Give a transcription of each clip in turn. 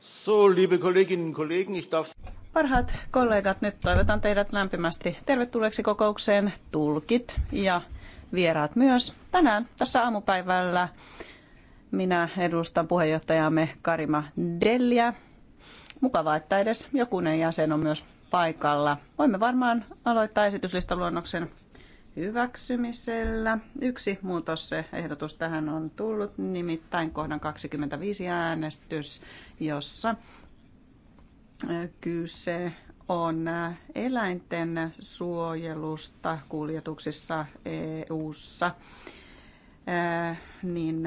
So, liebe Kolleginnen und Kollegen, ich darf... Parhaat kollegat, nyt toivotan teidät lämpimästi tervetulleeksi kokoukseen tulkit ja vieraat myös. Tänään tässä aamupäivällä minä edustan puheenjohtajamme Karima Delliä. Mukavaa, että edes jokunen jäsen on myös paikalla. Voimme varmaan aloittaa esityslistaluonnoksen hyväksymisellä. Yksi muutos se ehdotus tähän on tullut, nimittäin kohdan 25 äänestys, jossa kyse on eläinten suojelusta kuljetuksissa EU-ssa, Niin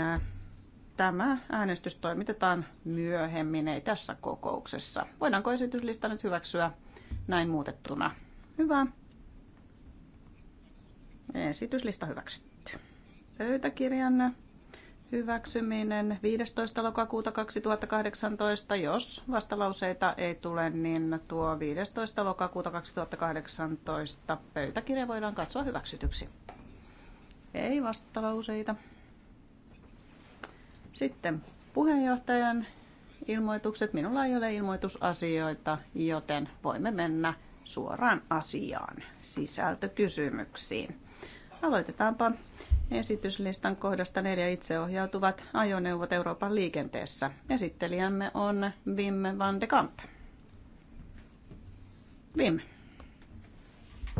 tämä äänestys toimitetaan myöhemmin, ei tässä kokouksessa. Voidaanko esityslista nyt hyväksyä näin muutettuna? Hyvä. Esityslista hyväksytty. Pöytäkirjan hyväksyminen 15. lokakuuta 2018. Jos vastalauseita ei tule, niin tuo 15. lokakuuta 2018 pöytäkirja voidaan katsoa hyväksytyksi. Ei vastalauseita. Sitten puheenjohtajan ilmoitukset. Minulla ei ole ilmoitusasioita, joten voimme mennä suoraan asiaan, sisältökysymyksiin. Aloitetaanpa esityslistan kohdasta neljä itseohjautuvat ajoneuvot Euroopan liikenteessä. Esittelijämme on Wim van de Kamp. Wim,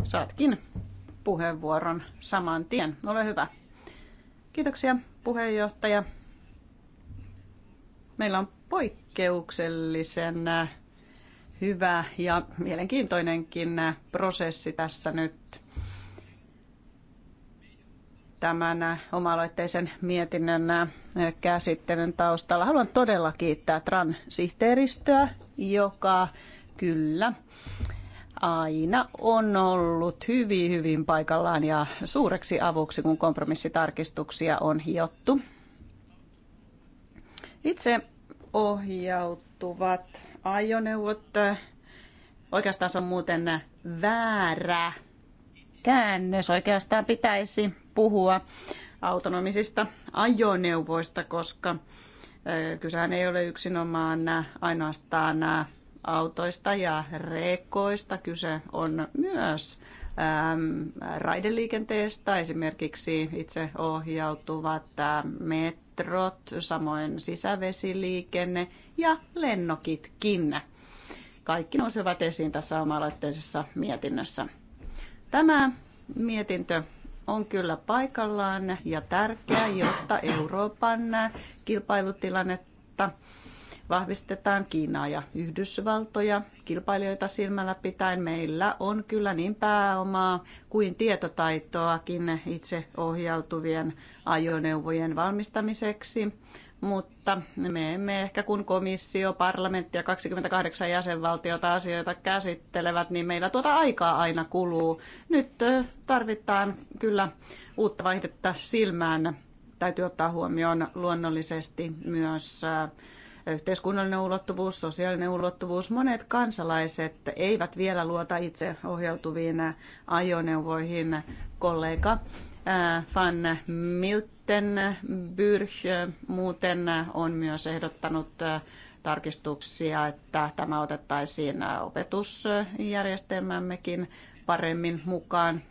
saatkin puheenvuoron saman tien. Ole hyvä. Kiitoksia puheenjohtaja. Meillä on poikkeuksellisen hyvä ja mielenkiintoinenkin prosessi tässä nyt tämän omaloitteisen mietinnön äh, käsittelyn taustalla. Haluan todella kiittää tran joka kyllä aina on ollut hyvin, hyvin paikallaan ja suureksi avuksi, kun kompromissitarkistuksia on hiottu. Itse ohjautuvat ajoneuvot, äh, oikeastaan se on muuten väärä käännös, oikeastaan pitäisi puhua autonomisista ajoneuvoista, koska kysehän ei ole yksinomaan ainoastaan autoista ja rekoista. Kyse on myös raideliikenteestä, esimerkiksi itse ohjautuvat metrot, samoin sisävesiliikenne ja lennokitkin. Kaikki nousevat esiin tässä oma-aloitteisessa mietinnössä. Tämä mietintö on kyllä paikallaan ja tärkeä, jotta Euroopan kilpailutilannetta vahvistetaan Kiinaa ja Yhdysvaltoja. Kilpailijoita silmällä pitäen meillä on kyllä niin pääomaa kuin tietotaitoakin itse ohjautuvien ajoneuvojen valmistamiseksi mutta me emme ehkä kun komissio, parlamentti ja 28 jäsenvaltiota asioita käsittelevät, niin meillä tuota aikaa aina kuluu. Nyt tarvitaan kyllä uutta vaihdetta silmään. Täytyy ottaa huomioon luonnollisesti myös yhteiskunnallinen ulottuvuus, sosiaalinen ulottuvuus. Monet kansalaiset eivät vielä luota itse ohjautuviin ajoneuvoihin. Kollega Van Miltenbyrg muuten on myös ehdottanut tarkistuksia, että tämä otettaisiin opetusjärjestelmämmekin paremmin mukaan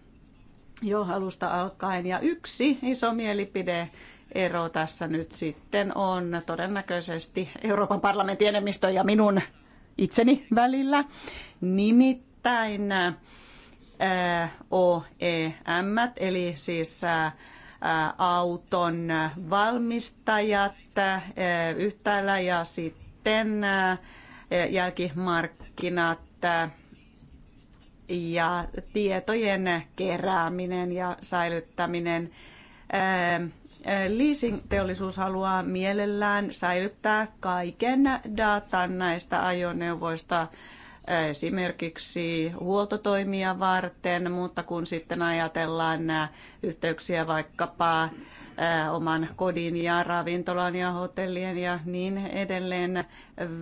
jo alusta alkaen. Ja yksi iso mielipide ero tässä nyt sitten on todennäköisesti Euroopan parlamentin enemmistön ja minun itseni välillä. Nimittäin OEM, eli siis auton valmistajat yhtäällä ja sitten jälkimarkkinat ja tietojen kerääminen ja säilyttäminen. Leasing-teollisuus haluaa mielellään säilyttää kaiken datan näistä ajoneuvoista esimerkiksi huoltotoimia varten, mutta kun sitten ajatellaan nämä äh, yhteyksiä vaikkapa äh, oman kodin ja ravintolan ja hotellien ja niin edelleen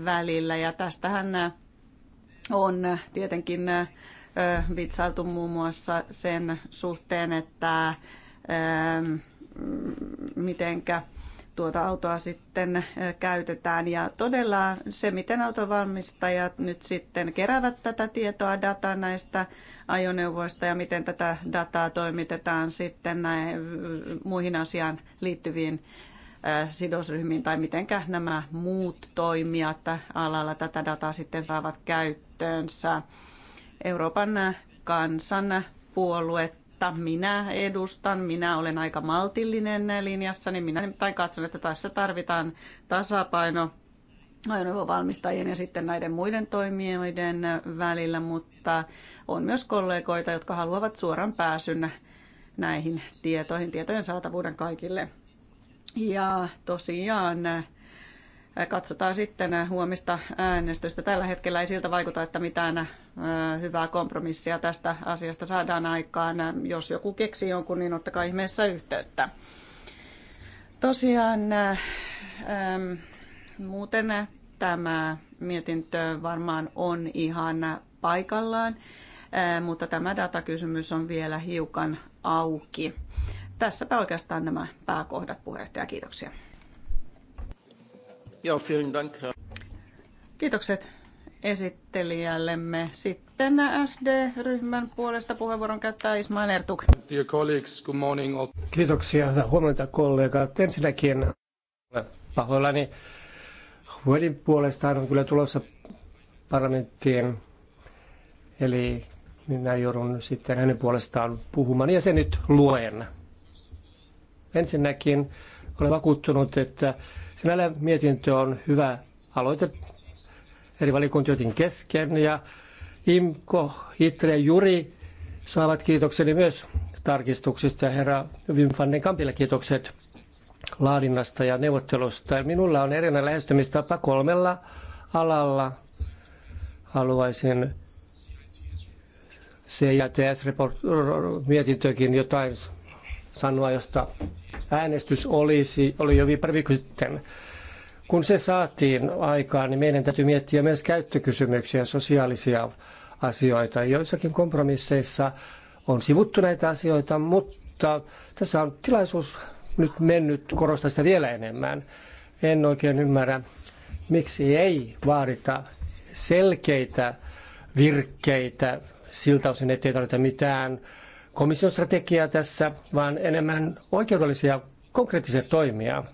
välillä. Ja tästähän äh, on tietenkin vitsailtu muun muassa sen suhteen, että ähm, mitenkä tuota autoa sitten eh, käytetään. Ja todella se, miten autovalmistajat nyt sitten keräävät tätä tietoa, dataa näistä ajoneuvoista ja miten tätä dataa toimitetaan sitten näin, eh, muihin asiaan liittyviin eh, sidosryhmiin tai mitenkä nämä muut toimijat alalla tätä dataa sitten saavat käyttöönsä. Euroopan kansan puolue mutta minä edustan, minä olen aika maltillinen linjassa, niin minä nimittäin katson, että tässä tarvitaan tasapaino ajoneuvovalmistajien ja sitten näiden muiden toimijoiden välillä, mutta on myös kollegoita, jotka haluavat suoran pääsyn näihin tietoihin, tietojen saatavuuden kaikille. Ja tosiaan Katsotaan sitten äh, huomista äänestystä. Tällä hetkellä ei siltä vaikuta, että mitään äh, hyvää kompromissia tästä asiasta saadaan aikaan. Jos joku keksii jonkun, niin ottakaa ihmeessä yhteyttä. Tosiaan äh, ähm, muuten tämä mietintö varmaan on ihan paikallaan, äh, mutta tämä datakysymys on vielä hiukan auki. Tässäpä oikeastaan nämä pääkohdat puheenjohtaja. Kiitoksia. Joo, vielen dank. Kiitokset esittelijällemme. Sitten SD-ryhmän puolesta puheenvuoron käyttää Ismail Ertuk. Dear colleagues, good morning. Kiitoksia, hyvää huomenta kollegat. Ensinnäkin pahoillani Welin puolestaan on kyllä tulossa parlamenttiin, eli minä joudun sitten hänen puolestaan puhumaan ja se nyt luen. Ensinnäkin olen vakuuttunut, että Sinällä mietintö on hyvä aloite eri valikuntioiden kesken ja Imko, Itre ja Juri saavat kiitokseni myös tarkistuksista ja herra Wim van den Kampille kiitokset laadinnasta ja neuvottelusta. Minulla on erinen lähestymistapa kolmella alalla. Haluaisin CITS-mietintökin jotain sanoa, josta äänestys olisi, oli jo pari sitten. Kun se saatiin aikaan, niin meidän täytyy miettiä myös käyttökysymyksiä, sosiaalisia asioita. Joissakin kompromisseissa on sivuttu näitä asioita, mutta tässä on tilaisuus nyt mennyt korostaa sitä vielä enemmän. En oikein ymmärrä, miksi ei vaadita selkeitä virkkeitä siltä osin, ettei tarvita mitään komission strategiaa tässä, vaan enemmän oikeudellisia konkreettisia toimia.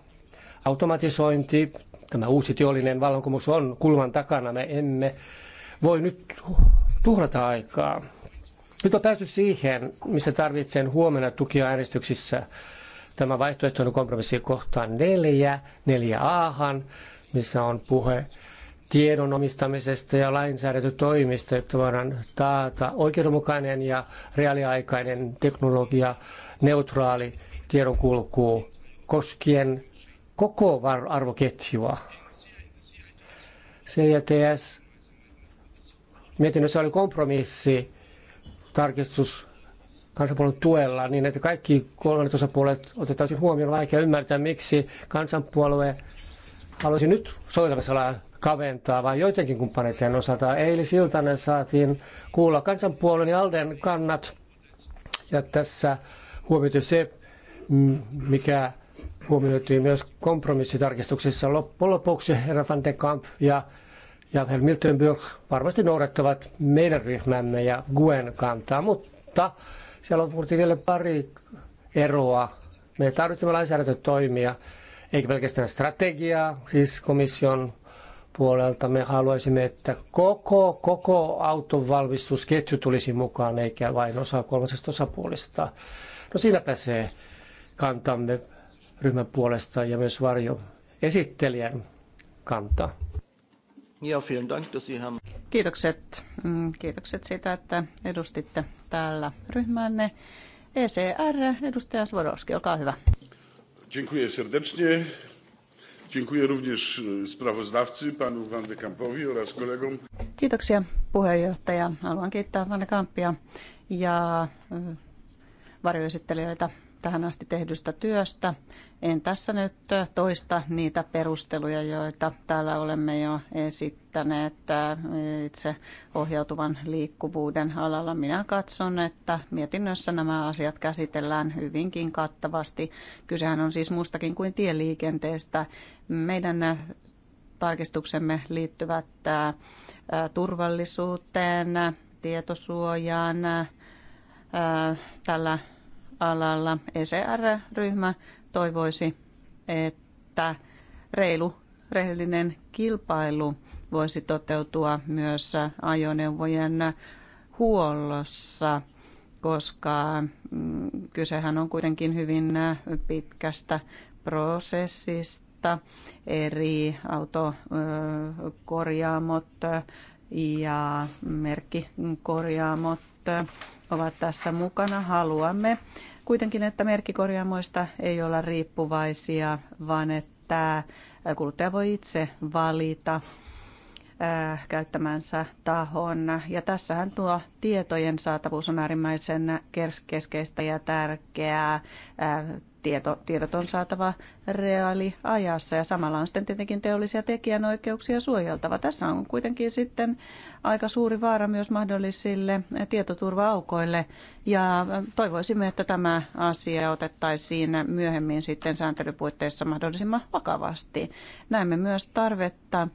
Automatisointi, tämä uusi teollinen vallankumous on kulman takana. Me emme voi nyt tuhlata aikaa. Nyt on päästy siihen, missä tarvitsen huomenna tukia äänestyksissä. Tämä vaihtoehtoinen kompromissi kohtaan neljä, neljä a missä on puhe tiedon omistamisesta ja lainsäädäntötoimista, jotta voidaan taata oikeudenmukainen ja reaaliaikainen teknologia, neutraali tiedonkulku koskien koko arvoketjua. CITS mietinnössä oli kompromissi tarkistus kansanpuolen tuella niin, että kaikki kolmannet osapuolet otettaisiin huomioon. Vaikea ymmärtää, miksi kansanpuolue haluaisi nyt soveltamisalaa kaventaa, vaan joidenkin kumppaneiden osalta. Eilisiltana saatiin kuulla kansanpuolen ja Alden kannat. Ja tässä huomioitu se, mikä huomioitiin myös kompromissitarkistuksissa. Loppujen lopuksi herra van de Kamp ja, ja herra Miltenburg varmasti noudattavat meidän ryhmämme ja Guen kantaa, mutta siellä on puhuttiin vielä pari eroa. Me tarvitsemme lainsäädäntötoimia, eikä pelkästään strategiaa, siis komission puolelta me haluaisimme, että koko, koko auton valmistusketju tulisi mukaan, eikä vain osa kolmasesta osapuolesta. No siinäpä se kantamme ryhmän puolesta ja myös varjo esittelijän kanta. Ja, dank, Kiitokset. Mm, kiitokset siitä, että edustitte täällä ryhmänne. ECR, edustaja Svodowski, olkaa hyvä. Dziękuję serdecznie. Dziękuję również e, sprawozdawcy, panu Van de Kampowi oraz kolegom. Kiitoksia puheenjohtaja. Haluan kiittää Van de Kampia ja e, varjoesittelijöitä tähän asti tehdystä työstä. En tässä nyt toista niitä perusteluja, joita täällä olemme jo esittäneet äh, itse ohjautuvan liikkuvuuden alalla. Minä katson, että mietinnössä nämä asiat käsitellään hyvinkin kattavasti. Kysehän on siis muustakin kuin tieliikenteestä. Meidän äh, tarkistuksemme liittyvät äh, turvallisuuteen, tietosuojaan, tällä alalla. ECR-ryhmä toivoisi, että reilu rehellinen kilpailu voisi toteutua myös ajoneuvojen huollossa, koska mm, kysehän on kuitenkin hyvin pitkästä prosessista. Eri autokorjaamot ja merkkikorjaamot ovat tässä mukana. Haluamme kuitenkin, että merkkikorjaamoista ei olla riippuvaisia, vaan että kuluttaja voi itse valita äh, käyttämänsä tahon. Ja tässähän tuo tietojen saatavuus on äärimmäisen keskeistä ja tärkeää. Äh, tieto, tiedot on saatava reaaliajassa ja samalla on sitten tietenkin teollisia tekijänoikeuksia suojeltava. Tässä on kuitenkin sitten aika suuri vaara myös mahdollisille tietoturva-aukoille ja toivoisimme, että tämä asia otettaisiin myöhemmin sitten sääntelypuitteissa mahdollisimman vakavasti. Näemme myös tarvetta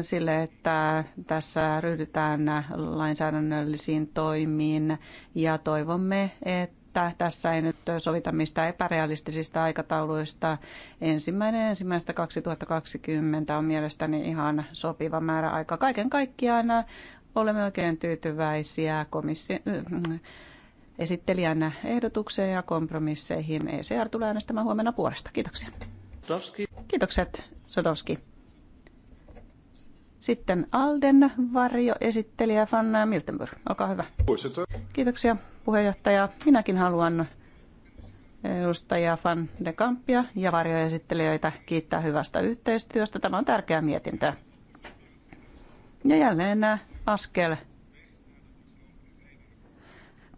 sille, että tässä ryhdytään lainsäädännöllisiin toimiin ja toivomme, että että tässä ei nyt sovita mistään epärealistisista aikatauluista. Ensimmäinen ensimmäistä 2020 on mielestäni ihan sopiva määrä aika. Kaiken kaikkiaan olemme oikein tyytyväisiä komissi- äh, esittelijän ehdotukseen ja kompromisseihin. ECR tulee äänestämään huomenna puolesta. Kiitoksia. Sadowski. Kiitokset, Sadowski. Sitten Alden varjo esittelijä Fanna Miltenburg, olkaa hyvä. Kiitoksia puheenjohtaja. Minäkin haluan edustajia Van de Kampia ja varjoesittelijöitä kiittää hyvästä yhteistyöstä. Tämä on tärkeä mietintö. Ja jälleen askel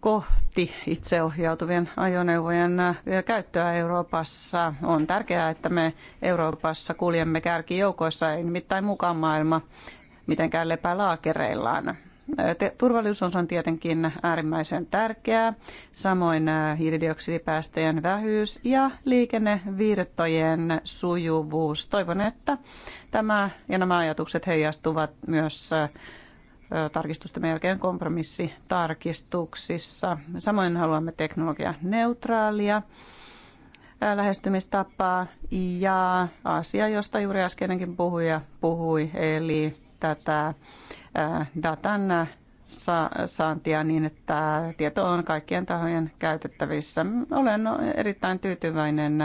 kohti itseohjautuvien ajoneuvojen äh, käyttöä Euroopassa. On tärkeää, että me Euroopassa kuljemme kärkijoukoissa, ei nimittäin mukaan maailma mitenkään lepää laakereillaan. Äh, turvallisuus on tietenkin äärimmäisen tärkeää, samoin äh, hiilidioksidipäästöjen vähyys ja liikennevirtojen sujuvuus. Toivon, että tämä ja nämä ajatukset heijastuvat myös tarkistusten jälkeen kompromissitarkistuksissa. Samoin haluamme neutraalia lähestymistapaa ja asia, josta juuri äskeinenkin puhuja puhui, eli tätä datan saantia niin, että tieto on kaikkien tahojen käytettävissä. Olen erittäin tyytyväinen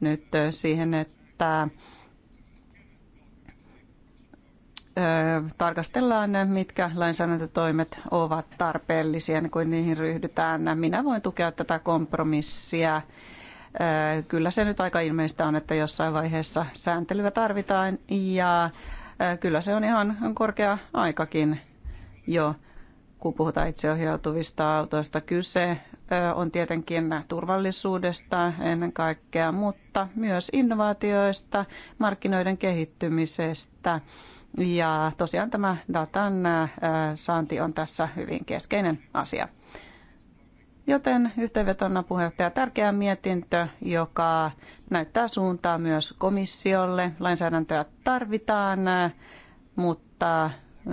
nyt siihen, että tarkastellaan, mitkä lainsäädäntötoimet ovat tarpeellisia, niin kuin niihin ryhdytään. Minä voin tukea tätä kompromissia. Kyllä se nyt aika ilmeistä on, että jossain vaiheessa sääntelyä tarvitaan ja kyllä se on ihan korkea aikakin jo, kun puhutaan itseohjautuvista autoista. Kyse on tietenkin turvallisuudesta ennen kaikkea, mutta myös innovaatioista, markkinoiden kehittymisestä ja tosiaan tämä datan saanti on tässä hyvin keskeinen asia. Joten yhteenvetona puheenjohtaja tärkeä mietintö, joka näyttää suuntaa myös komissiolle. Lainsäädäntöä tarvitaan, mutta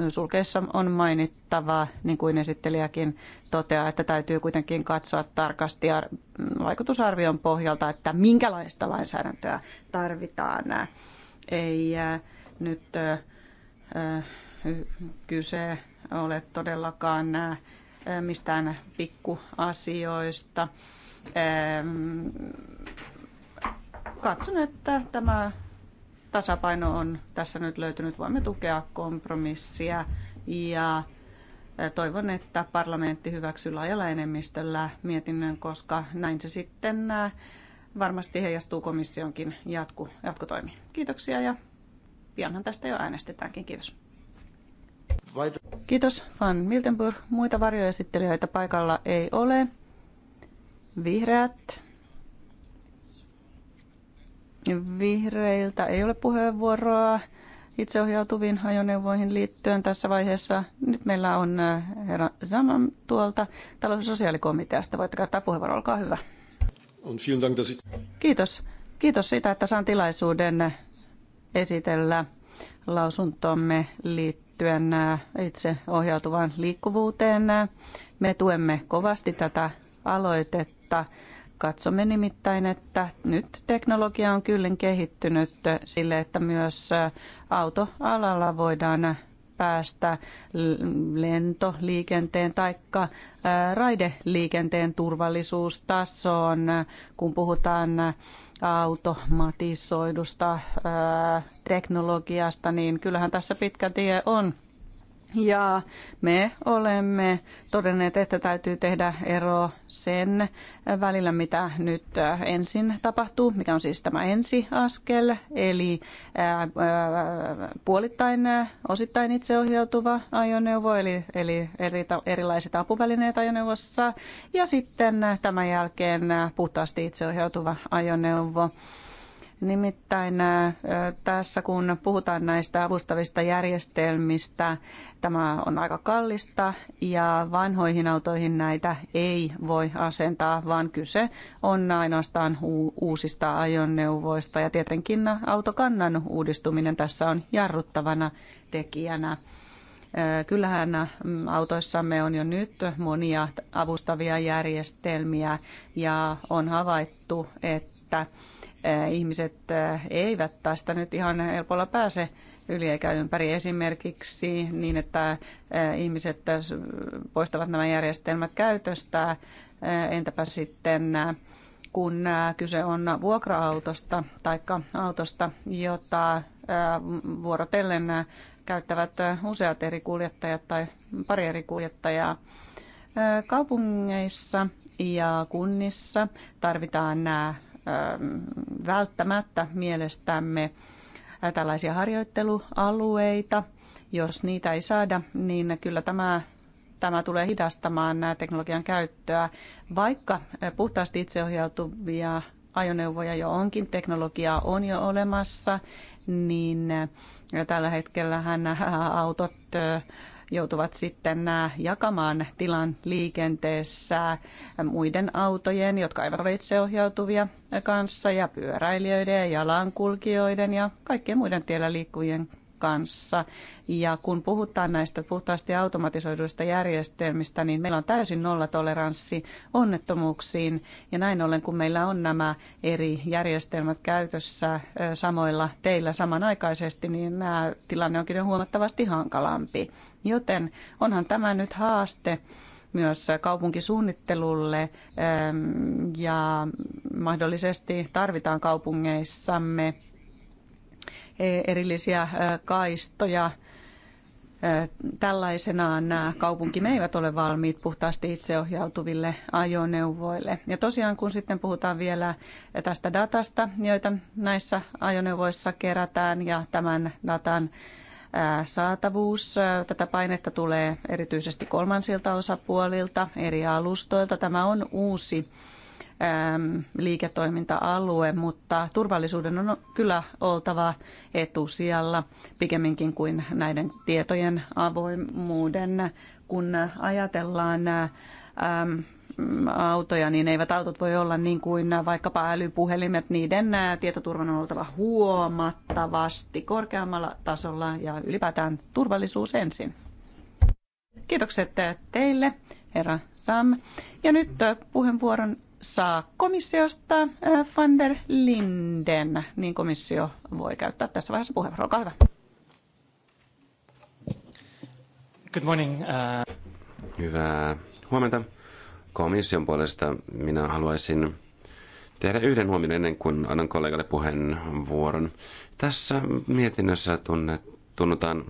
sulkeessa on mainittava, niin kuin esittelijäkin toteaa, että täytyy kuitenkin katsoa tarkasti vaikutusarvion pohjalta, että minkälaista lainsäädäntöä tarvitaan. Ei nyt kyse ole todellakaan nämä mistään pikkuasioista. Katson, että tämä tasapaino on tässä nyt löytynyt. Voimme tukea kompromissia ja toivon, että parlamentti hyväksyy laajalla enemmistöllä mietinnön, koska näin se sitten varmasti heijastuu komissionkin jatko, jatkotoimiin. Kiitoksia ja Pianhan tästä jo äänestetäänkin. Kiitos. Kiitos, Van Miltenburg. Muita varjoesittelijöitä paikalla ei ole. Vihreät. Vihreiltä ei ole puheenvuoroa itseohjautuviin ajoneuvoihin liittyen tässä vaiheessa. Nyt meillä on äh, herra Zaman tuolta talous- ja sosiaalikomiteasta. Voitte käyttää puheenvuoro, olkaa hyvä. Kiitos. Kiitos siitä, että saan tilaisuuden esitellä lausuntomme liittyen äh, itse ohjautuvaan liikkuvuuteen. Me tuemme kovasti tätä aloitetta. Katsomme nimittäin, että nyt teknologia on kyllä kehittynyt sille, että myös äh, autoalalla voidaan päästä lentoliikenteen tai äh, raideliikenteen turvallisuustasoon, kun puhutaan automatisoidusta teknologiasta, niin kyllähän tässä pitkä tie on ja me olemme todenneet, että täytyy tehdä ero sen välillä, mitä nyt äh, ensin tapahtuu, mikä on siis tämä ensiaskel, eli äh, äh, puolittain osittain itseohjautuva ajoneuvo, eli, eli eri, erilaiset apuvälineet ajoneuvossa, ja sitten tämän jälkeen puhtaasti itseohjautuva ajoneuvo. Nimittäin tässä kun puhutaan näistä avustavista järjestelmistä, tämä on aika kallista ja vanhoihin autoihin näitä ei voi asentaa, vaan kyse on ainoastaan uusista ajoneuvoista ja tietenkin autokannan uudistuminen tässä on jarruttavana tekijänä. Äh, kyllähän mm, autoissamme on jo nyt monia avustavia järjestelmiä ja on havaittu, että äh, ihmiset äh, eivät tästä nyt ihan helpolla pääse yli eikä ympäri esimerkiksi niin, että ihmiset poistavat nämä järjestelmät käytöstä. Entäpä sitten kun kyse on vuokra-autosta tai autosta, jota vuorotellen käyttävät useat eri kuljettajat tai pari eri kuljettajaa. Kaupungeissa ja kunnissa tarvitaan nämä välttämättä mielestämme tällaisia harjoittelualueita. Jos niitä ei saada, niin kyllä tämä tämä tulee hidastamaan nämä teknologian käyttöä, vaikka puhtaasti itseohjautuvia ajoneuvoja jo onkin, teknologiaa on jo olemassa, niin ja tällä hetkellä autot joutuvat sitten jakamaan tilan liikenteessä muiden autojen, jotka eivät ole itseohjautuvia kanssa, ja pyöräilijöiden ja jalankulkijoiden ja kaikkien muiden tiellä liikkujien kanssa. Ja kun puhutaan näistä puhtaasti automatisoiduista järjestelmistä, niin meillä on täysin nollatoleranssi onnettomuuksiin. Ja näin ollen, kun meillä on nämä eri järjestelmät käytössä samoilla teillä samanaikaisesti, niin nämä tilanne onkin jo huomattavasti hankalampi. Joten onhan tämä nyt haaste myös kaupunkisuunnittelulle ja mahdollisesti tarvitaan kaupungeissamme erillisiä kaistoja. Tällaisenaan nämä kaupunkimme eivät ole valmiit puhtaasti itseohjautuville ajoneuvoille. Ja tosiaan kun sitten puhutaan vielä tästä datasta, joita näissä ajoneuvoissa kerätään ja tämän datan saatavuus. Tätä painetta tulee erityisesti kolmansilta osapuolilta, eri alustoilta. Tämä on uusi Ähm, liiketoiminta-alue, mutta turvallisuuden on kyllä oltava etusijalla pikemminkin kuin näiden tietojen avoimuuden. Kun ajatellaan ähm, autoja, niin eivät autot voi olla niin kuin vaikkapa älypuhelimet. Niiden äh, tietoturvan on oltava huomattavasti korkeammalla tasolla ja ylipäätään turvallisuus ensin. Kiitokset teille, herra Sam. Ja nyt äh, puheenvuoron saa komissiosta äh, van der Linden, niin komissio voi käyttää tässä vaiheessa puheenvuoron. Olkaa hyvä. Good morning. Uh... Hyvää huomenta. Komission puolesta minä haluaisin tehdä yhden huomion ennen kuin annan kollegalle puheenvuoron. Tässä mietinnössä tunnetaan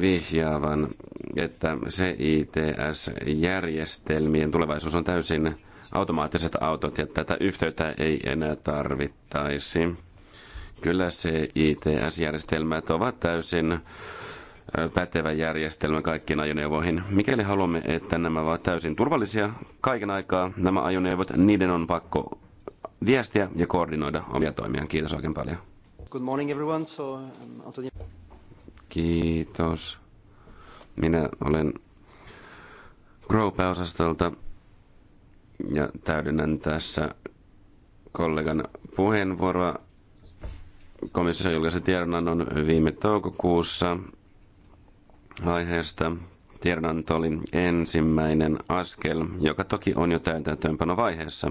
vihjaavan, että CITS-järjestelmien tulevaisuus on täysin automaattiset autot ja tätä yhteyttä ei enää tarvittaisi. Kyllä cits järjestelmät ovat täysin pätevä järjestelmä kaikkiin ajoneuvoihin. Mikäli haluamme, että nämä ovat täysin turvallisia kaiken aikaa, nämä ajoneuvot, niiden on pakko viestiä ja koordinoida omia toimiaan. Kiitos oikein paljon. Good morning everyone. So, um, Antonio. Kiitos. Minä olen groupe osastolta ja täydennän tässä kollegan puheenvuoroa. Komissio julkaisi tiedonannon viime toukokuussa aiheesta. Tiedonanto oli ensimmäinen askel, joka toki on jo vaiheessa.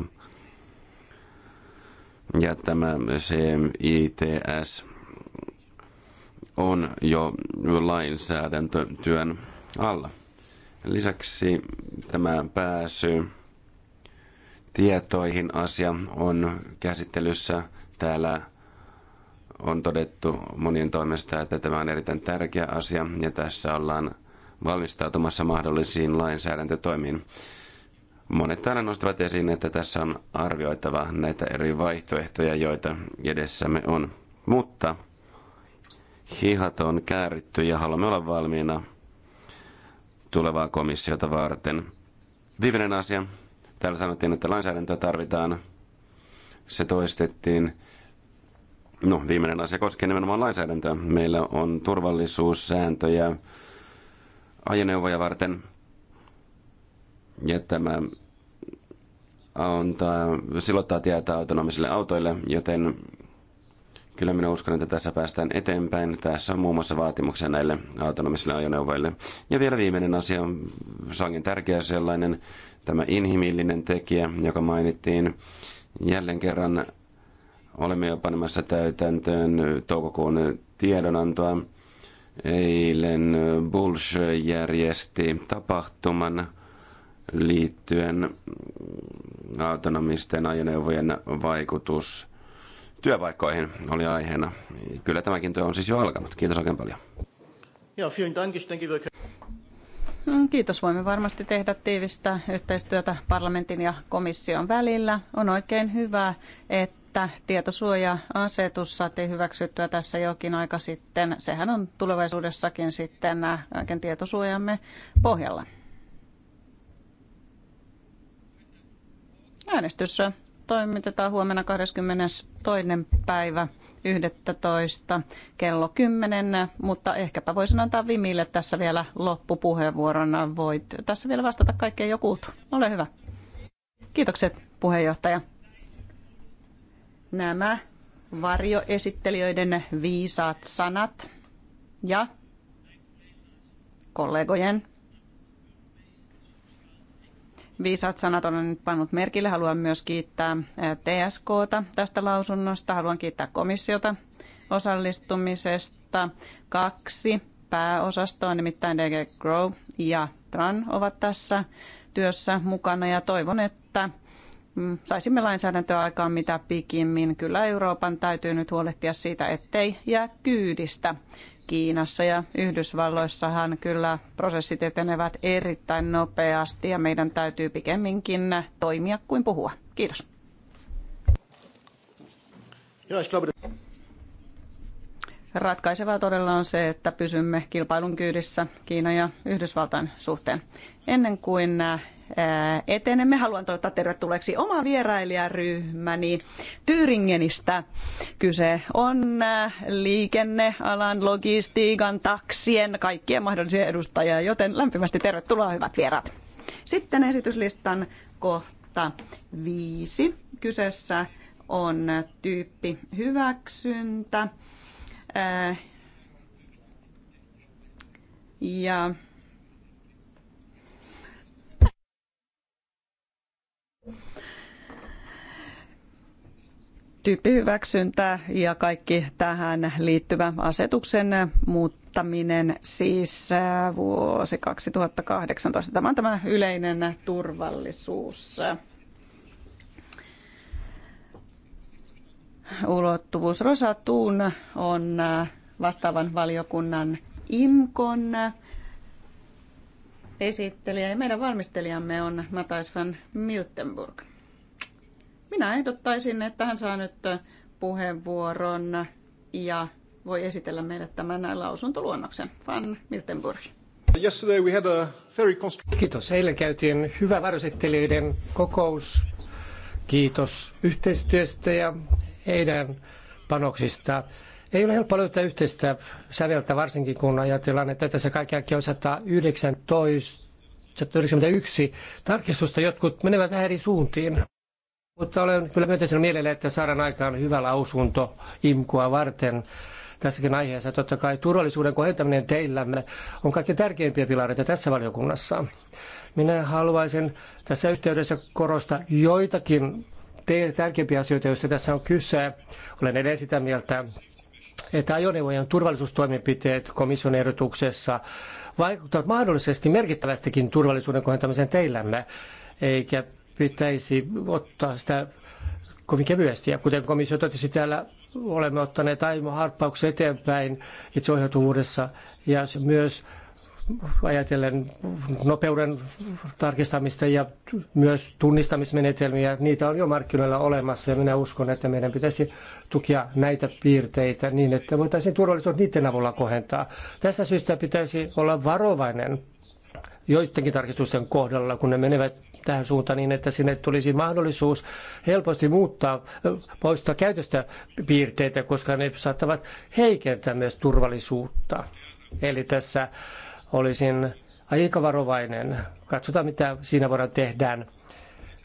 Ja tämä CMITS on jo lainsäädäntötyön alla. Lisäksi tämä pääsy tietoihin asia on käsittelyssä. Täällä on todettu monien toimesta, että tämä on erittäin tärkeä asia ja tässä ollaan valmistautumassa mahdollisiin lainsäädäntötoimiin. Monet täällä nostavat esiin, että tässä on arvioitava näitä eri vaihtoehtoja, joita edessämme on. Mutta hihat on kääritty ja haluamme olla valmiina tulevaa komissiota varten. Viimeinen asia. Täällä sanottiin, että lainsäädäntöä tarvitaan. Se toistettiin. No, viimeinen asia koskee nimenomaan lainsäädäntöä. Meillä on turvallisuussääntöjä ajoneuvoja varten. Ja tämä antaa, silottaa tietää autonomisille autoille, joten Kyllä minä uskon, että tässä päästään eteenpäin. Tässä on muun muassa vaatimuksia näille autonomisille ajoneuvoille. Ja vielä viimeinen asia, sangen tärkeä sellainen, tämä inhimillinen tekijä, joka mainittiin. Jälleen kerran olemme jo panemassa täytäntöön toukokuun tiedonantoa. Eilen Bulls järjesti tapahtuman liittyen autonomisten ajoneuvojen vaikutus työpaikkoihin oli aiheena. Kyllä tämäkin työ on siis jo alkanut. Kiitos oikein paljon. Ja, vielen Dank. Ich denke, wir mm, Kiitos. Voimme varmasti tehdä tiivistä yhteistyötä parlamentin ja komission välillä. On oikein hyvä, että tietosuoja-asetus saatiin hyväksyttyä tässä jokin aika sitten. Sehän on tulevaisuudessakin sitten kaiken äh, tietosuojamme pohjalla. Äänestys toimitetaan huomenna 22. päivä 11. kello 10, mutta ehkäpä voisin antaa Vimille tässä vielä loppupuheenvuoron. Voit tässä vielä vastata kaikkeen jo kuultu. Ole hyvä. Kiitokset puheenjohtaja. Nämä varjoesittelijöiden viisaat sanat ja kollegojen Viisaat sanat olen nyt pannut merkille. Haluan myös kiittää TSKta tästä lausunnosta. Haluan kiittää komissiota osallistumisesta. Kaksi pääosastoa, nimittäin DG Grow ja TRAN ovat tässä työssä mukana ja toivon, että mm, saisimme lainsäädäntöä aikaan mitä pikimmin. Kyllä Euroopan täytyy nyt huolehtia siitä, ettei jää kyydistä. Kiinassa ja Yhdysvalloissahan kyllä prosessit etenevät erittäin nopeasti ja meidän täytyy pikemminkin toimia kuin puhua. Kiitos. Ratkaisevaa todella on se, että pysymme kilpailun kyydissä Kiina ja Yhdysvaltain suhteen. Ennen kuin etenemme. Haluan toivottaa tervetulleeksi oma vierailijaryhmäni Tyyringenistä. Kyse on liikennealan, logistiikan, taksien, kaikkien mahdollisia edustajia, joten lämpimästi tervetuloa hyvät vieraat. Sitten esityslistan kohta viisi. Kyseessä on tyyppi hyväksyntä. Ja tyyppihyväksyntä ja kaikki tähän liittyvä asetuksen muuttaminen siis äh, vuosi 2018. Tämä on tämä yleinen turvallisuus. Ulottuvuus Rosatun on äh, vastaavan valiokunnan IMKON esittelijä ja meidän valmistelijamme on Matais van Miltenburg. Minä ehdottaisin, että hän saa nyt puheenvuoron ja voi esitellä meille tämän lausuntoluonnoksen. Van Miltenburg. Yesterday we had a very Kiitos. Eilen käytiin hyvä varoittelijoiden kokous. Kiitos yhteistyöstä ja heidän panoksista. Ei ole helppo löytää yhteistä säveltä, varsinkin kun ajatellaan, että tässä kaikkiakin on 119, 191 tarkistusta. Jotkut menevät vähän eri suuntiin. Mutta olen kyllä myönteisellä mielellä, että saadaan aikaan hyvä lausunto IMKUa varten tässäkin aiheessa. Totta kai turvallisuuden kohentaminen teillämme on kaikkein tärkeimpiä pilareita tässä valiokunnassa. Minä haluaisin tässä yhteydessä korostaa joitakin tärkeimpiä asioita, joista tässä on kyse. Olen edes sitä mieltä, että ajoneuvojen turvallisuustoimenpiteet komission ehdotuksessa vaikuttavat mahdollisesti merkittävästikin turvallisuuden kohentamiseen teillämme, eikä pitäisi ottaa sitä kovin kevyesti. Ja kuten komissio totesi, täällä olemme ottaneet aimo harppauksen eteenpäin itseohjautuvuudessa ja myös ajatellen nopeuden tarkistamista ja myös tunnistamismenetelmiä, niitä on jo markkinoilla olemassa ja minä uskon, että meidän pitäisi tukea näitä piirteitä niin, että voitaisiin turvallisuus niiden avulla kohentaa. Tässä syystä pitäisi olla varovainen joidenkin tarkistusten kohdalla, kun ne menevät tähän suuntaan niin, että sinne tulisi mahdollisuus helposti muuttaa, poistaa käytöstä piirteitä, koska ne saattavat heikentää myös turvallisuutta. Eli tässä olisin aika varovainen. Katsotaan, mitä siinä voidaan tehdä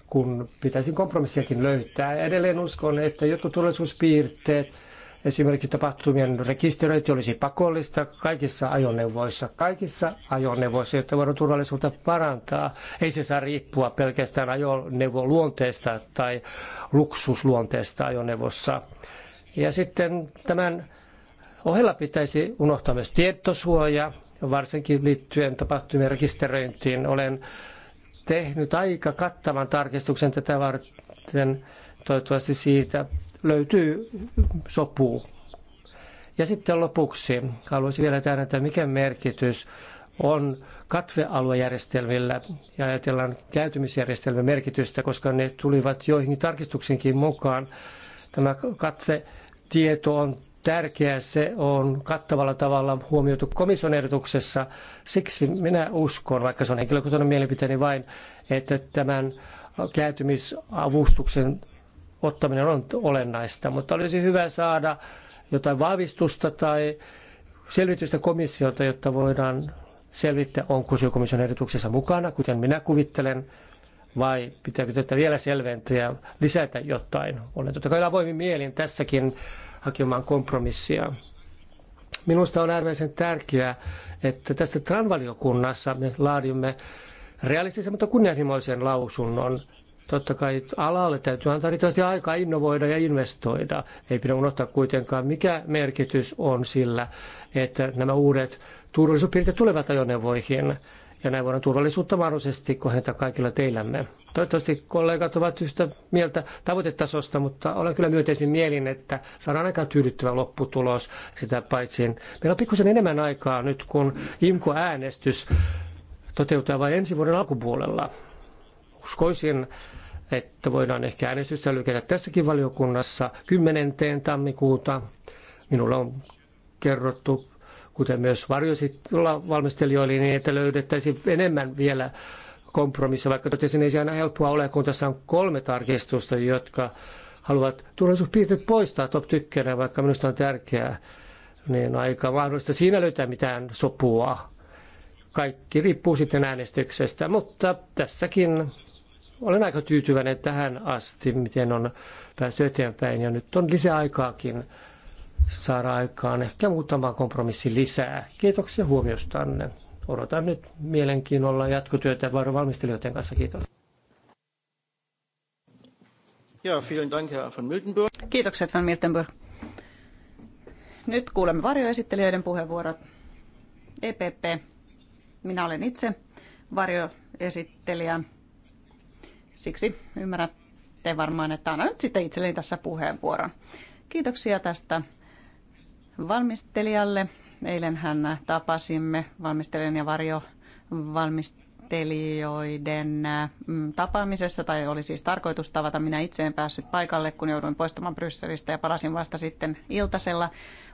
kun pitäisi kompromissiakin löytää. Edelleen uskon, että jotkut turvallisuuspiirteet Esimerkiksi tapahtumien rekisteröinti olisi pakollista kaikissa ajoneuvoissa, kaikissa ajoneuvoissa, jotta voidaan turvallisuutta parantaa. Ei se saa riippua pelkästään luonteesta tai luksusluonteesta ajoneuvossa. Ja sitten tämän ohella pitäisi unohtaa myös tietosuoja, varsinkin liittyen tapahtumien rekisteröintiin. Olen tehnyt aika kattavan tarkistuksen tätä varten. Toivottavasti siitä löytyy sopu. Ja sitten lopuksi haluaisin vielä tähdentää, mikä merkitys on katvealuejärjestelmillä ja ajatellaan käytymisjärjestelmän merkitystä, koska ne tulivat joihinkin tarkistuksiinkin mukaan. Tämä katvetieto on tärkeä, se on kattavalla tavalla huomioitu komission ehdotuksessa. Siksi minä uskon, vaikka se on henkilökohtainen mielipiteeni vain, että tämän käytymisavustuksen ottaminen on olennaista, mutta olisi hyvä saada jotain vahvistusta tai selvitystä komissiolta, jotta voidaan selvittää, onko se komission ehdotuksessa mukana, kuten minä kuvittelen, vai pitääkö tätä vielä selventää ja lisätä jotain. Olen totta kai avoimin mielin tässäkin hakemaan kompromissia. Minusta on äärimmäisen tärkeää, että tässä tranvaliokunnassa me laadimme realistisen, mutta kunnianhimoisen lausunnon Totta kai alalle täytyy antaa riittävästi aikaa innovoida ja investoida. Ei pidä unohtaa kuitenkaan, mikä merkitys on sillä, että nämä uudet turvallisuuspiirteet tulevat ajoneuvoihin. Ja näin voidaan turvallisuutta mahdollisesti kohentaa kaikilla teillämme. Toivottavasti kollegat ovat yhtä mieltä tavoitetasosta, mutta olen kyllä myönteisin mielin, että saadaan aika tyydyttävä lopputulos sitä paitsi. Meillä on pikkusen enemmän aikaa nyt, kun imco äänestys toteutetaan vain ensi vuoden alkupuolella uskoisin, että voidaan ehkä äänestystä lykätä tässäkin valiokunnassa 10. tammikuuta. Minulla on kerrottu, kuten myös varjoisilla valmistelijoille, niin että löydettäisiin enemmän vielä kompromissa, vaikka totesin, ei se aina helppoa ole, kun tässä on kolme tarkistusta, jotka haluavat turvallisuuspiirteet poistaa top tykkänä, vaikka minusta on tärkeää, niin aika mahdollista siinä löytää mitään sopua. Kaikki riippuu sitten äänestyksestä, mutta tässäkin olen aika tyytyväinen tähän asti, miten on päästy eteenpäin ja nyt on lisäaikaakin saada aikaan ehkä muutama kompromissi lisää. Kiitoksia huomiostanne. Odotan nyt mielenkiinnolla jatkotyötä valmistelijoiden kanssa. Kiitos. Ja, Dank, Herr Miltenburg. Kiitokset, Van Miltenburg. Nyt kuulemme varjoesittelijöiden puheenvuorot. EPP, minä olen itse varjoesittelijä Siksi ymmärrätte varmaan, että annan nyt sitten itselleni tässä puheenvuoron. Kiitoksia tästä valmistelijalle. Eilen hän tapasimme valmistelijan ja varjo valmistelijan taiteilijoiden mm, tapaamisessa, tai oli siis tarkoitus tavata. Minä itse en päässyt paikalle, kun jouduin poistumaan Brysselistä ja palasin vasta sitten iltasella.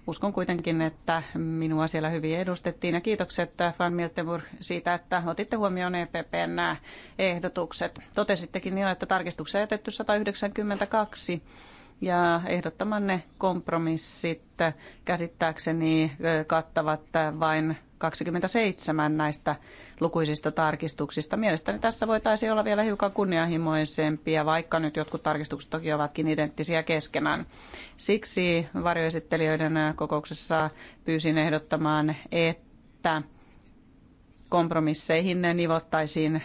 Uskon kuitenkin, että minua siellä hyvin edustettiin. Ja kiitokset äh, Van Miltenburg siitä, että otitte huomioon EPPn äh, ehdotukset. Totesittekin jo, että tarkistuksia on jätetty 192 ja ehdottamanne kompromissit äh, käsittääkseni kattavat vain 27 näistä lukuisista tarkistuksista. Mielestäni tässä voitaisiin olla vielä hiukan kunnianhimoisempia, vaikka nyt jotkut tarkistukset toki ovatkin identtisiä keskenään. Siksi varjoesittelijöiden kokouksessa pyysin ehdottamaan, että kompromisseihin nivottaisiin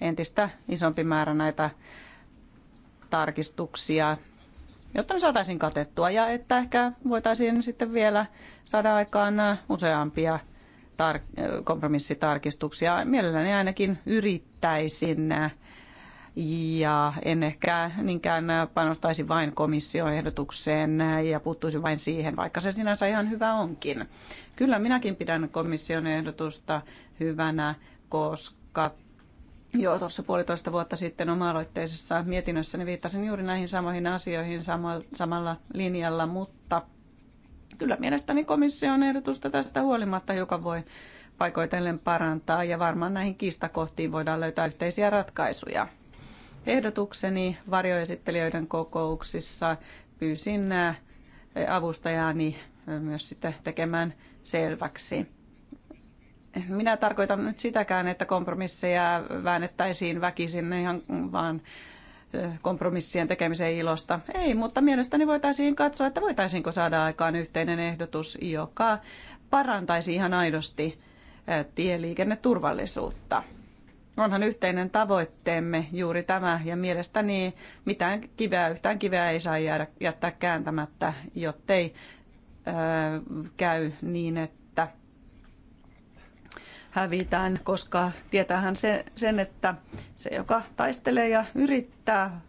entistä isompi määrä näitä tarkistuksia, jotta me saataisiin katettua ja että ehkä voitaisiin sitten vielä saada aikaan useampia tar- kompromissitarkistuksia. Mielelläni ainakin yrittäisin ja en ehkä niinkään panostaisi vain komissioehdotukseen ja puuttuisi vain siihen, vaikka se sinänsä ihan hyvä onkin. Kyllä minäkin pidän komission ehdotusta hyvänä, koska jo tuossa puolitoista vuotta sitten oma-aloitteisessa mietinnössäni viittasin juuri näihin samoihin asioihin samalla linjalla, mutta kyllä mielestäni komission ehdotusta tästä huolimatta, joka voi paikoitellen parantaa ja varmaan näihin kiistakohtiin voidaan löytää yhteisiä ratkaisuja. Ehdotukseni varjoesittelijöiden kokouksissa pyysin eh, avustajaani eh, myös sitten tekemään selväksi. Minä tarkoitan nyt sitäkään, että kompromisseja väännettäisiin väkisin ihan vaan kompromissien tekemisen ilosta. Ei, mutta mielestäni voitaisiin katsoa, että voitaisiinko saada aikaan yhteinen ehdotus, joka parantaisi ihan aidosti tieliikenneturvallisuutta. Onhan yhteinen tavoitteemme juuri tämä, ja mielestäni mitään kiveä, yhtään kiveä ei saa jäädä, jättää kääntämättä, jottei käy niin, että hävitään, koska tietäähän se, sen, että se, joka taistelee ja yrittää,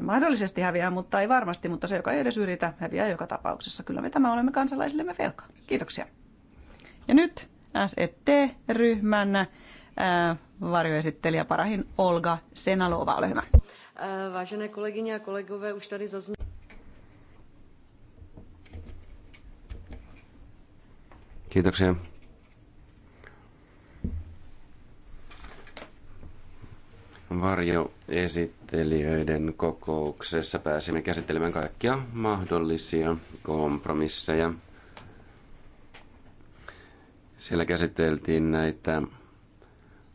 mahdollisesti häviää, mutta ei varmasti, mutta se, joka ei edes yritä, häviää joka tapauksessa. Kyllä me tämä olemme kansalaisillemme velkaa. Kiitoksia. Ja nyt SET-ryhmän varjoesittelijä parahin Olga Senalova, ole hyvä. Vážené kolegyně a kolegové, už tady zaznělo. Kiitoksia. varjoesittelijöiden kokouksessa pääsimme käsittelemään kaikkia mahdollisia kompromisseja. Siellä käsiteltiin näitä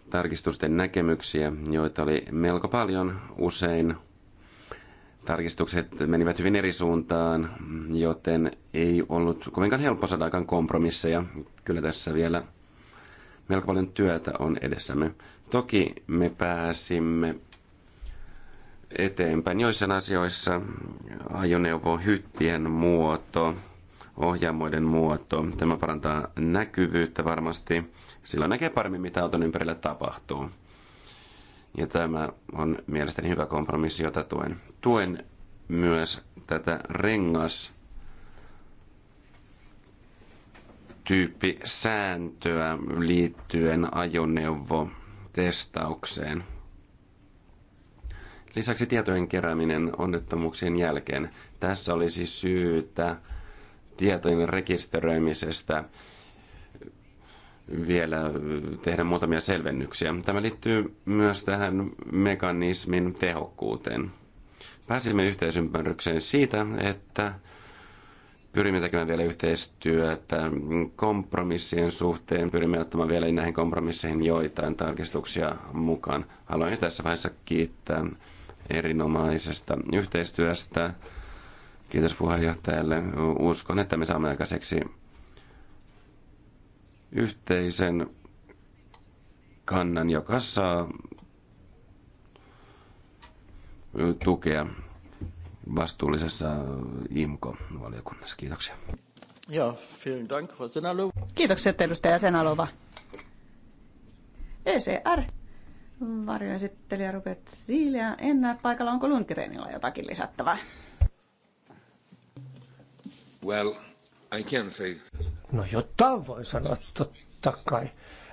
tarkistusten näkemyksiä, joita oli melko paljon usein. Tarkistukset menivät hyvin eri suuntaan, joten ei ollut kovinkaan helppo saada aikaan kompromisseja. Kyllä tässä vielä melko paljon työtä on edessämme. Toki me pääsimme eteenpäin joissain asioissa hyttien muoto, ohjaamoiden muoto. Tämä parantaa näkyvyyttä varmasti. Silloin näkee paremmin, mitä auton ympärillä tapahtuu. Ja tämä on mielestäni hyvä kompromissi, jota tuen. Tuen myös tätä rengas sääntöä liittyen ajoneuvo testaukseen. Lisäksi tietojen kerääminen onnettomuuksien jälkeen. Tässä olisi siis syytä tietojen rekisteröimisestä vielä tehdä muutamia selvennyksiä. Tämä liittyy myös tähän mekanismin tehokkuuteen. Pääsimme yhteisymmärrykseen siitä, että Pyrimme tekemään vielä yhteistyötä kompromissien suhteen. Pyrimme ottamaan vielä näihin kompromisseihin joitain tarkistuksia mukaan. Haluan jo tässä vaiheessa kiittää erinomaisesta yhteistyöstä. Kiitos puheenjohtajalle. Uskon, että me saamme aikaiseksi yhteisen kannan, joka saa tukea vastuullisessa IMKO-valiokunnassa. Kiitoksia. Ja, vielen dank, Kiitoksia, edustaja Senalova. ECR. Varjoesittelijä Rupert Siilia. En näe paikalla, onko Lundgrenilla jotakin lisättävää? Well, I can say. No jotain voi sanoa, totta kai.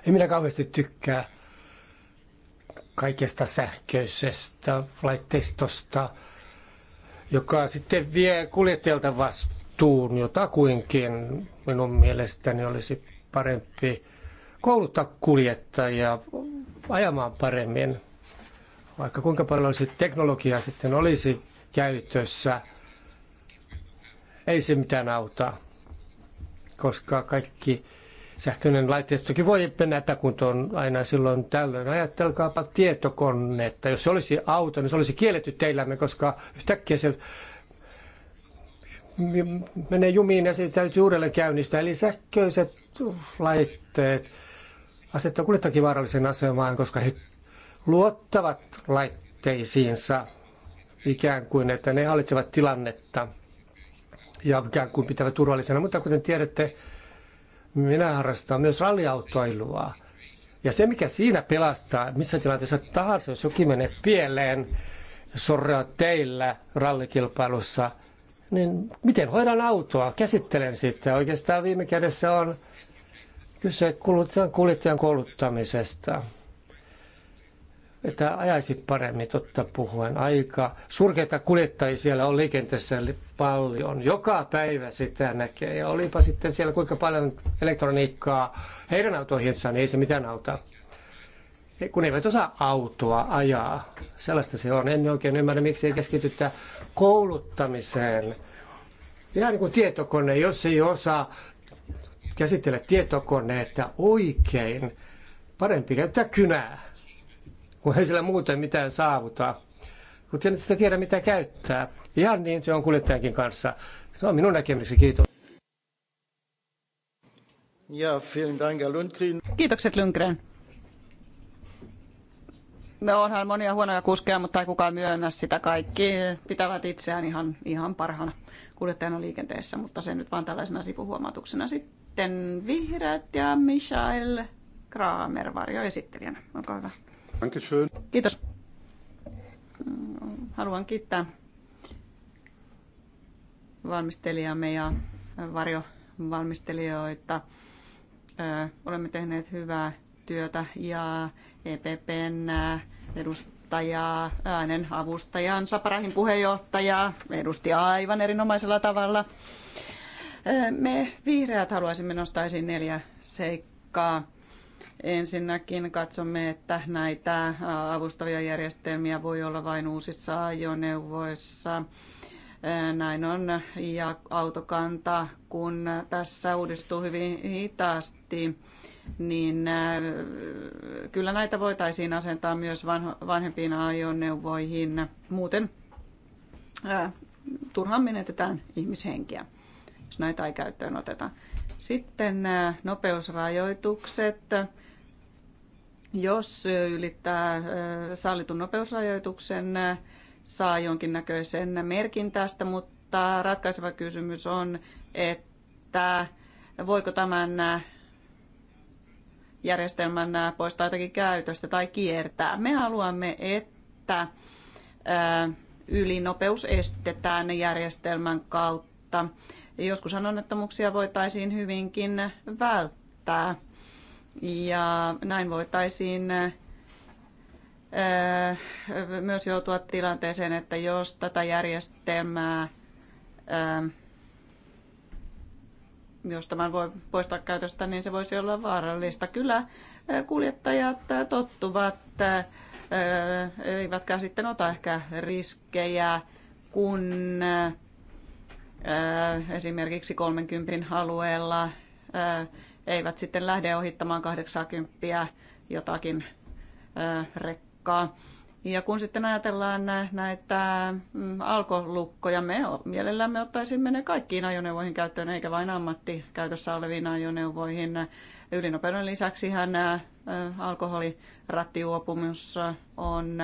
Ei minä kauheasti tykkää kaikesta sähköisestä laitteistosta, joka sitten vie kuljettajalta vastuun jotakuinkin. Minun mielestäni olisi parempi kouluttaa kuljettajia ajamaan paremmin, vaikka kuinka paljon olisi teknologiaa sitten olisi käytössä. Ei se mitään auta, koska kaikki Sähköinen laitteistokin voi penätä, kun on aina silloin tällöin. Ajattelkaapa tietokonetta. Jos se olisi auto, niin se olisi kielletty teillämme, koska yhtäkkiä se menee jumiin ja se täytyy uudelleen käynnistää. Eli sähköiset laitteet asettaa kuljettakin vaarallisen asemaan, koska he luottavat laitteisiinsa ikään kuin, että ne hallitsevat tilannetta ja ikään kuin pitävät turvallisena. Mutta kuten tiedätte, minä harrastan myös ralliautoilua. Ja se, mikä siinä pelastaa, missä tilanteessa tahansa, jos jokin menee pieleen, sorrea teillä rallikilpailussa, niin miten hoidan autoa? Käsittelen sitä. Oikeastaan viime kädessä on kyse kuljettajan kouluttamisesta että ajaisi paremmin, totta puhuen. Aika surkeita kuljettajia siellä on liikenteessä paljon. Joka päivä sitä näkee. Ja olipa sitten siellä kuinka paljon elektroniikkaa heidän autoihinsa, niin ei se mitään auta. Kun eivät osaa autoa ajaa, sellaista se on. En oikein ymmärrä, miksi ei keskitytä kouluttamiseen. Ihan niin kuin tietokone, jos ei osaa käsitellä tietokoneita oikein, parempi käyttää kynää kun ei sillä muuten mitään saavuta. Mutta en sitä tiedä, mitä käyttää. Ihan niin se on kuljettajankin kanssa. Se on minun näkemykseni. Kiitos. Ja, vielen Dank, Lundgren. Kiitokset, Lundgren. Me onhan monia huonoja kuskeja, mutta ei kukaan myönnä sitä. Kaikki pitävät itseään ihan, ihan parhaana kuljettajana liikenteessä, mutta se nyt vaan tällaisena sivuhuomautuksena. Sitten vihreät ja Michael Kramer esittelijänä. Olkaa hyvä. Kiitos. Haluan kiittää valmistelijamme ja varjovalmistelijoita. Olemme tehneet hyvää työtä ja EPPn edustajaa, äänen avustajansa, parahin puheenjohtajaa, edusti aivan erinomaisella tavalla. Me vihreät haluaisimme nostaa esiin neljä seikkaa Ensinnäkin katsomme, että näitä avustavia järjestelmiä voi olla vain uusissa ajoneuvoissa. Näin on. Ja autokanta, kun tässä uudistuu hyvin hitaasti, niin äh, kyllä näitä voitaisiin asentaa myös vanhempiin ajoneuvoihin. Muuten äh, turhaan menetetään ihmishenkiä, jos näitä ei käyttöön oteta. Sitten äh, nopeusrajoitukset. Jos ylittää äh, sallitun nopeusrajoituksen, äh, saa jonkinnäköisen merkin tästä, mutta ratkaiseva kysymys on, että voiko tämän järjestelmän poistaa jotakin käytöstä tai kiertää. Me haluamme, että ylinopeus estetään järjestelmän kautta. Joskus onnettomuuksia voitaisiin hyvinkin välttää. Ja näin voitaisiin eh, myös joutua tilanteeseen, että jos tätä järjestelmää, eh, jos tämän voi poistaa käytöstä, niin se voisi olla vaarallista. Kyllä eh, kuljettajat tottuvat, eivätkä sitten ota ehkä riskejä, kun esimerkiksi 30 alueella eivät sitten lähde ohittamaan 80 jotakin rekkaa. Ja kun sitten ajatellaan näitä mm, alkolukkoja, me mielellämme ottaisimme ne kaikkiin ajoneuvoihin käyttöön, eikä vain ammattikäytössä oleviin ajoneuvoihin. Ylinopeuden lisäksi hän alkoholirattijuopumus on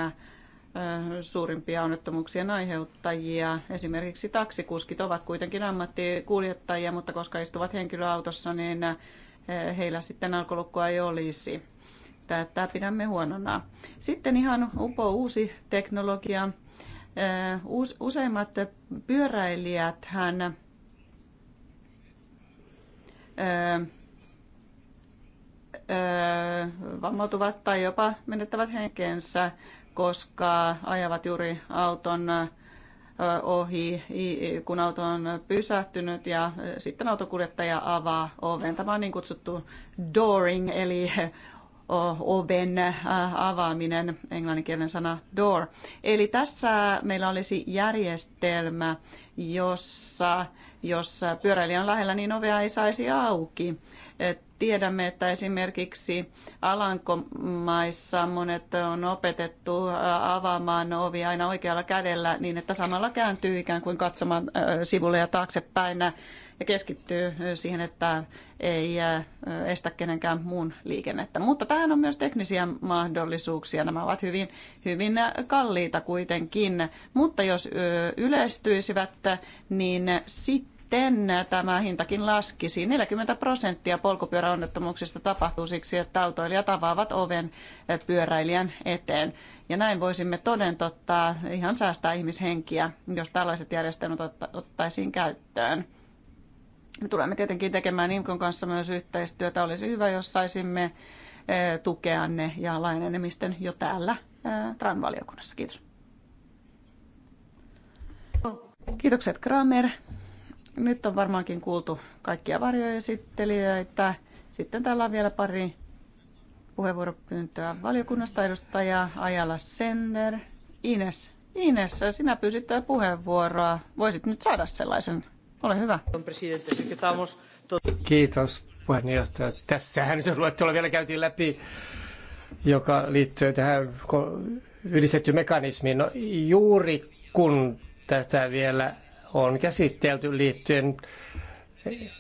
suurimpia onnettomuuksien aiheuttajia. Esimerkiksi taksikuskit ovat kuitenkin ammattikuljettajia, mutta koska istuvat henkilöautossa, niin heillä sitten alkolukkoa ei olisi. Tätä pidämme huonona. Sitten ihan upo uusi teknologia. Useimmat pyöräilijät hän vammautuvat tai jopa menettävät henkensä koska ajavat juuri auton ohi, kun auto on pysähtynyt ja sitten autokuljettaja avaa oven. Tämä on niin kutsuttu dooring eli oven avaaminen, englanninkielinen sana door. Eli tässä meillä olisi järjestelmä, jossa jos pyöräilijä on lähellä, niin ovea ei saisi auki. Tiedämme, että esimerkiksi Alankomaissa monet on opetettu äh, avaamaan ovi aina oikealla kädellä niin, että samalla kääntyy ikään kuin katsomaan äh, sivulle ja taaksepäin ja keskittyy äh, siihen, että ei estä kenenkään muun liikennettä. Mutta tähän on myös teknisiä mahdollisuuksia. Nämä ovat hyvin, hyvin kalliita kuitenkin. Mutta jos yleistyisivät, niin sitten sitten tämä hintakin laskisi. 40 prosenttia polkupyöräonnettomuuksista tapahtuu siksi, että autoilijat avaavat oven pyöräilijän eteen. Ja näin voisimme toden totta ihan säästää ihmishenkiä, jos tällaiset järjestelmät ottaisiin käyttöön. Me tulemme tietenkin tekemään Imkon kanssa myös yhteistyötä. Olisi hyvä, jos saisimme eh, tukeanne ja lainenemisten jo täällä eh, TRAN-valiokunnassa. Kiitos. Kiitokset Kramer. Nyt on varmaankin kuultu kaikkia varjoesittelijöitä. Sitten täällä on vielä pari puheenvuoropyyntöä valiokunnasta. Edustaja Ajala Sender. Ines, Ines, sinä pyysit puheenvuoroa. Voisit nyt saada sellaisen. Ole hyvä. Kiitos puheenjohtaja. Tässähän nyt luettelua vielä käytiin läpi, joka liittyy tähän ylistettyyn mekanismiin. No, juuri kun tätä vielä on käsitelty liittyen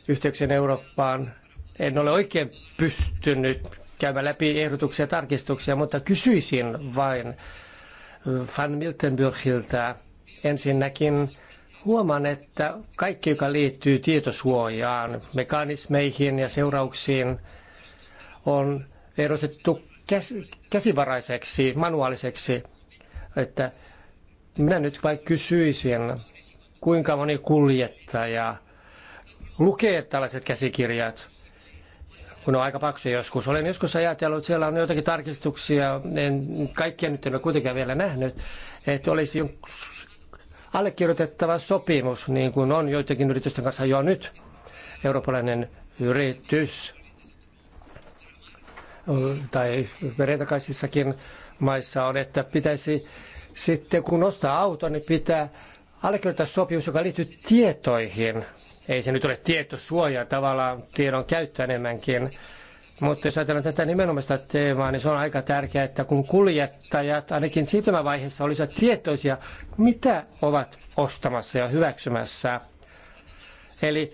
yhteyksien Eurooppaan. En ole oikein pystynyt käymään läpi ehdotuksia ja tarkistuksia, mutta kysyisin vain Van Miltenburgilta ensinnäkin, huomaan, että kaikki, joka liittyy tietosuojaan, mekanismeihin ja seurauksiin, on erotettu käsivaraiseksi, manuaaliseksi. Että minä nyt vain kysyisin, kuinka moni kuljettaja lukee tällaiset käsikirjat, kun on aika paksuja joskus. Olen joskus ajatellut, että siellä on joitakin tarkistuksia, en, kaikkia nyt en ole kuitenkaan vielä nähnyt, että olisi allekirjoitettava sopimus, niin kuin on joitakin yritysten kanssa jo nyt. Eurooppalainen yritys tai merentakaisissakin maissa on, että pitäisi sitten kun ostaa auto, niin pitää allekirjoittaa sopimus, joka liittyy tietoihin. Ei se nyt ole tietosuoja tavallaan tiedon käyttö enemmänkin. Mutta jos ajatellaan tätä nimenomaista teemaa, niin se on aika tärkeää, että kun kuljettajat ainakin siirtymävaiheessa olisivat tietoisia, mitä ovat ostamassa ja hyväksymässä. Eli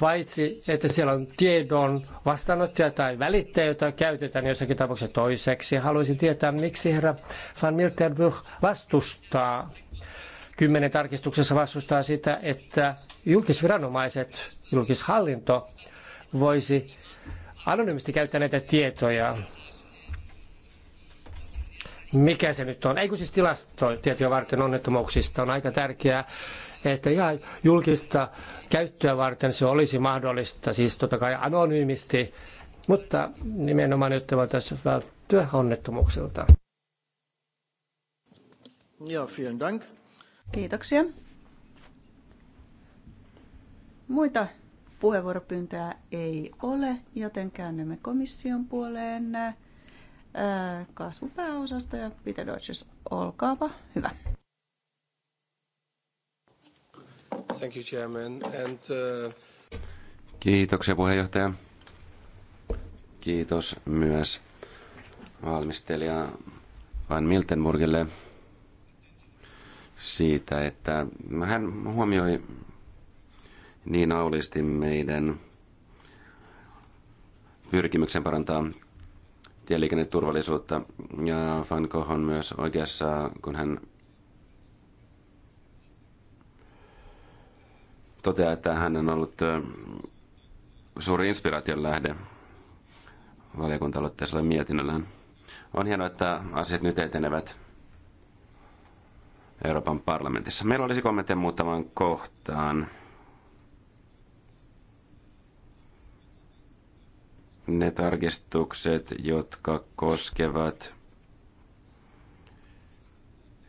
paitsi, että siellä on tiedon vastaanottaja tai välittäjä, jota käytetään jossakin tapauksessa toiseksi. Haluaisin tietää, miksi herra Van Miltenburg vastustaa Kymmenen tarkistuksessa vastustaa sitä, että julkisviranomaiset, julkishallinto voisi anonyymisti käyttää näitä tietoja. Mikä se nyt on? Eikö siis tilastotietoja varten onnettomuuksista on aika tärkeää, että ihan julkista käyttöä varten se olisi mahdollista, siis totta kai anonyymisti, mutta nimenomaan nyt voitaisiin välttyä onnettomuuksilta. Ja, vielen Dank. Kiitoksia. Muita puheenvuoropyyntöjä ei ole, joten käännymme komission puoleen kasvupääosasta ja Peter Deutsches, olkaapa hyvä. Thank you, Chairman. And, uh... Kiitoksia puheenjohtaja. Kiitos myös valmistelija Van Miltenburgille siitä, että hän huomioi niin aulisti meidän pyrkimyksen parantaa tieliikenneturvallisuutta. Ja Van Gogh on myös oikeassa, kun hän toteaa, että hän on ollut suuri inspiraation lähde valiokunta-aloitteisella mietinnöllään. On hienoa, että asiat nyt etenevät. Euroopan parlamentissa. Meillä olisi kommentteja muutamaan kohtaan. Ne tarkistukset, jotka koskevat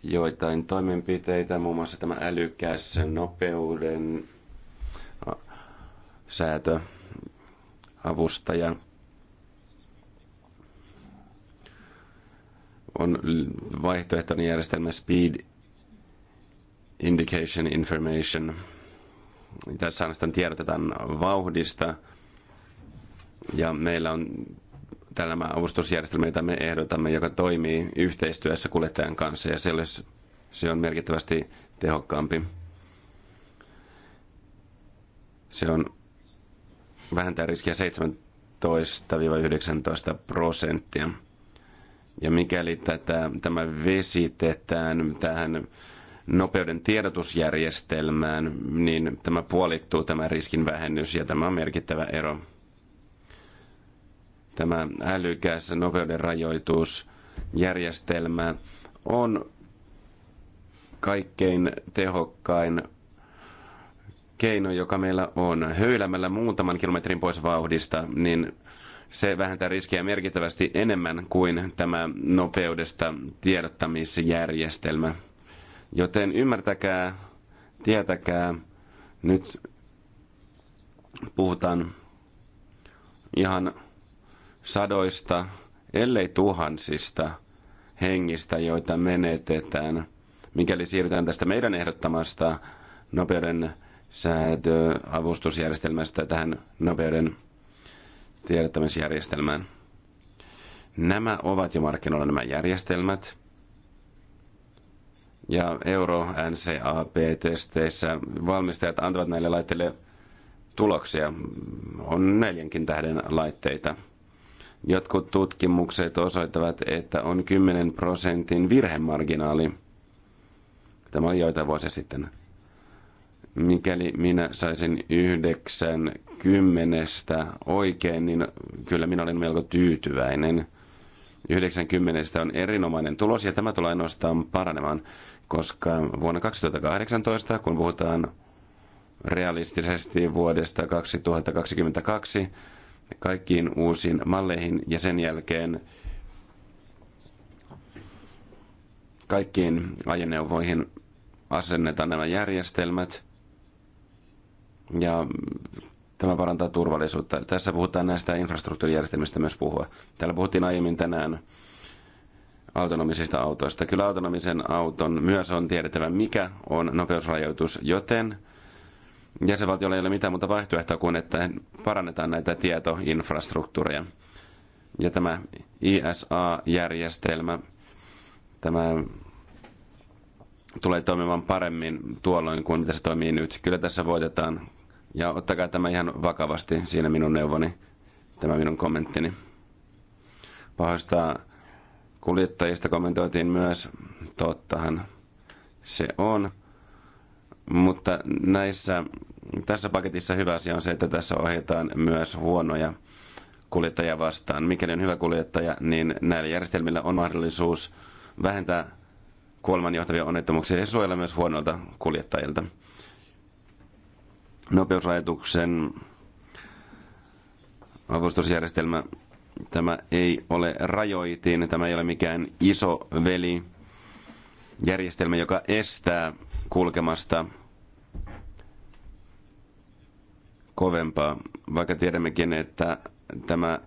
joitain toimenpiteitä, muun muassa tämä älykäs nopeuden säätö, avustaja, on vaihtoehtoinen järjestelmä Speed indication information. Tässä ainoastaan tiedotetaan vauhdista. Ja meillä on tämä avustusjärjestelmä, jota me ehdotamme, joka toimii yhteistyössä kuljettajan kanssa. Ja se, olisi, se on merkittävästi tehokkaampi. Se on vähentää riskiä 17-19 prosenttia. Ja mikäli tätä, tämä vesitetään tähän nopeuden tiedotusjärjestelmään, niin tämä puolittuu tämä riskin vähennys ja tämä on merkittävä ero. Tämä älykäs nopeuden rajoitusjärjestelmä on kaikkein tehokkain keino, joka meillä on. Höylämällä muutaman kilometrin pois vauhdista, niin se vähentää riskejä merkittävästi enemmän kuin tämä nopeudesta tiedottamisjärjestelmä. Joten ymmärtäkää, tietäkää, nyt puhutaan ihan sadoista, ellei tuhansista hengistä, joita menetetään, mikäli siirrytään tästä meidän ehdottamasta nopeuden säätöavustusjärjestelmästä tähän nopeuden tiedottamisjärjestelmään. Nämä ovat jo markkinoilla nämä järjestelmät – ja Euro NCAP-testeissä valmistajat antavat näille laitteille tuloksia. On neljänkin tähden laitteita. Jotkut tutkimukset osoittavat, että on 10 prosentin virhemarginaali. Tämä oli joitain vuosia sitten. Mikäli minä saisin yhdeksän kymmenestä oikein, niin kyllä minä olen melko tyytyväinen. kymmenestä on erinomainen tulos ja tämä tulee ainoastaan paranemaan koska vuonna 2018, kun puhutaan realistisesti vuodesta 2022 kaikkiin uusiin malleihin ja sen jälkeen kaikkiin ajoneuvoihin asennetaan nämä järjestelmät ja tämä parantaa turvallisuutta. Tässä puhutaan näistä infrastruktuurijärjestelmistä myös puhua. Täällä puhuttiin aiemmin tänään autonomisista autoista. Kyllä autonomisen auton myös on tiedettävä, mikä on nopeusrajoitus, joten jäsenvaltiolla ei ole mitään muuta vaihtoehtoa kuin, että parannetaan näitä tietoinfrastruktuureja. Ja tämä ISA-järjestelmä, tämä tulee toimimaan paremmin tuolloin kuin mitä se toimii nyt. Kyllä tässä voitetaan. Ja ottakaa tämä ihan vakavasti, siinä minun neuvoni, tämä minun kommenttini. Pahoistaa Kuljettajista kommentoitiin myös, tottahan se on. Mutta näissä, tässä paketissa hyvä asia on se, että tässä ohjataan myös huonoja kuljettajia vastaan. Mikäli on hyvä kuljettaja, niin näillä järjestelmillä on mahdollisuus vähentää kuoleman johtavia onnettomuuksia ja suojella myös huonolta kuljettajilta. Nopeusrajoituksen avustusjärjestelmä Tämä ei ole rajoitin, tämä ei ole mikään iso veli järjestelmä, joka estää kulkemasta kovempaa, vaikka tiedämmekin, että tämä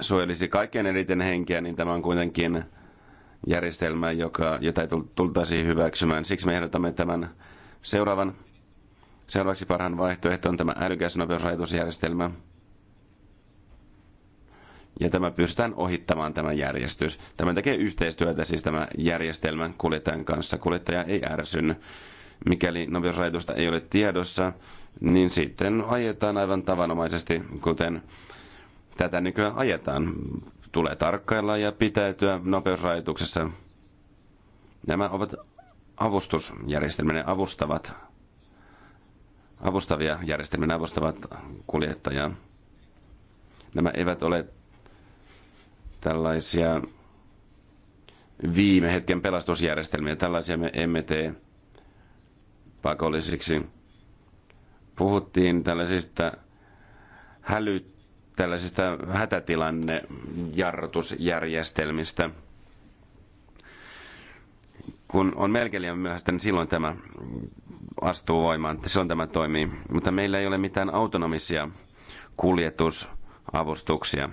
suojelisi kaikkien eniten henkeä, niin tämä on kuitenkin järjestelmä, joka, jota ei tultaisi hyväksymään. Siksi me ehdotamme tämän seuraavan. Seuraavaksi parhaan vaihtoehto on tämä älykäs nopeusrajoitusjärjestelmä – ja tämä pystytään ohittamaan tämä järjestys. Tämä tekee yhteistyötä siis tämä järjestelmän kuljettajan kanssa. Kuljettaja ei ärsyn. Mikäli nopeusrajoitusta ei ole tiedossa, niin sitten ajetaan aivan tavanomaisesti, kuten tätä nykyään ajetaan. Tulee tarkkailla ja pitäytyä nopeusrajoituksessa. Nämä ovat avustusjärjestelmät, avustavat, avustavia järjestelmän avustavat kuljettajaa. Nämä eivät ole tällaisia viime hetken pelastusjärjestelmiä. Tällaisia me emme tee pakollisiksi. Puhuttiin tällaisista hälyt, tällaisista hätätilannejarrutusjärjestelmistä. Kun on melkein liian myöhäistä, niin silloin tämä astuu voimaan, silloin tämä toimii. Mutta meillä ei ole mitään autonomisia kuljetusavustuksia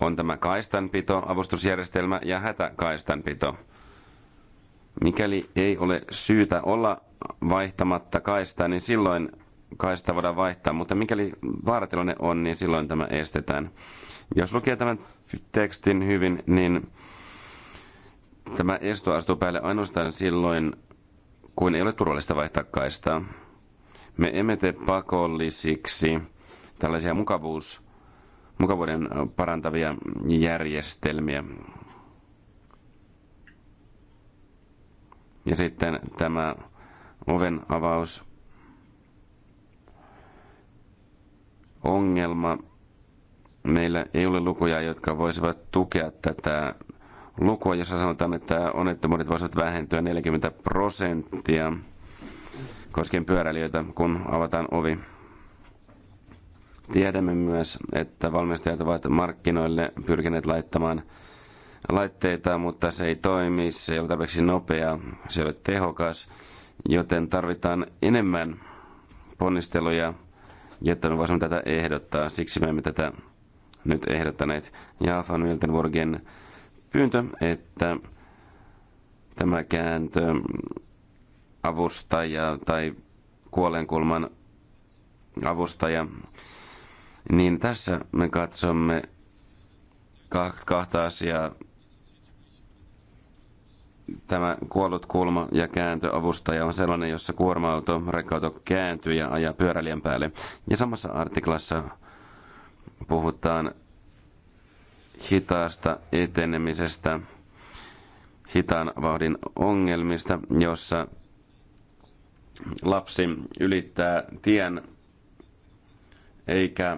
on tämä kaistanpito, avustusjärjestelmä ja hätäkaistanpito. Mikäli ei ole syytä olla vaihtamatta kaistaa, niin silloin kaista voidaan vaihtaa, mutta mikäli vaaratilanne on, niin silloin tämä estetään. Jos lukee tämän tekstin hyvin, niin tämä esto astuu päälle ainoastaan silloin, kun ei ole turvallista vaihtaa kaistaa. Me emme tee pakollisiksi tällaisia mukavuus- mukavuuden parantavia järjestelmiä. Ja sitten tämä oven avaus ongelma. Meillä ei ole lukuja, jotka voisivat tukea tätä lukua, jossa sanotaan, että onnettomuudet voisivat vähentyä 40 prosenttia koskien pyöräilijöitä, kun avataan ovi. Tiedämme myös, että valmistajat ovat markkinoille pyrkineet laittamaan laitteita, mutta se ei toimi, se ei ole tarpeeksi nopea, se ei ole tehokas, joten tarvitaan enemmän ponnisteluja, jotta me voisimme tätä ehdottaa. Siksi me emme tätä nyt ehdottaneet. Ja van Miltenburgin pyyntö, että tämä kääntö avustaja tai kuolenkulman avustaja niin tässä me katsomme kahta asiaa. Tämä kuollut kulma ja kääntöavustaja on sellainen, jossa kuorma-auto, rekka-auto kääntyy ja ajaa pyöräilijän päälle. Ja samassa artiklassa puhutaan hitaasta etenemisestä, hitaan vauhdin ongelmista, jossa lapsi ylittää tien eikä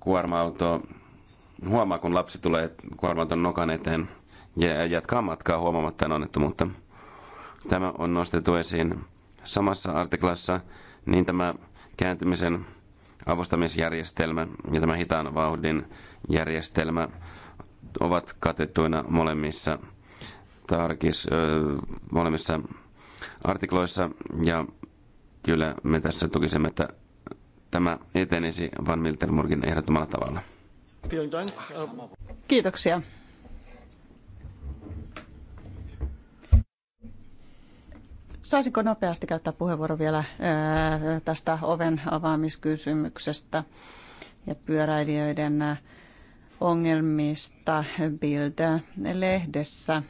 kuorma-auto huomaa, kun lapsi tulee kuorma-auton nokan eteen ja jatkaa matkaa huomaamatta onnettomuutta. Tämä on nostettu esiin samassa artiklassa, niin tämä kääntymisen avustamisjärjestelmä ja tämä hitaan vauhdin järjestelmä ovat katettuina molemmissa, tarkis, ö, molemmissa artikloissa ja kyllä me tässä tukisemme, että tämä etenisi Van Miltenburgin ehdottomalla tavalla. Kiitoksia. Saisinko nopeasti käyttää puheenvuoro vielä äh, tästä oven avaamiskysymyksestä ja pyöräilijöiden äh, ongelmista Bild-lehdessä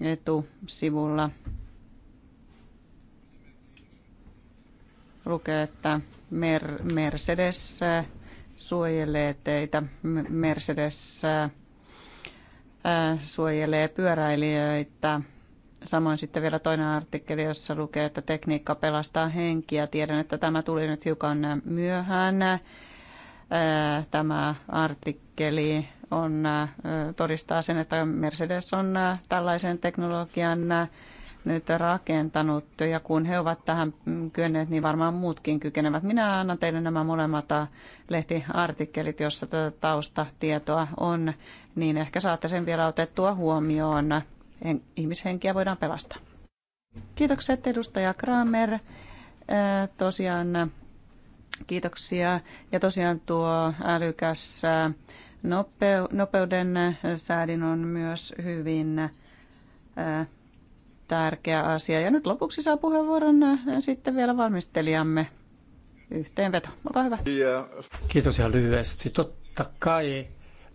etusivulla lukee, että Mer- Mercedes äh, suojelee teitä, Mercedes äh, äh, suojelee pyöräilijöitä. Samoin sitten vielä toinen artikkeli, jossa lukee, että tekniikka pelastaa henkiä. Tiedän, että tämä tuli nyt hiukan myöhään. Tämä artikkeli on, todistaa sen, että Mercedes on tällaisen teknologian nyt rakentanut ja kun he ovat tähän kyenneet, niin varmaan muutkin kykenevät. Minä annan teille nämä molemmat lehtiartikkelit, jossa tätä taustatietoa on, niin ehkä saatte sen vielä otettua huomioon. Ihmishenkiä voidaan pelastaa. Kiitokset edustaja Kramer. Äh, tosiaan kiitoksia. Ja tosiaan tuo älykäs äh, nopeuden säädin on myös hyvin äh, tärkeä asia. Ja nyt lopuksi saa puheenvuoron äh, sitten vielä valmistelijamme yhteenveto. Olkaa hyvä. Kiitos ihan lyhyesti. Totta kai,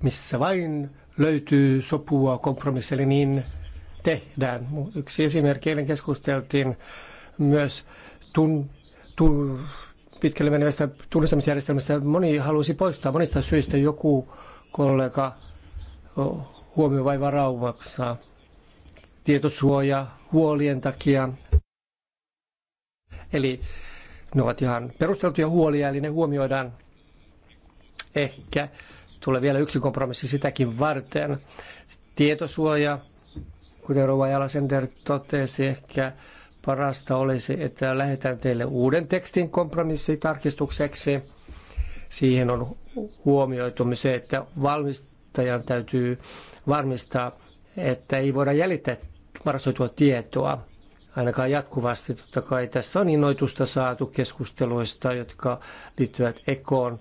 missä vain löytyy sopua kompromisseli, niin tehdään. Yksi esimerkki, eilen keskusteltiin myös tun, tun, pitkälle menevästä tunnistamisjärjestelmästä. Moni halusi poistaa monista syistä joku kollega oh, huomio vai varaumaksaa tietosuoja huolien takia. Eli ne ovat ihan perusteltuja huolia, eli ne huomioidaan ehkä. Tulee vielä yksi kompromissi sitäkin varten. Tietosuoja, kuten Rova Jalasender totesi, ehkä parasta olisi, että lähetän teille uuden tekstin kompromissitarkistukseksi. Siihen on huomioitu se, että valmistajan täytyy varmistaa, että ei voida jäljittää varastoitua tietoa, ainakaan jatkuvasti. Totta kai tässä on innoitusta saatu keskusteluista, jotka liittyvät ekoon.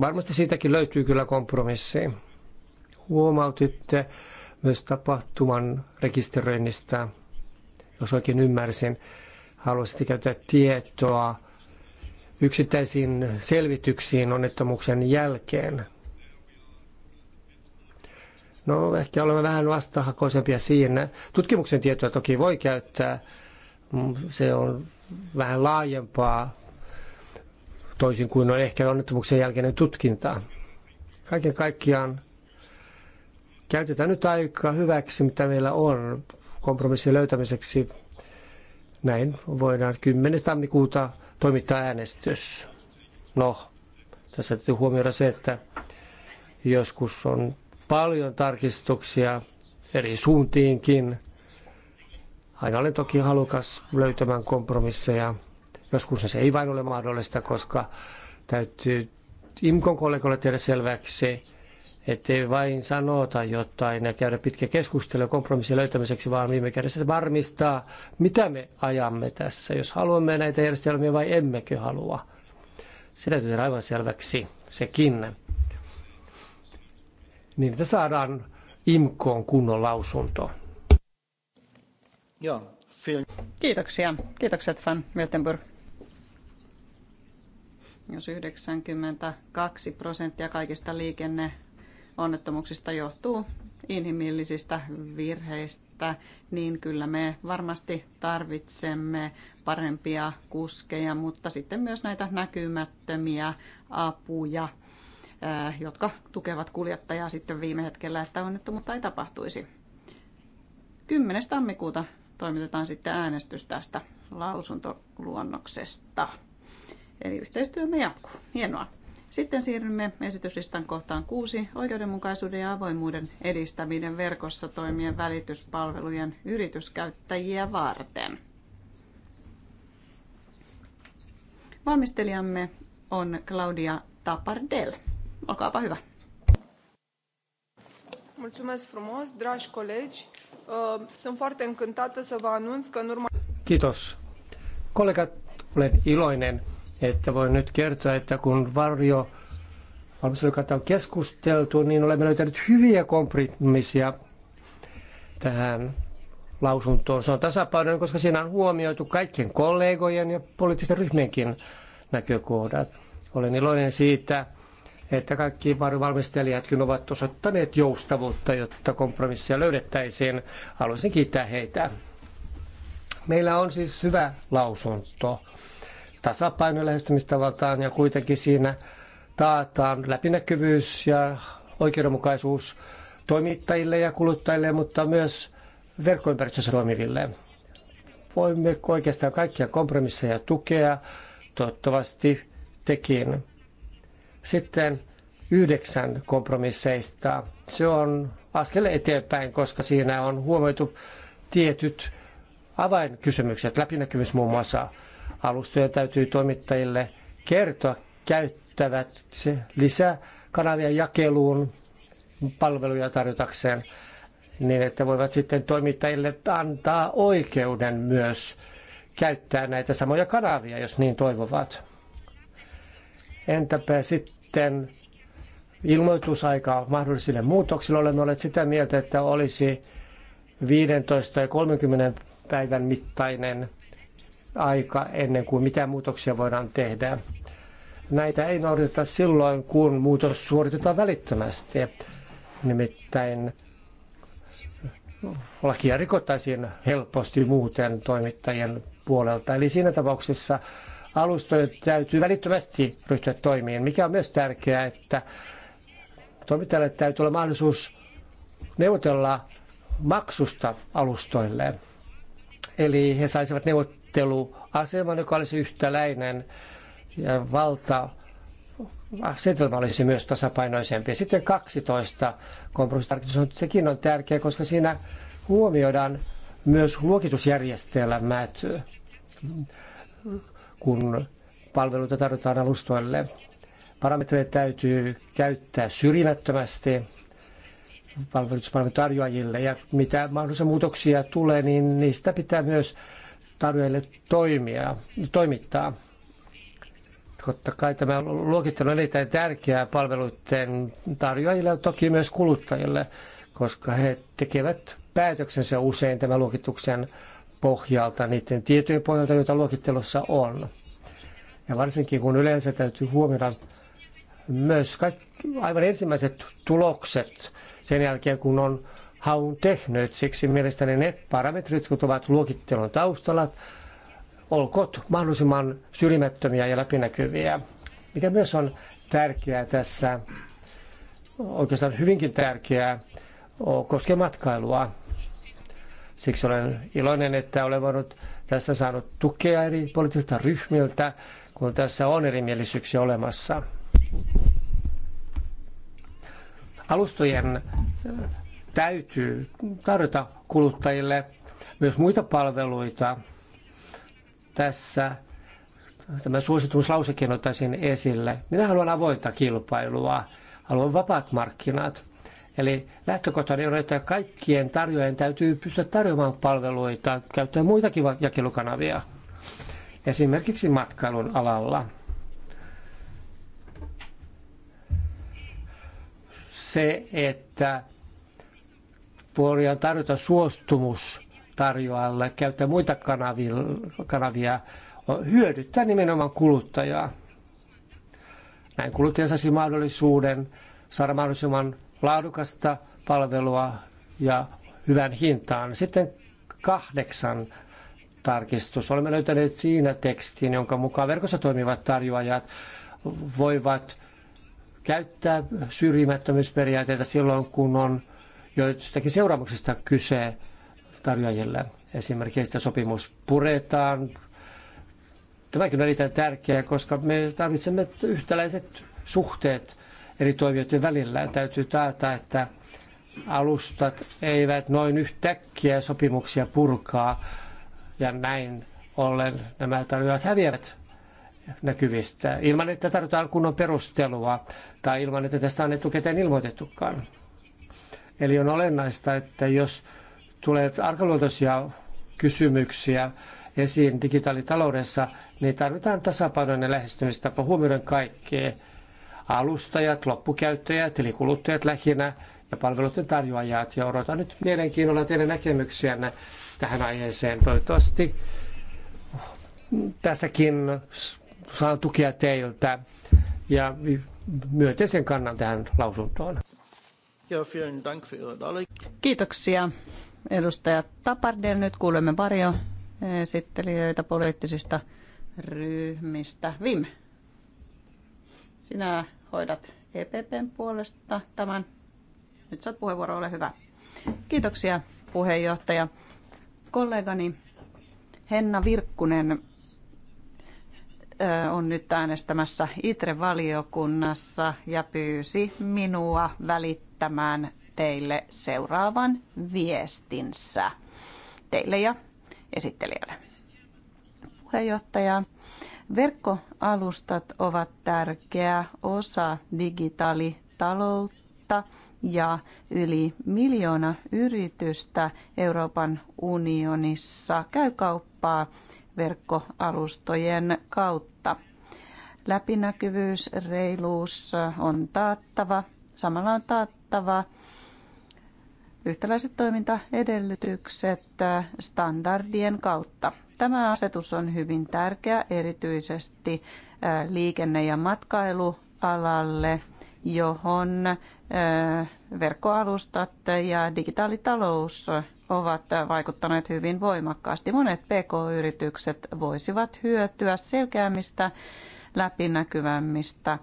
Varmasti siitäkin löytyy kyllä kompromissi. Huomautitte myös tapahtuman rekisteröinnistä, jos oikein ymmärsin. Haluaisitte käyttää tietoa yksittäisiin selvityksiin onnettomuuksen jälkeen. No ehkä olemme vähän vastahakoisempia siinä. Tutkimuksen tietoa toki voi käyttää, mm, se on vähän laajempaa, toisin kuin on ehkä onnettomuuksen jälkeinen tutkinta. Kaiken kaikkiaan käytetään nyt aikaa hyväksi, mitä meillä on kompromissin löytämiseksi. Näin voidaan 10. tammikuuta toimittaa äänestys. No, tässä täytyy huomioida se, että joskus on paljon tarkistuksia eri suuntiinkin. Aina olen toki halukas löytämään kompromisseja. Joskus se ei vain ole mahdollista, koska täytyy IMKon kollegoille tehdä selväksi, ettei vain sanota jotain ja käydä pitkä keskustelu kompromissin löytämiseksi, vaan viime kädessä varmistaa, mitä me ajamme tässä, jos haluamme näitä järjestelmiä vai emmekö halua. Se täytyy tehdä aivan selväksi sekin niin että saadaan IMKOon kunnon lausunto. Joo, Kiitoksia. Kiitokset Van Miltenburg. Jos 92 prosenttia kaikista liikenneonnettomuuksista johtuu inhimillisistä virheistä, niin kyllä me varmasti tarvitsemme parempia kuskeja, mutta sitten myös näitä näkymättömiä apuja Äh, jotka tukevat kuljettajaa sitten viime hetkellä, että onnettomuutta ei tapahtuisi. 10. tammikuuta toimitetaan sitten äänestys tästä lausuntoluonnoksesta. Eli yhteistyömme jatkuu. Hienoa. Sitten siirrymme esityslistan kohtaan kuusi, oikeudenmukaisuuden ja avoimuuden edistäminen verkossa toimien välityspalvelujen yrityskäyttäjiä varten. Valmistelijamme on Claudia Tapardel. Olkaapa hyvä. Mulțumesc frumos, dragi colegi. Uh, sunt foarte încântată să vă anunț că în Kiitos. Kollegat, olen iloinen, että voin nyt kertoa, että kun varjo valmistelukautta on keskusteltu, niin olemme löytäneet hyviä kompromisseja tähän lausuntoon. Se on tasapainoinen, koska siinä on huomioitu kaikkien kollegojen ja poliittisten ryhmienkin näkökohdat. Olen iloinen siitä, että kaikki valmistelijatkin ovat osoittaneet joustavuutta, jotta kompromissia löydettäisiin. Haluaisin kiittää heitä. Meillä on siis hyvä lausunto tasapaino lähestymistavaltaan ja kuitenkin siinä taataan läpinäkyvyys ja oikeudenmukaisuus toimittajille ja kuluttajille, mutta myös verkkoympäristössä toimiville. Voimme oikeastaan kaikkia kompromisseja tukea, toivottavasti tekin. Sitten yhdeksän kompromisseista. Se on askel eteenpäin, koska siinä on huomioitu tietyt avainkysymykset, läpinäkyvyys muun muassa. Alustojen täytyy toimittajille kertoa, käyttävät se lisää kanavia jakeluun palveluja tarjotakseen niin, että voivat sitten toimittajille antaa oikeuden myös käyttää näitä samoja kanavia, jos niin toivovat. Entäpä sitten ilmoitusaika mahdollisille muutoksille? Olemme olleet sitä mieltä, että olisi 15 ja 30 päivän mittainen aika ennen kuin mitä muutoksia voidaan tehdä. Näitä ei noudateta silloin, kun muutos suoritetaan välittömästi. Nimittäin lakia rikottaisiin helposti muuten toimittajien puolelta. Eli siinä tapauksessa alustojen täytyy välittömästi ryhtyä toimiin, mikä on myös tärkeää, että toimittajalle täytyy olla mahdollisuus neuvotella maksusta alustoille. Eli he saisivat neuvotteluaseman, joka olisi yhtäläinen ja valta asetelma olisi myös tasapainoisempi. Sitten 12 kompromissitarkistus on, sekin on tärkeä, koska siinä huomioidaan myös luokitusjärjestelmät kun palveluita tarjotaan alustoille. Parametreja täytyy käyttää syrjimättömästi palveluspalvelun tarjoajille ja mitä mahdollisia muutoksia tulee, niin niistä pitää myös tarjoajille toimia, toimittaa. Totta kai tämä luokittelu on erittäin tärkeää palveluiden tarjoajille ja toki myös kuluttajille, koska he tekevät päätöksensä usein tämän luokituksen pohjalta, niiden tietojen pohjalta, joita luokittelussa on. Ja varsinkin kun yleensä täytyy huomioida myös kaikki, aivan ensimmäiset tulokset sen jälkeen, kun on haun tehnyt. Siksi mielestäni ne parametrit, jotka ovat luokittelun taustalla, olkoot mahdollisimman syrjimättömiä ja läpinäkyviä. Mikä myös on tärkeää tässä, oikeastaan hyvinkin tärkeää, koskee matkailua. Siksi olen iloinen, että olen voinut tässä saanut tukea eri poliittisilta ryhmiltä, kun tässä on erimielisyyksiä olemassa. Alustojen äh, täytyy tarjota kuluttajille myös muita palveluita. Tässä tämä suosituslausekin ottaisin esille. Minä haluan avointa kilpailua, haluan vapaat markkinat. Eli lähtökohtana on, että kaikkien tarjoajien täytyy pystyä tarjoamaan palveluita, käyttää muitakin jakelukanavia, esimerkiksi matkailun alalla. Se, että voidaan tarjota suostumus tarjoajalle, käyttää muita kanavia, kanavia hyödyttää nimenomaan kuluttajaa. Näin kuluttaja saisi mahdollisuuden saada mahdollisimman laadukasta palvelua ja hyvän hintaan. Sitten kahdeksan tarkistus. Olemme löytäneet siinä tekstin, jonka mukaan verkossa toimivat tarjoajat voivat käyttää syrjimättömyysperiaatteita silloin, kun on joistakin seuraamuksista kyse tarjoajille. Esimerkiksi että sopimus puretaan. Tämäkin on erittäin tärkeää, koska me tarvitsemme yhtäläiset suhteet eri toimijoiden välillä. Täytyy taata, että alustat eivät noin yhtäkkiä sopimuksia purkaa ja näin ollen nämä tarjoajat häviävät näkyvistä ilman, että tarvitaan kunnon perustelua tai ilman, että tästä on etukäteen ilmoitettukaan. Eli on olennaista, että jos tulee arkaluontoisia kysymyksiä esiin digitaalitaloudessa, niin tarvitaan tasapainoinen lähestymistapa huomioiden kaikkea alustajat, loppukäyttäjät, eli kuluttajat lähinnä ja palveluiden tarjoajat. Ja odotan nyt mielenkiinnolla teidän näkemyksiänne tähän aiheeseen. Toivottavasti tässäkin saan tukea teiltä ja myönteisen kannan tähän lausuntoon. Kiitoksia edustaja Tapardel. Nyt kuulemme varjo esittelijöitä poliittisista ryhmistä. Viime sinä hoidat EPPn puolesta tämän. Nyt saat puheenvuoro, ole hyvä. Kiitoksia puheenjohtaja. Kollegani Henna Virkkunen on nyt äänestämässä ITRE-valiokunnassa ja pyysi minua välittämään teille seuraavan viestinsä. Teille ja esittelijälle. Puheenjohtaja, Verkkoalustat ovat tärkeä osa digitaalitaloutta ja yli miljoona yritystä Euroopan unionissa käy kauppaa verkkoalustojen kautta. Läpinäkyvyys, reiluus on taattava. Samalla on taattava yhtäläiset toimintaedellytykset standardien kautta. Tämä asetus on hyvin tärkeä erityisesti liikenne- ja matkailualalle, johon verkkoalustat ja digitaalitalous ovat vaikuttaneet hyvin voimakkaasti. Monet PK-yritykset voisivat hyötyä selkeämmistä, läpinäkyvämmistä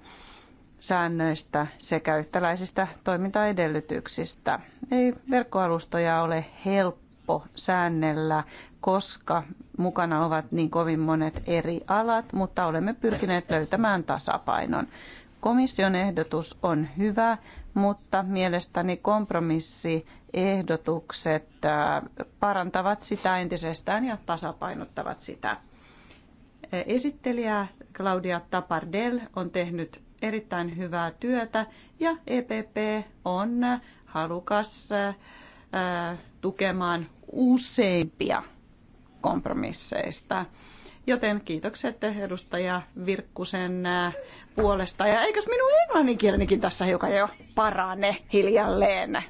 säännöistä sekä yhtäläisistä toimintaedellytyksistä. Ei verkkoalustoja ole helppo säännellä, koska mukana ovat niin kovin monet eri alat, mutta olemme pyrkineet löytämään tasapainon. Komission ehdotus on hyvä, mutta mielestäni kompromissiehdotukset äh, parantavat sitä entisestään ja tasapainottavat sitä. Äh, esittelijä Claudia Tapardel on tehnyt erittäin hyvää työtä ja EPP on äh, halukas tukemaan useimpia kompromisseista. Joten kiitokset edustaja Virkkusen äh, puolesta. Ja eikös minun englanninkielenikin tässä hiukan jo parane hiljalleen? Äh,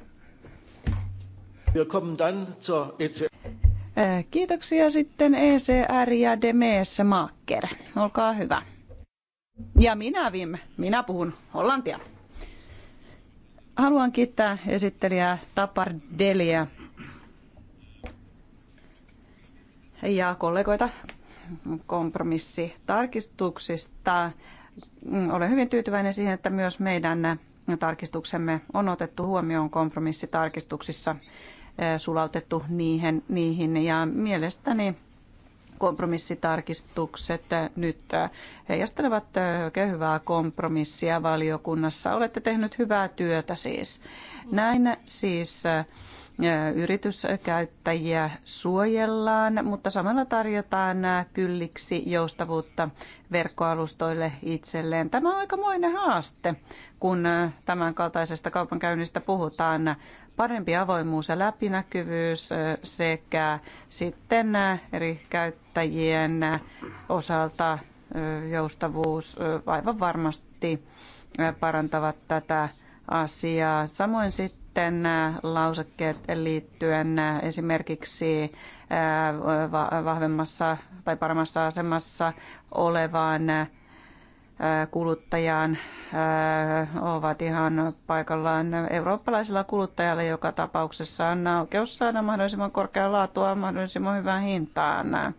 kiitoksia sitten ECR ja Demees Maakker. Olkaa hyvä. Ja minä, Vim, minä puhun hollantia. Haluan kiittää esittelijää Tapar Delia ja kollegoita kompromissitarkistuksista. Mm, olen hyvin tyytyväinen siihen, että myös meidän tarkistuksemme on otettu huomioon kompromissitarkistuksissa, eh, sulautettu niihin, niihin ja mielestäni kompromissitarkistukset eh, nyt eh, heijastelevat oikein hyvää kompromissia valiokunnassa. Olette tehnyt hyvää työtä siis. Näin siis yrityskäyttäjiä suojellaan, mutta samalla tarjotaan kylliksi joustavuutta verkkoalustoille itselleen. Tämä on aikamoinen haaste, kun tämän kaltaisesta kaupankäynnistä puhutaan. Parempi avoimuus ja läpinäkyvyys sekä sitten eri käyttäjien osalta joustavuus aivan varmasti parantavat tätä asiaa. Samoin sitten sitten äh, lausekkeet liittyen äh, esimerkiksi äh, vahvemmassa tai paremmassa asemassa olevaan kuluttajaan ovat ihan paikallaan eurooppalaisella kuluttajalla, joka tapauksessa on oikeus saada mahdollisimman korkeaa laatua mahdollisimman hyvään hintaan.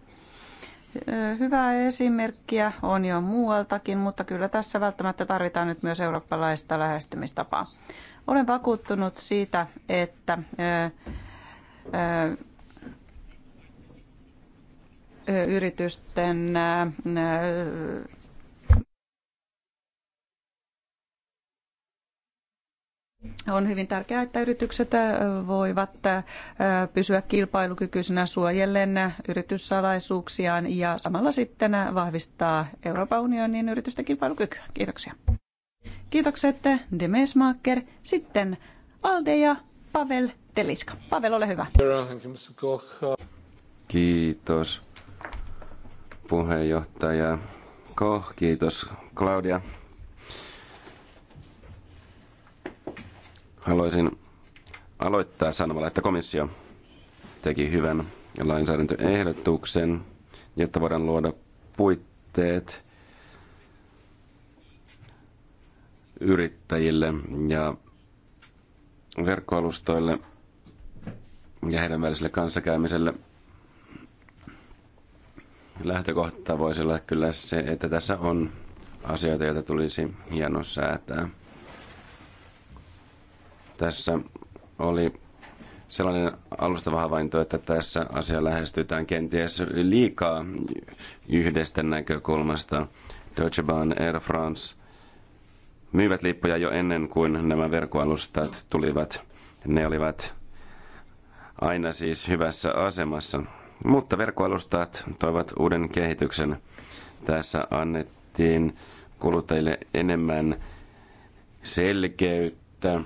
Hyvää esimerkkiä on jo muualtakin, mutta kyllä tässä välttämättä tarvitaan nyt myös eurooppalaista lähestymistapaa. Olen vakuuttunut siitä, että yritysten On hyvin tärkeää, että yritykset voivat pysyä kilpailukykyisenä suojellen yrityssalaisuuksiaan ja samalla sitten vahvistaa Euroopan unionin yritysten kilpailukykyä. Kiitoksia. Kiitokset Demesmaker. Sitten Alde ja Pavel Teliska. Pavel, ole hyvä. Kiitos puheenjohtaja Koh, kiitos Claudia. Haluaisin aloittaa sanomalla, että komissio teki hyvän lainsäädäntöehdotuksen, jotta voidaan luoda puitteet yrittäjille ja verkkoalustoille ja heidän väliselle kanssakäymiselle. Lähtökohta voisi olla kyllä se, että tässä on asioita, joita tulisi hieno säätää. Tässä oli sellainen alustava havainto, että tässä asia lähestytään kenties liikaa yhdestä näkökulmasta. Deutsche Bahn, Air France, myivät lippuja jo ennen kuin nämä verkkoalustat tulivat. Ne olivat aina siis hyvässä asemassa. Mutta verkkoalustat toivat uuden kehityksen. Tässä annettiin kuluttajille enemmän selkeyttä,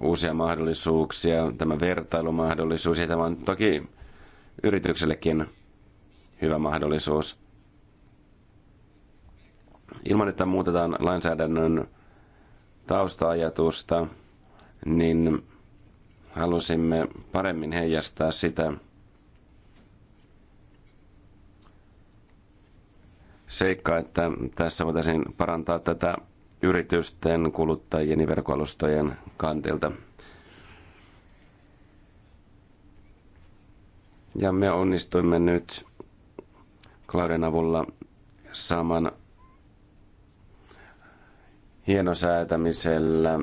uusia mahdollisuuksia, tämä vertailumahdollisuus ja tämä on toki yrityksellekin hyvä mahdollisuus. Ilman, että muutetaan lainsäädännön taustaajatusta, niin halusimme paremmin heijastaa sitä seikkaa, että tässä voitaisiin parantaa tätä yritysten, kuluttajien ja verkkoalustojen kantilta. Ja me onnistuimme nyt Clouden avulla saamaan hienosäätämisellä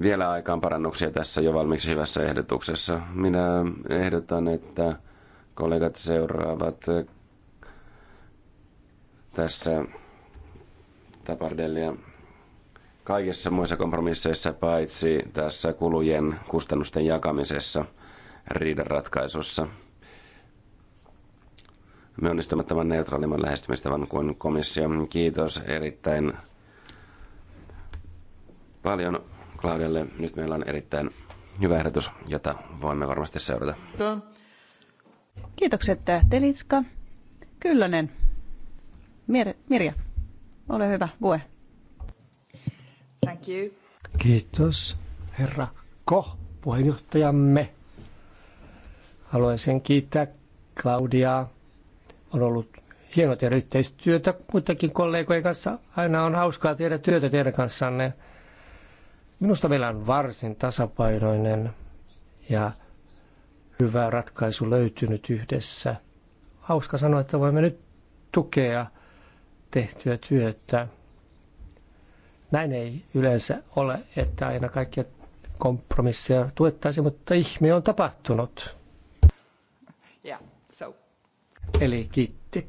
vielä aikaan parannuksia tässä jo valmiiksi hyvässä ehdotuksessa. Minä ehdotan, että kollegat seuraavat tässä Tapardellia kaikissa muissa kompromisseissa paitsi tässä kulujen kustannusten jakamisessa riidan ratkaisussa me onnistumme tämän neutraalimman lähestymistavan kuin komissio. Kiitos erittäin paljon Claudelle. Nyt meillä on erittäin hyvä ehdotus, jota voimme varmasti seurata. Kiitokset Telitska. Kyllönen. Mir- Mirja, ole hyvä, Vue. Thank you. Kiitos, herra Ko, puheenjohtajamme. Haluaisin kiittää Claudiaa on ollut hieno tehdä yhteistyötä muidenkin kollegojen kanssa. Aina on hauskaa tehdä työtä teidän kanssanne. Minusta meillä on varsin tasapainoinen ja hyvä ratkaisu löytynyt yhdessä. Hauska sanoa, että voimme nyt tukea tehtyä työtä. Näin ei yleensä ole, että aina kaikkia kompromisseja tuettaisiin, mutta ihme on tapahtunut. Yeah. Eli kiitti.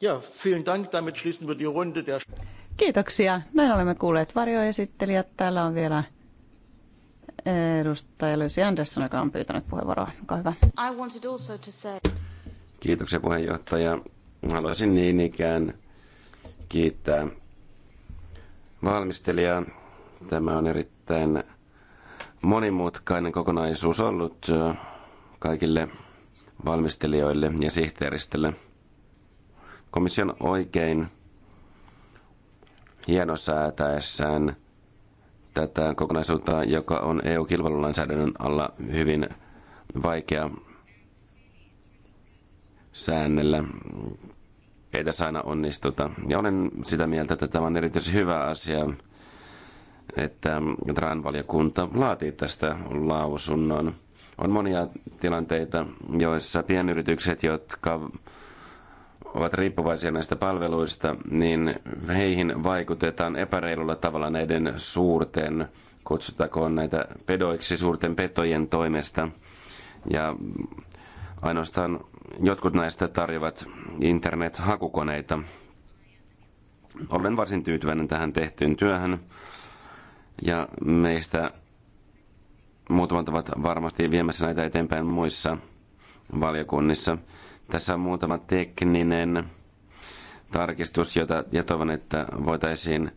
Ja, vielen Dank. Damit schließen wir die Runde der... Kiitoksia. Näin olemme kuulleet varjoesittelijät. Täällä on vielä eh, edustaja Lucy Andersson, joka on pyytänyt puheenvuoroa. Olkaa hyvä. I wanted also to say... Kiitoksia puheenjohtaja. Haluaisin niin ikään kiittää valmistelijaa. Tämä on erittäin monimutkainen kokonaisuus ollut eh, kaikille valmistelijoille ja sihteeristölle. Komission oikein hienosäätäessään tätä kokonaisuutta, joka on EU-kilpailulainsäädännön alla hyvin vaikea säännellä. Ei tässä aina onnistuta. Ja olen sitä mieltä, että tämä on erityisen hyvä asia, että TRAN-valiokunta laatii tästä lausunnon – on monia tilanteita, joissa pienyritykset, jotka ovat riippuvaisia näistä palveluista, niin heihin vaikutetaan epäreilulla tavalla näiden suurten, kutsutakoon näitä pedoiksi, suurten petojen toimesta. Ja ainoastaan jotkut näistä tarjoavat internet-hakukoneita. Olen varsin tyytyväinen tähän tehtyyn työhön ja meistä muutamat ovat varmasti viemässä näitä eteenpäin muissa valiokunnissa. Tässä on muutama tekninen tarkistus, jota, ja toivon, että voitaisiin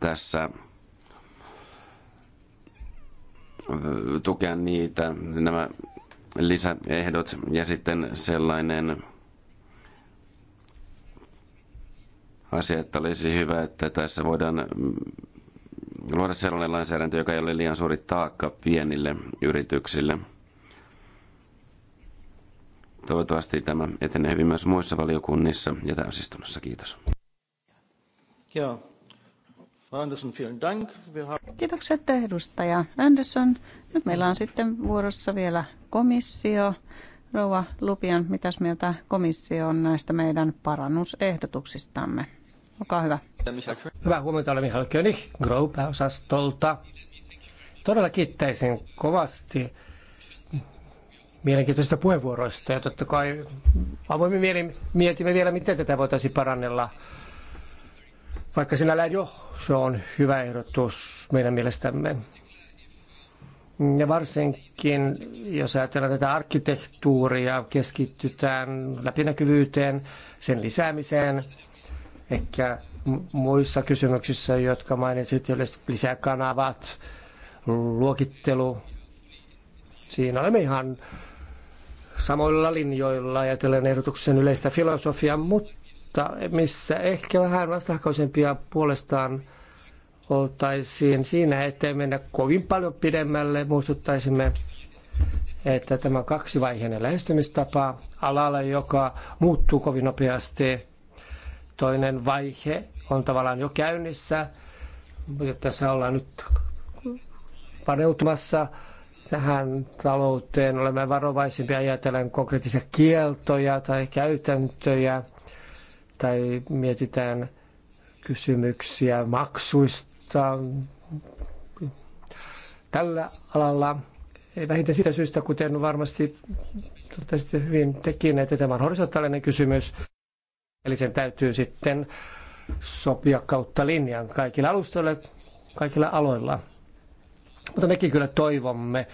tässä tukea niitä, nämä lisäehdot ja sitten sellainen asia, että olisi hyvä, että tässä voidaan luoda sellainen lainsäädäntö, joka ei ole liian suuri taakka pienille yrityksille. Toivottavasti tämä etenee hyvin myös muissa valiokunnissa ja täysistunnossa. Kiitos. Kiitokset edustaja Anderson. Nyt meillä on sitten vuorossa vielä komissio. Rouva Lupian, mitäs mieltä komissio on näistä meidän parannusehdotuksistamme? Olkaa hyvä. Hyvää huomenta, olen Mihail König, Grow-pääosastolta. Todella kiittäisin kovasti mielenkiintoisista puheenvuoroista ja totta kai avoimin mieli mietimme vielä, miten tätä voitaisiin parannella. Vaikka sinällään jo se on hyvä ehdotus meidän mielestämme. Ja varsinkin, jos ajatellaan tätä arkkitehtuuria, keskitytään läpinäkyvyyteen, sen lisäämiseen – Ehkä muissa kysymyksissä, jotka mainitsit, lisäkanavat, luokittelu. Siinä olemme ihan samoilla linjoilla ajatellen ehdotuksen yleistä filosofiaa, mutta missä ehkä vähän vastahkoisempia puolestaan oltaisiin siinä, ettei mennä kovin paljon pidemmälle. Muistuttaisimme, että tämä kaksivaiheinen lähestymistapa alalla, joka muuttuu kovin nopeasti, toinen vaihe on tavallaan jo käynnissä, mutta tässä ollaan nyt paneutumassa tähän talouteen. Olemme varovaisimpia ajatellen konkreettisia kieltoja tai käytäntöjä tai mietitään kysymyksiä maksuista tällä alalla. Vähintään sitä syystä, kuten varmasti totesitte hyvin tekin, että tämä on horisontaalinen kysymys. Eli sen täytyy sitten sopia kautta linjan kaikilla alustoilla, kaikilla aloilla. Mutta mekin kyllä toivomme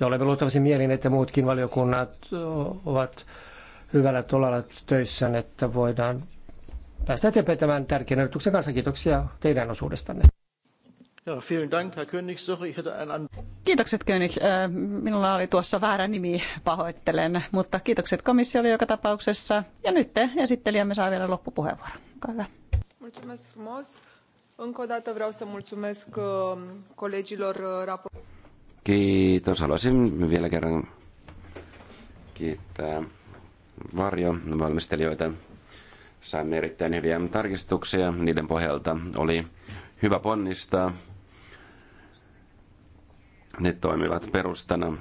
ja olemme luultavasti mielin, että muutkin valiokunnat ovat hyvällä tolalla töissä, että voidaan päästä eteenpäin tämän tärkeän ehdotuksen kanssa. Kiitoksia teidän osuudestanne. Kiitokset König. Minulla oli tuossa väärä nimi, pahoittelen, mutta kiitokset komissiolle joka tapauksessa. Ja nyt te esittelijämme saa vielä loppupuheenvuoron. Olkaa hyvä. Mulțumesc frumos. Încă o dată vreau să mulțumesc colegilor raport. Kiitos. Haluaisin vielä kerran kiittää varjovalmistelijoita. Saimme erittäin hyviä tarkistuksia. Niiden pohjalta oli hyvä ponnistaa ne toimivat perustana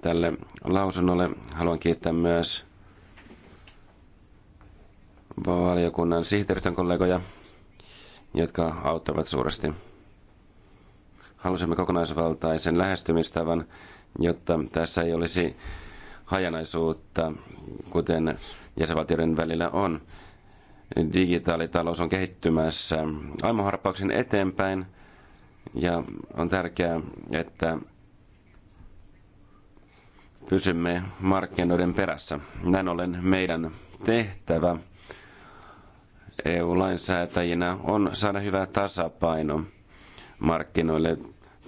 tälle lausunnolle. Haluan kiittää myös valiokunnan sihteeristön kollegoja, jotka auttavat suuresti. Halusimme kokonaisvaltaisen lähestymistavan, jotta tässä ei olisi hajanaisuutta, kuten jäsenvaltioiden välillä on. Digitaalitalous on kehittymässä aimoharppauksen eteenpäin ja on tärkeää, että pysymme markkinoiden perässä. Näin ollen meidän tehtävä EU-lainsäätäjinä on saada hyvä tasapaino markkinoille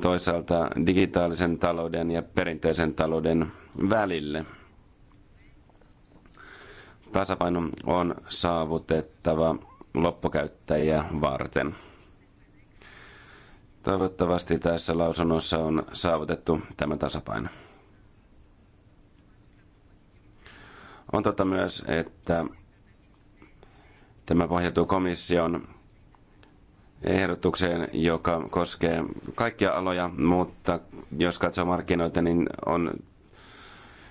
toisaalta digitaalisen talouden ja perinteisen talouden välille. Tasapaino on saavutettava loppukäyttäjiä varten. Toivottavasti tässä lausunnossa on saavutettu tämä tasapaino. On totta myös, että tämä pohjautuu komission ehdotukseen, joka koskee kaikkia aloja, mutta jos katsoo markkinoita, niin on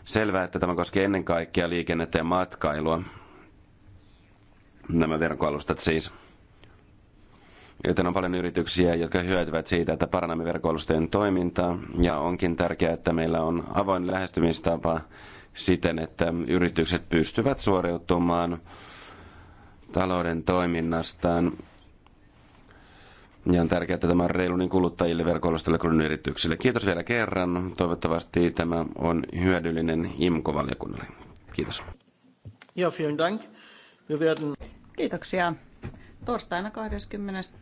selvää, että tämä koskee ennen kaikkea liikennettä ja matkailua. Nämä verkkoalustat siis. Joten on paljon yrityksiä, jotka hyötyvät siitä, että parannamme verkkoalustojen toimintaa. Ja onkin tärkeää, että meillä on avoin lähestymistapa siten, että yritykset pystyvät suoriutumaan talouden toiminnastaan. Ja on tärkeää, että tämä on reilu niin kuluttajille, verkkoilustalle kuin yrityksille. Kiitos vielä kerran. Toivottavasti tämä on hyödyllinen IMKO-valiokunnalle. Kiitos. Ja, vielen dank. Wir werden... Kiitoksia. Torstaina 22.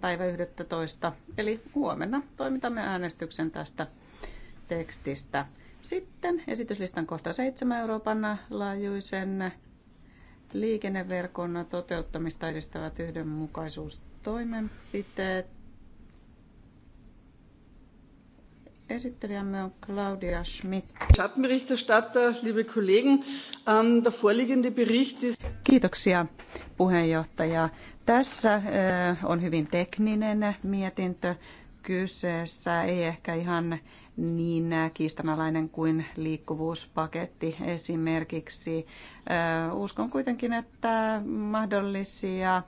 päivä 11. Eli huomenna toimitamme äänestyksen tästä tekstistä. Sitten esityslistan kohta 7 Euroopan laajuisen liikenneverkon toteuttamista edistävät yhdenmukaisuustoimenpiteet. Esittelijämme on Claudia Schmidt. Schattenberichterstatter, liebe Kollegen, ähm, der vorliegende Bericht ist... Kiitoksia puheenjohtaja. Tässä äh, on hyvin tekninen mietintö kyseessä, ei ehkä ihan niin kiistanalainen kuin liikkuvuuspaketti esimerkiksi. Uskon kuitenkin, että mahdollisia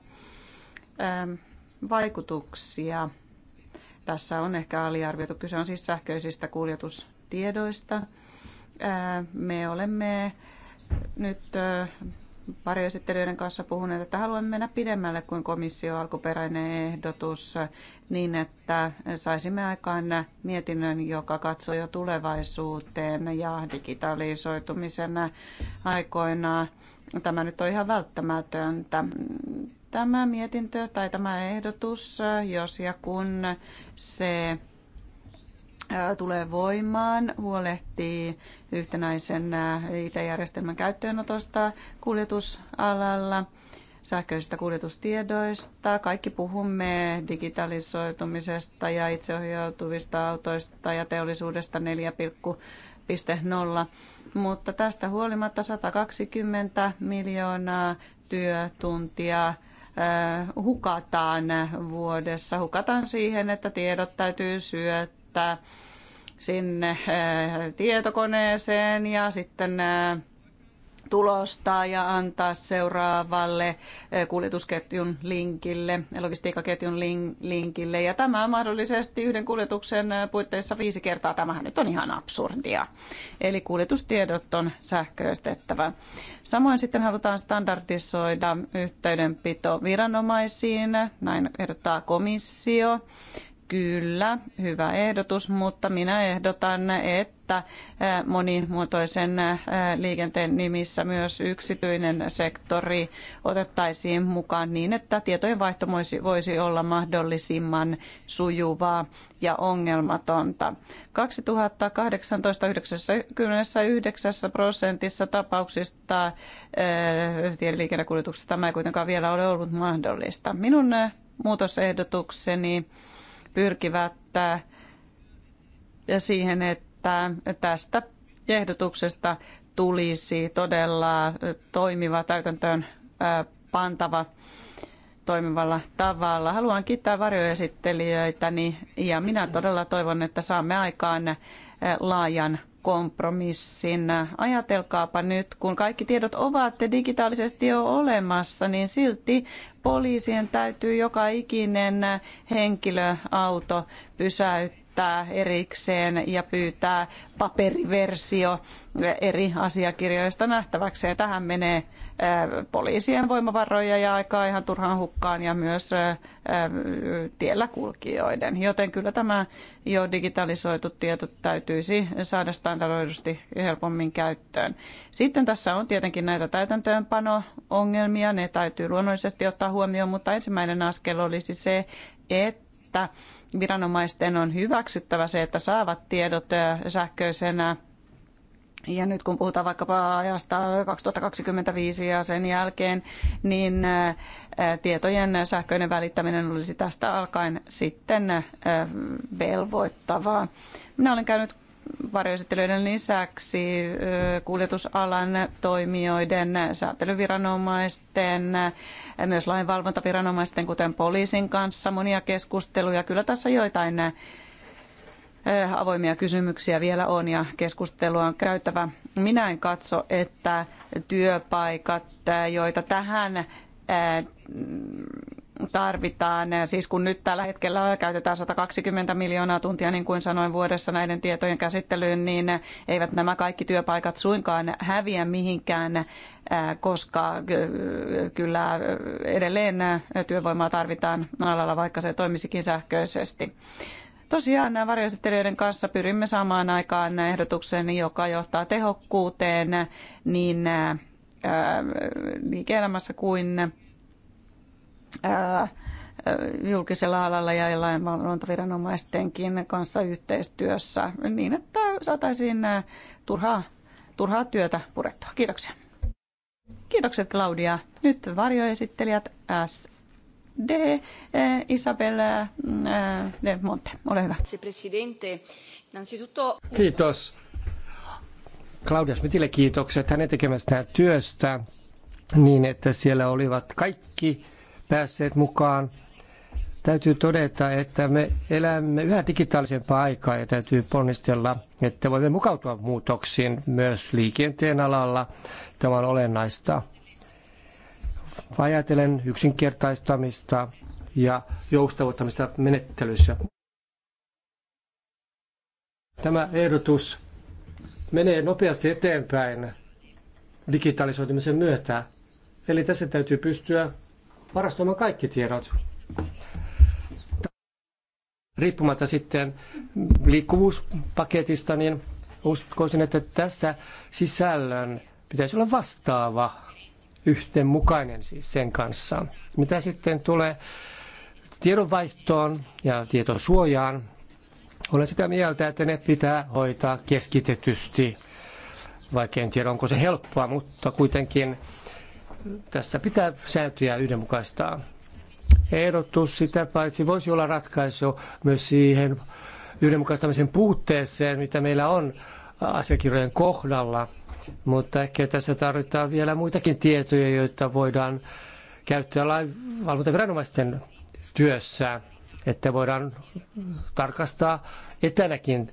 vaikutuksia tässä on ehkä aliarvioitu. Kyse on siis sähköisistä kuljetustiedoista. Me olemme nyt varjoesittelijöiden kanssa puhuneet, että haluamme mennä pidemmälle kuin komissio alkuperäinen ehdotus niin, että saisimme aikaan mietinnön, joka katsoo jo tulevaisuuteen ja digitalisoitumisen aikoina. Tämä nyt on ihan välttämätöntä. Tämä mietintö tai tämä ehdotus, jos ja kun se tulee voimaan, huolehtii yhtenäisen IT-järjestelmän käyttöönotosta kuljetusalalla, sähköisistä kuljetustiedoista. Kaikki puhumme digitalisoitumisesta ja itseohjautuvista autoista ja teollisuudesta 4,0, mutta tästä huolimatta 120 miljoonaa työtuntia hukataan vuodessa. Hukataan siihen, että tiedot täytyy syöttää näyttää sinne äh, tietokoneeseen ja sitten äh, tulostaa ja antaa seuraavalle äh, kuljetusketjun linkille, logistiikkaketjun linkille. Ja tämä mahdollisesti yhden kuljetuksen puitteissa viisi kertaa. Tämähän nyt on ihan absurdia. Eli kuljetustiedot on sähköistettävä. Samoin sitten halutaan standardisoida yhteydenpito viranomaisiin, näin ehdottaa komissio. Kyllä, hyvä ehdotus, mutta minä ehdotan, että monimuotoisen liikenteen nimissä myös yksityinen sektori otettaisiin mukaan niin, että tietojenvaihto voisi olla mahdollisimman sujuvaa ja ongelmatonta. 2018 99 prosentissa tapauksista tieliikennekuljetuksessa tämä ei kuitenkaan vielä ole ollut mahdollista. Minun muutosehdotukseni pyrkivät äh, siihen, että tästä ehdotuksesta tulisi todella äh, toimiva täytäntöön äh, pantava toimivalla tavalla. Haluan kiittää varjoesittelijöitäni ja minä todella toivon, että saamme aikaan laajan kompromissin. Ajatelkaapa nyt, kun kaikki tiedot ovat digitaalisesti jo olemassa, niin silti poliisien täytyy joka ikinen henkilöauto pysäyttää erikseen ja pyytää paperiversio eri asiakirjoista nähtäväksi. Ja tähän menee poliisien voimavaroja ja aikaa ihan turhaan hukkaan ja myös tiellä kulkijoiden. Joten kyllä tämä jo digitalisoitu tieto täytyisi saada standardoidusti helpommin käyttöön. Sitten tässä on tietenkin näitä täytäntöönpano-ongelmia. Ne täytyy luonnollisesti ottaa huomioon, mutta ensimmäinen askel olisi se, että viranomaisten on hyväksyttävä se, että saavat tiedot sähköisenä ja nyt kun puhutaan vaikkapa ajasta 2025 ja sen jälkeen, niin äh, äh, tietojen sähköinen välittäminen olisi tästä alkaen sitten äh, velvoittavaa. Minä olen käynyt varjoesittelyiden lisäksi kuljetusalan toimijoiden, säätelyviranomaisten, myös lainvalvontaviranomaisten, kuten poliisin kanssa monia keskusteluja. Kyllä tässä joitain Eh, avoimia kysymyksiä vielä on ja keskustelua on käytävä. Minä en katso, että työpaikat, eh, joita tähän eh, tarvitaan. Siis kun nyt tällä hetkellä käytetään 120 miljoonaa tuntia, niin kuin sanoin vuodessa näiden tietojen käsittelyyn, niin eivät nämä kaikki työpaikat suinkaan häviä mihinkään, koska kyllä edelleen työvoimaa tarvitaan alalla, vaikka se toimisikin sähköisesti. Tosiaan nämä varjoesittelijöiden kanssa pyrimme saamaan aikaan ehdotuksen, joka johtaa tehokkuuteen niin liike-elämässä äh, niin kuin äh, julkisella alalla ja valvontaviranomaistenkin kanssa yhteistyössä niin, että saataisiin äh, turhaa, turhaa työtä purettua. Kiitoksia. Kiitokset Claudia. Nyt varjoesittelijät S de eh, Isabel eh, de Monte. Ole hyvä. Kiitos. Claudia Smithille kiitokset hänen tekemästään työstä niin, että siellä olivat kaikki päässeet mukaan. Täytyy todeta, että me elämme yhä digitaalisempaa aikaa ja täytyy ponnistella, että voimme mukautua muutoksiin myös liikenteen alalla. Tämä on olennaista ajatellen yksinkertaistamista ja joustavoittamista menettelyssä. Tämä ehdotus menee nopeasti eteenpäin digitalisoitumisen myötä. Eli tässä täytyy pystyä varastoimaan kaikki tiedot. Riippumatta sitten liikkuvuuspaketista, niin uskoisin, että tässä sisällön pitäisi olla vastaava yhteenmukainen siis sen kanssa. Mitä sitten tulee tiedonvaihtoon ja tietosuojaan, olen sitä mieltä, että ne pitää hoitaa keskitetysti, vaikka en tiedä onko se helppoa, mutta kuitenkin tässä pitää sääntöjä yhdenmukaistaa. Ehdotus sitä paitsi voisi olla ratkaisu myös siihen yhdenmukaistamisen puutteeseen, mitä meillä on asiakirjojen kohdalla – mutta ehkä tässä tarvitaan vielä muitakin tietoja, joita voidaan käyttää lainvalvontaviranomaisten työssä, että voidaan tarkastaa etänäkin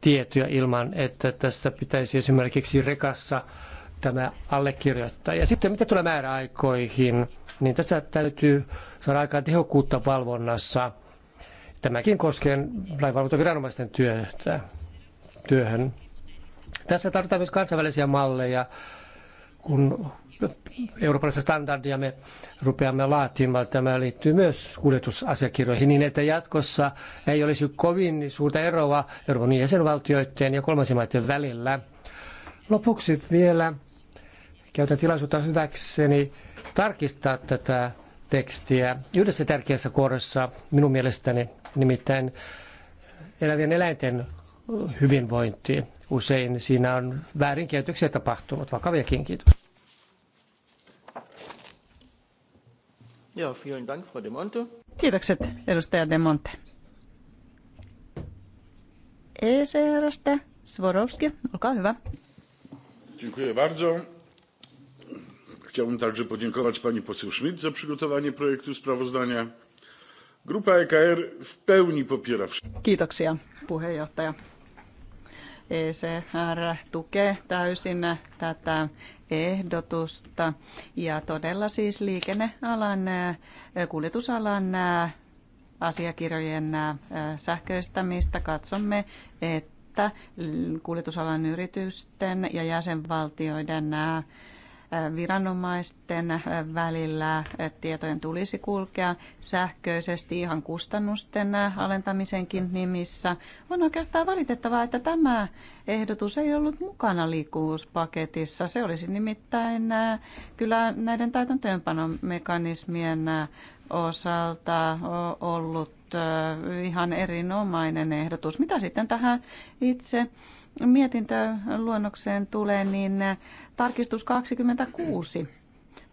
tietoja ilman, että tässä pitäisi esimerkiksi rekassa tämä allekirjoittaa. Ja sitten mitä tulee määräaikoihin, niin tässä täytyy saada aikaan tehokkuutta valvonnassa. Tämäkin koskee lainvalvontaviranomaisten työtä, työhön. Tässä tarvitaan myös kansainvälisiä malleja, kun eurooppalaisia standardia me rupeamme laatimaan. Tämä liittyy myös kuljetusasiakirjoihin niin, että jatkossa ei olisi kovin suurta eroa Euroopan jäsenvaltioiden ja kolmansien maiden välillä. Lopuksi vielä käytän tilaisuutta hyväkseni tarkistaa tätä tekstiä yhdessä tärkeässä kohdassa minun mielestäni nimittäin elävien eläinten hyvinvointiin usein siinä on väärinkäytöksiä tapahtunut, vakaviakin. Kiitos. Ja, vielen Dank, Frau De Monte. Kiitokset, edustaja De Monte. ECRstä Sworowski, olkaa hyvä. Dziękuję bardzo. Chciałbym także podziękować pani poseł Schmidt za przygotowanie projektu sprawozdania. Grupa EKR w pełni popiera. Kiitoksia, puheenjohtaja. ECR tukee täysin tätä ehdotusta. Ja todella siis liikennealan, e, kuljetusalan e, asiakirjojen e, sähköistämistä katsomme, että kuljetusalan yritysten ja jäsenvaltioiden viranomaisten välillä tietojen tulisi kulkea sähköisesti ihan kustannusten alentamisenkin nimissä. On oikeastaan valitettavaa, että tämä ehdotus ei ollut mukana liikkuvuuspaketissa. Se olisi nimittäin kyllä näiden täytäntöönpanomekanismien osalta ollut ihan erinomainen ehdotus. Mitä sitten tähän itse mietintöluonnokseen tulee, niin tarkistus 26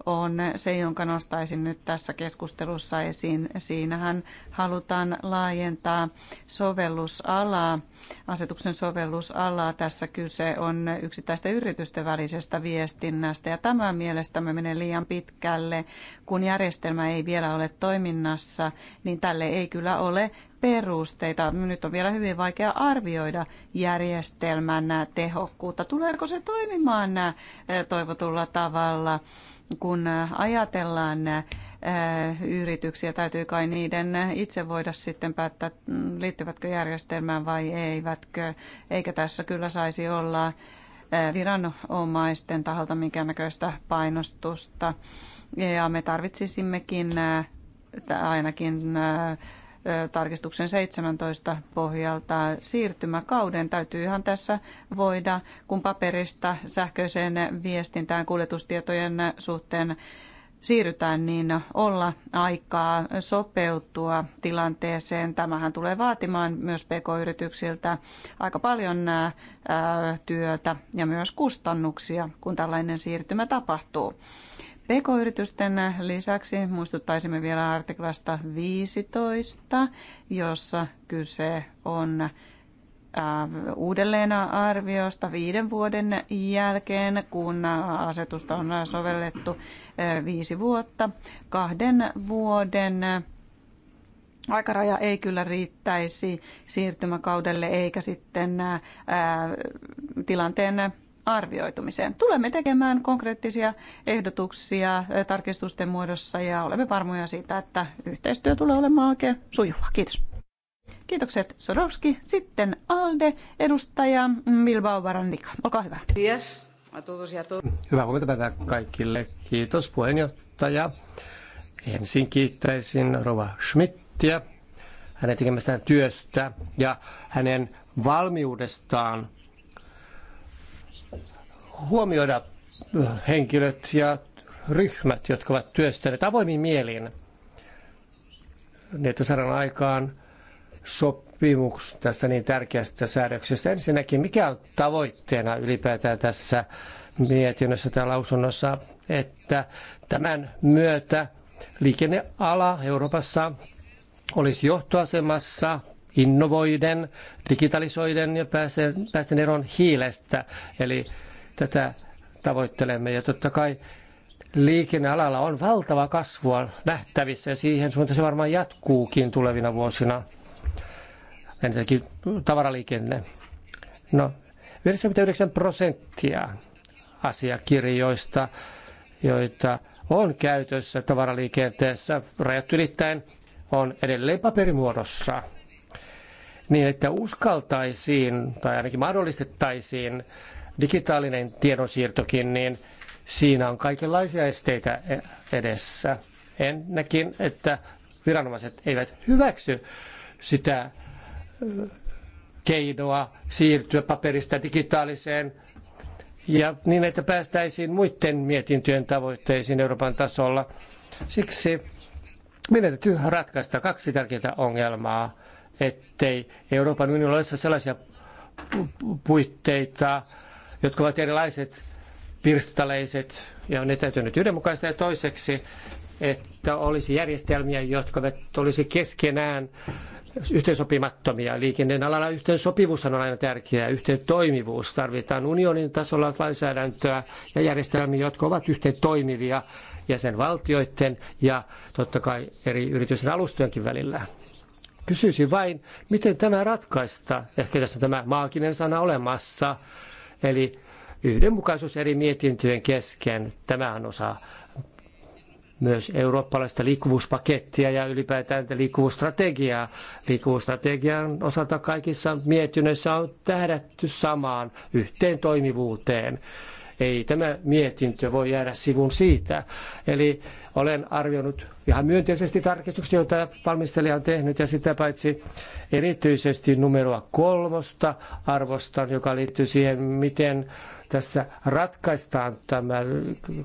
on se, jonka nostaisin nyt tässä keskustelussa esiin. Siinähän halutaan laajentaa sovellusalaa, asetuksen sovellusalaa. Tässä kyse on yksittäisten yritysten välisestä viestinnästä ja tämä mielestämme menee liian pitkälle. Kun järjestelmä ei vielä ole toiminnassa, niin tälle ei kyllä ole perusteita. Nyt on vielä hyvin vaikea arvioida järjestelmän tehokkuutta. Tuleeko se toimimaan toivotulla tavalla? kun äh, ajatellaan äh, yrityksiä, täytyy kai niiden itse voida sitten päättää, mm, liittyvätkö järjestelmään vai eivätkö. Eikä tässä kyllä saisi olla äh, viranomaisten taholta minkäännäköistä painostusta. Ja me tarvitsisimmekin ainakin tarkistuksen 17 pohjalta siirtymäkauden. ihan tässä voida, kun paperista sähköiseen viestintään kuljetustietojen suhteen siirrytään, niin olla aikaa sopeutua tilanteeseen. Tämähän tulee vaatimaan myös pk-yrityksiltä aika paljon työtä ja myös kustannuksia, kun tällainen siirtymä tapahtuu. PK-yritysten lisäksi muistuttaisimme vielä artiklasta 15, jossa kyse on äh, arviosta viiden vuoden jälkeen, kun asetusta on sovellettu äh, viisi vuotta. Kahden vuoden aikaraja ei kyllä riittäisi siirtymäkaudelle eikä sitten äh, tilanteen arvioitumiseen. Tulemme tekemään konkreettisia ehdotuksia tarkistusten muodossa ja olemme varmoja siitä, että yhteistyö tulee olemaan oikein sujuvaa. Kiitos. Kiitokset Sodowski. Sitten ALDE, edustaja Bilbao Barandika. Olkaa hyvä. Yes. Hyvää huomenta päivää kaikille. Kiitos puheenjohtaja. Ensin kiittäisin Rova Schmidtia hänen tekemästään työstä ja hänen valmiudestaan huomioida äh, henkilöt ja ryhmät, jotka ovat työstäneet avoimin mielin, niin että saadaan aikaan sopimus tästä niin tärkeästä säädöksestä. Ensinnäkin, mikä on tavoitteena ylipäätään tässä mietinnössä tai lausunnossa, että tämän myötä liikenneala Euroopassa olisi johtoasemassa innovoiden, digitalisoiden ja pääsen, pääsen eroon hiilestä. Eli tätä tavoittelemme. Ja totta kai liikennealalla on valtava kasvua nähtävissä ja siihen suuntaan se varmaan jatkuukin tulevina vuosina. Ensinnäkin tavaraliikenne. No, 99 prosenttia asiakirjoista, joita on käytössä tavaraliikenteessä rajat ylittäen, on edelleen paperimuodossa niin että uskaltaisiin tai ainakin mahdollistettaisiin digitaalinen tiedonsiirtokin, niin siinä on kaikenlaisia esteitä e- edessä. Ennäkin, että viranomaiset eivät hyväksy sitä keinoa siirtyä paperista digitaaliseen ja niin, että päästäisiin muiden mietintöjen tavoitteisiin Euroopan tasolla. Siksi meidän täytyy ratkaista kaksi tärkeää ongelmaa ettei Euroopan unionilla ole sellaisia puitteita, jotka ovat erilaiset pirstaleiset ja ne täytyy nyt yhdenmukaista ja toiseksi, että olisi järjestelmiä, jotka olisi keskenään yhteensopimattomia. Liikenteen alalla yhteensopivuus on aina tärkeää, yhteen toimivuus. Tarvitaan unionin tasolla lainsäädäntöä ja järjestelmiä, jotka ovat yhteen toimivia jäsenvaltioiden ja totta kai eri yritysten alustojenkin välillä. Kysyisin vain, miten tämä ratkaista. Ehkä tässä tämä maaginen sana olemassa, eli yhdenmukaisuus eri mietintöjen kesken. Tämä on osa myös eurooppalaista liikkuvuuspakettia ja ylipäätään liikkuvuusstrategiaa. Liikkuvuusstrategian osalta kaikissa mietinnöissä on tähdätty samaan yhteen toimivuuteen. Ei tämä mietintö voi jäädä sivun siitä. Eli olen arvioinut ihan myönteisesti tarkistuksia, joita valmistelija on tehnyt, ja sitä paitsi erityisesti numeroa kolmosta arvostan, joka liittyy siihen, miten tässä ratkaistaan tämä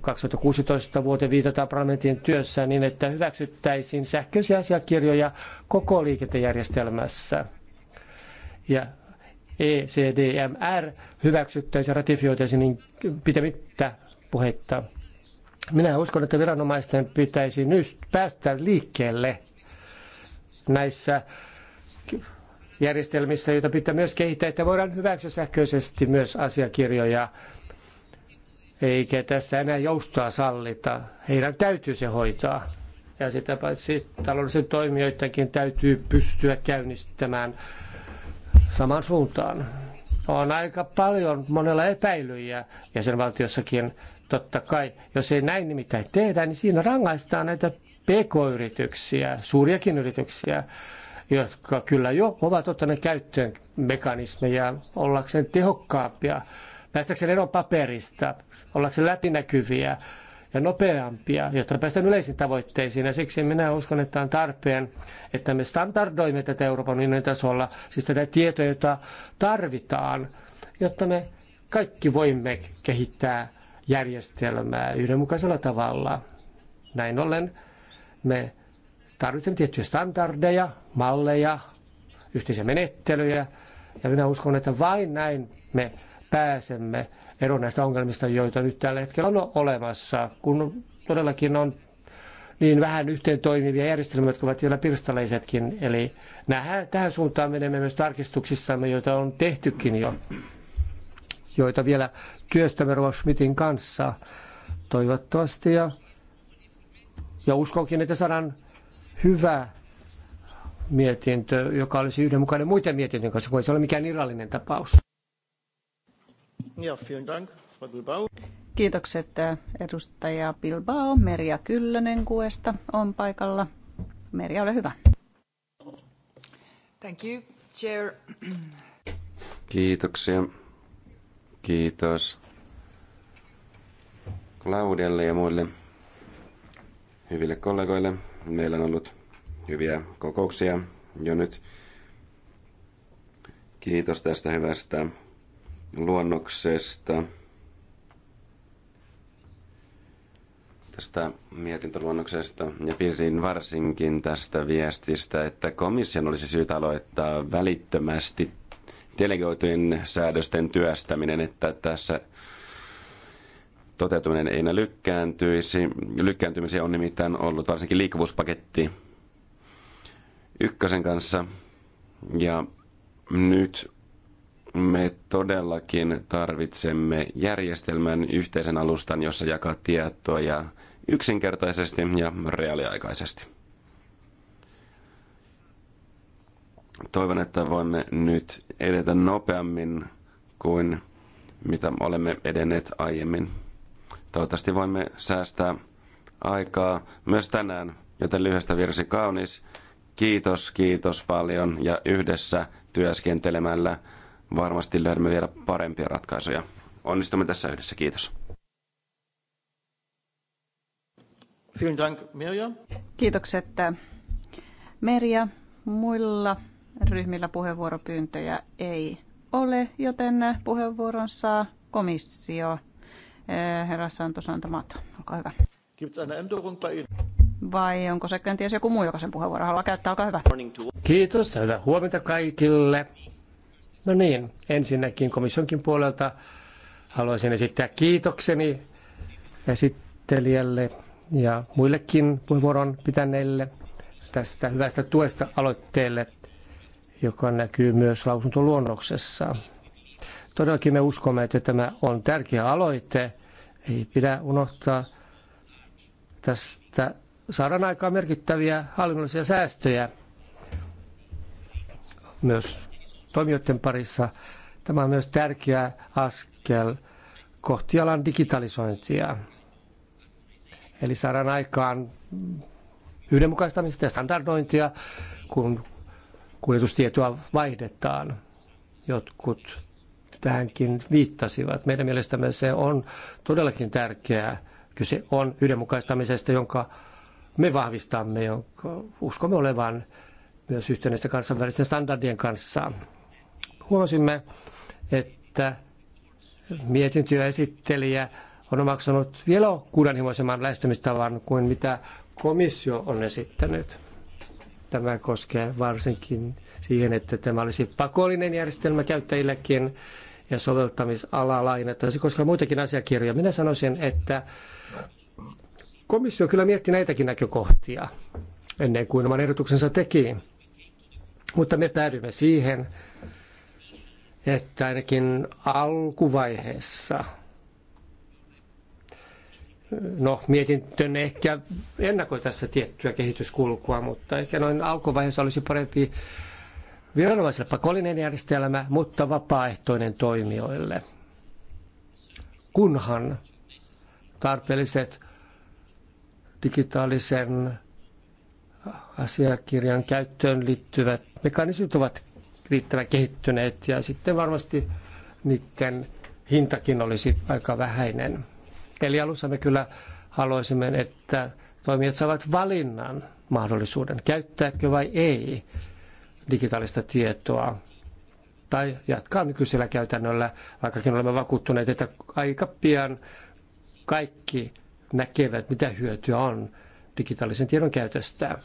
2016 vuoteen viitataan parlamentin työssä niin, että hyväksyttäisiin sähköisiä asiakirjoja koko liikentejärjestelmässä. Ja ECDMR hyväksyttäisiin ja ratifioitaisiin niin pitämättä puhetta. Minä uskon, että viranomaisten pitäisi nyt päästä liikkeelle näissä järjestelmissä, joita pitää myös kehittää, että voidaan hyväksyä sähköisesti myös asiakirjoja, eikä tässä enää joustaa sallita. Heidän täytyy se hoitaa. Ja sitä paitsi taloudellisen toimijoidenkin täytyy pystyä käynnistämään samaan suuntaan. On aika paljon monella epäilyjä jäsenvaltiossakin. Totta kai, jos ei näin nimittäin tehdä, niin siinä rangaistaan näitä pk-yrityksiä, suuriakin yrityksiä, jotka kyllä jo ovat ottaneet käyttöön mekanismeja ollakseen tehokkaampia, päästäkseen eroon paperista, ollakseen läpinäkyviä, ja nopeampia, jotta päästään yleisiin tavoitteisiin. Ja siksi minä uskon, että on tarpeen, että me standardoimme tätä Euroopan unionin tasolla, siis tätä tietoa, jota tarvitaan, jotta me kaikki voimme kehittää järjestelmää yhdenmukaisella tavalla. Näin ollen me tarvitsemme tiettyjä standardeja, malleja, yhteisiä menettelyjä, ja minä uskon, että vain näin me pääsemme eroon näistä ongelmista, joita nyt tällä hetkellä on olemassa, kun todellakin on niin vähän yhteen toimivia järjestelmiä, jotka ovat vielä pirstaleisetkin. Eli nähdään, tähän suuntaan menemme myös tarkistuksissamme, joita on tehtykin jo, joita vielä työstämme Rova Schmidtin kanssa toivottavasti. Ja, ja uskonkin, että saadaan hyvä mietintö, joka olisi yhdenmukainen muiden mietintöjen kanssa, kun ei se ole mikään irrallinen tapaus. Ja, vielen Dank, Frau Bilbao. Kiitokset äh, edustaja Bilbao. Merja Kyllönen Kuesta on paikalla. Merja, ole hyvä. Thank you, Chair. Kiitoksia. Kiitos Claudialle ja muille hyville kollegoille. Meillä on ollut hyviä kokouksia jo nyt. Kiitos tästä hyvästä luonnoksesta. tästä mietintöluonnoksesta ja piirsin varsinkin tästä viestistä, että komission olisi syytä aloittaa välittömästi delegoitujen säädösten työstäminen, että tässä toteutuminen ei enää lykkääntyisi. Lykkääntymisiä on nimittäin ollut varsinkin liikkuvuuspaketti ykkösen kanssa ja nyt me todellakin tarvitsemme järjestelmän yhteisen alustan, jossa jakaa tietoja yksinkertaisesti ja reaaliaikaisesti. Toivon, että voimme nyt edetä nopeammin kuin mitä olemme edenneet aiemmin. Toivottavasti voimme säästää aikaa myös tänään, joten lyhyestä virsi kaunis. Kiitos, kiitos paljon ja yhdessä työskentelemällä varmasti löydämme vielä parempia ratkaisuja. Onnistumme tässä yhdessä. Kiitos. Kiitokset. Äh, Merja, muilla ryhmillä puheenvuoropyyntöjä ei ole, joten äh, puheenvuoron saa komissio. Äh, herra Santo Santamato, olkaa hyvä. Vai onko se kenties joku muu, joka sen puheenvuoron haluaa käyttää? Olkaa hyvä. Kiitos, hyvää huomenta kaikille. No niin, ensinnäkin komissionkin puolelta haluaisin esittää kiitokseni esittelijälle ja muillekin puheenvuoron pitäneille tästä hyvästä tuesta aloitteelle, joka näkyy myös lausuntoluonnoksessa. Todellakin me uskomme, että tämä on tärkeä aloite. Ei pidä unohtaa tästä saadaan aikaa merkittäviä hallinnollisia säästöjä myös toimijoiden parissa. Tämä on myös tärkeä askel kohti alan digitalisointia. Eli saadaan aikaan yhdenmukaistamista ja standardointia, kun kuljetustietoa vaihdetaan. Jotkut tähänkin viittasivat. Meidän mielestämme se on todellakin tärkeää. Kyse on yhdenmukaistamisesta, jonka me vahvistamme, jonka uskomme olevan myös yhteydessä kansainvälisten standardien kanssa huomasimme, että mietintyä esittelijä on omaksunut vielä kunnianhimoisemman lähestymistavan kuin mitä komissio on esittänyt. Tämä koskee varsinkin siihen, että tämä olisi pakollinen järjestelmä käyttäjillekin ja soveltamisala lainettaisiin, koska muitakin asiakirjoja. Minä sanoisin, että komissio kyllä mietti näitäkin näkökohtia ennen kuin oman ehdotuksensa teki. Mutta me päädyimme siihen, että ainakin alkuvaiheessa no mietintönne ehkä ennakoi tässä tiettyä kehityskulkua, mutta ehkä noin alkuvaiheessa olisi parempi viranomaisille pakollinen järjestelmä, mutta vapaaehtoinen toimijoille. Kunhan tarpeelliset digitaalisen asiakirjan käyttöön liittyvät mekanismit ovat riittävän kehittyneet ja sitten varmasti niiden hintakin olisi aika vähäinen. Eli alussa me kyllä haluaisimme, että toimijat saavat valinnan mahdollisuuden, käyttääkö vai ei digitaalista tietoa tai jatkaa nykyisellä käytännöllä, vaikkakin olemme vakuuttuneet, että aika pian kaikki näkevät, mitä hyötyä on digitaalisen tiedon käytöstä.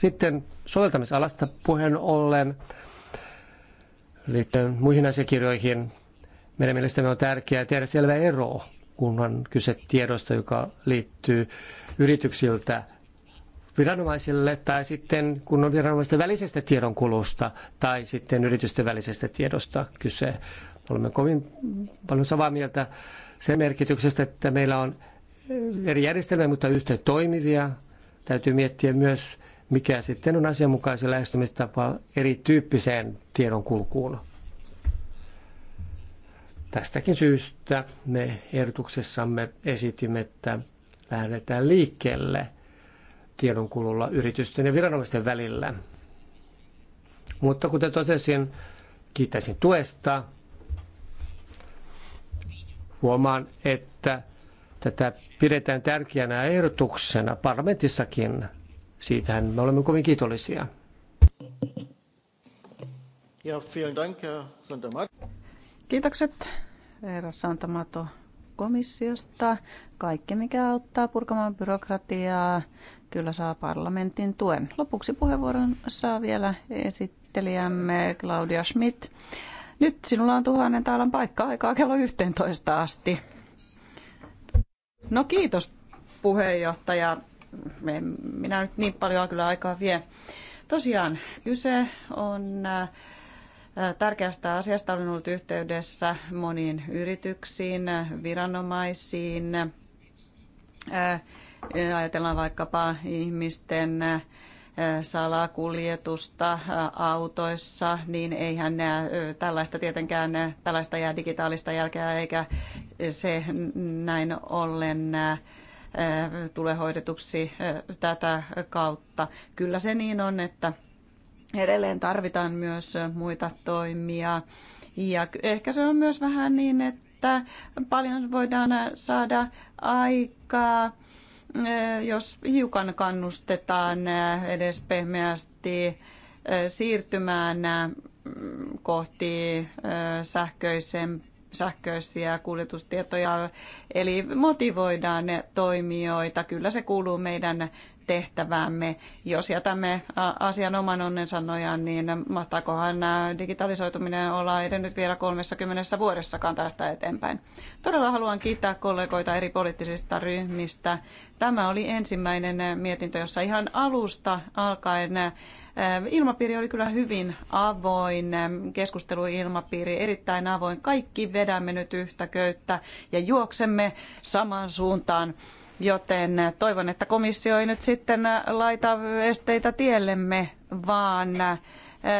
Sitten soveltamisalasta puheen ollen liittyen muihin asiakirjoihin. Meidän mielestämme on tärkeää tehdä selvä ero, kun on kyse tiedosta, joka liittyy yrityksiltä viranomaisille tai sitten kun on viranomaisten välisestä tiedonkulusta tai sitten yritysten välisestä tiedosta kyse. Olemme kovin paljon samaa mieltä sen merkityksestä, että meillä on eri järjestelmiä, mutta yhtä toimivia. Täytyy miettiä myös mikä sitten on asianmukaisen lähestymistapa erityyppiseen tiedonkulkuun. Tästäkin syystä me ehdotuksessamme esitimme, että lähdetään liikkeelle tiedonkululla yritysten ja viranomaisten välillä. Mutta kuten totesin, kiittäisin tuesta. Huomaan, että tätä pidetään tärkeänä ehdotuksena parlamentissakin Siitähän me olemme kovin kiitollisia. Ja, vielen dank, Kiitokset, herra Santamato komissiosta. Kaikki, mikä auttaa purkamaan byrokratiaa, kyllä saa parlamentin tuen. Lopuksi puheenvuoron saa vielä esittelijämme Claudia Schmidt. Nyt sinulla on tuhannen taalan paikka aikaa kello 11 asti. No kiitos puheenjohtaja me, minä nyt niin paljon kyllä aikaa vie. Tosiaan kyse on tärkeästä asiasta. Olen ollut yhteydessä moniin yrityksiin, viranomaisiin. Ajatellaan vaikkapa ihmisten salakuljetusta autoissa, niin eihän nää, tällaista tietenkään, tällaista jää digitaalista jälkeä, eikä se näin ollen tule hoidetuksi tätä kautta. Kyllä se niin on, että edelleen tarvitaan myös muita toimia. Ja ehkä se on myös vähän niin, että paljon voidaan saada aikaa, jos hiukan kannustetaan edes pehmeästi siirtymään kohti sähköisempää sähköisiä kuljetustietoja, eli motivoidaan toimijoita. Kyllä se kuuluu meidän tehtäväämme. Jos jätämme asian oman onnensa nojaan, niin mahtaakohan digitalisoituminen olla edennyt vielä 30 vuodessakaan tästä eteenpäin. Todella haluan kiittää kollegoita eri poliittisista ryhmistä. Tämä oli ensimmäinen mietintö, jossa ihan alusta alkaen Ilmapiiri oli kyllä hyvin avoin, keskusteluilmapiiri erittäin avoin. Kaikki vedämme nyt yhtä köyttä ja juoksemme samaan suuntaan Joten toivon, että komissio ei nyt sitten laita esteitä tiellemme, vaan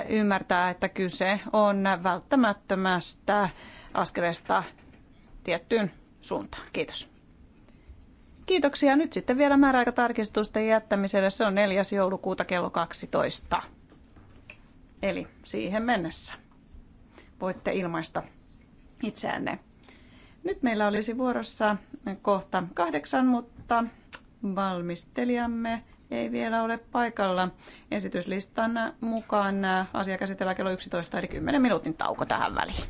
ymmärtää, että kyse on välttämättömästä askeleesta tiettyyn suuntaan. Kiitos. Kiitoksia. Nyt sitten vielä määräaikatarkistusten jättämiselle. Se on 4. joulukuuta kello 12. Eli siihen mennessä voitte ilmaista itseänne. Nyt meillä olisi vuorossa kohta kahdeksan, mutta valmistelijamme ei vielä ole paikalla. Esityslistan mukaan asia käsitellään kello 11, eli 10 minuutin tauko tähän väliin.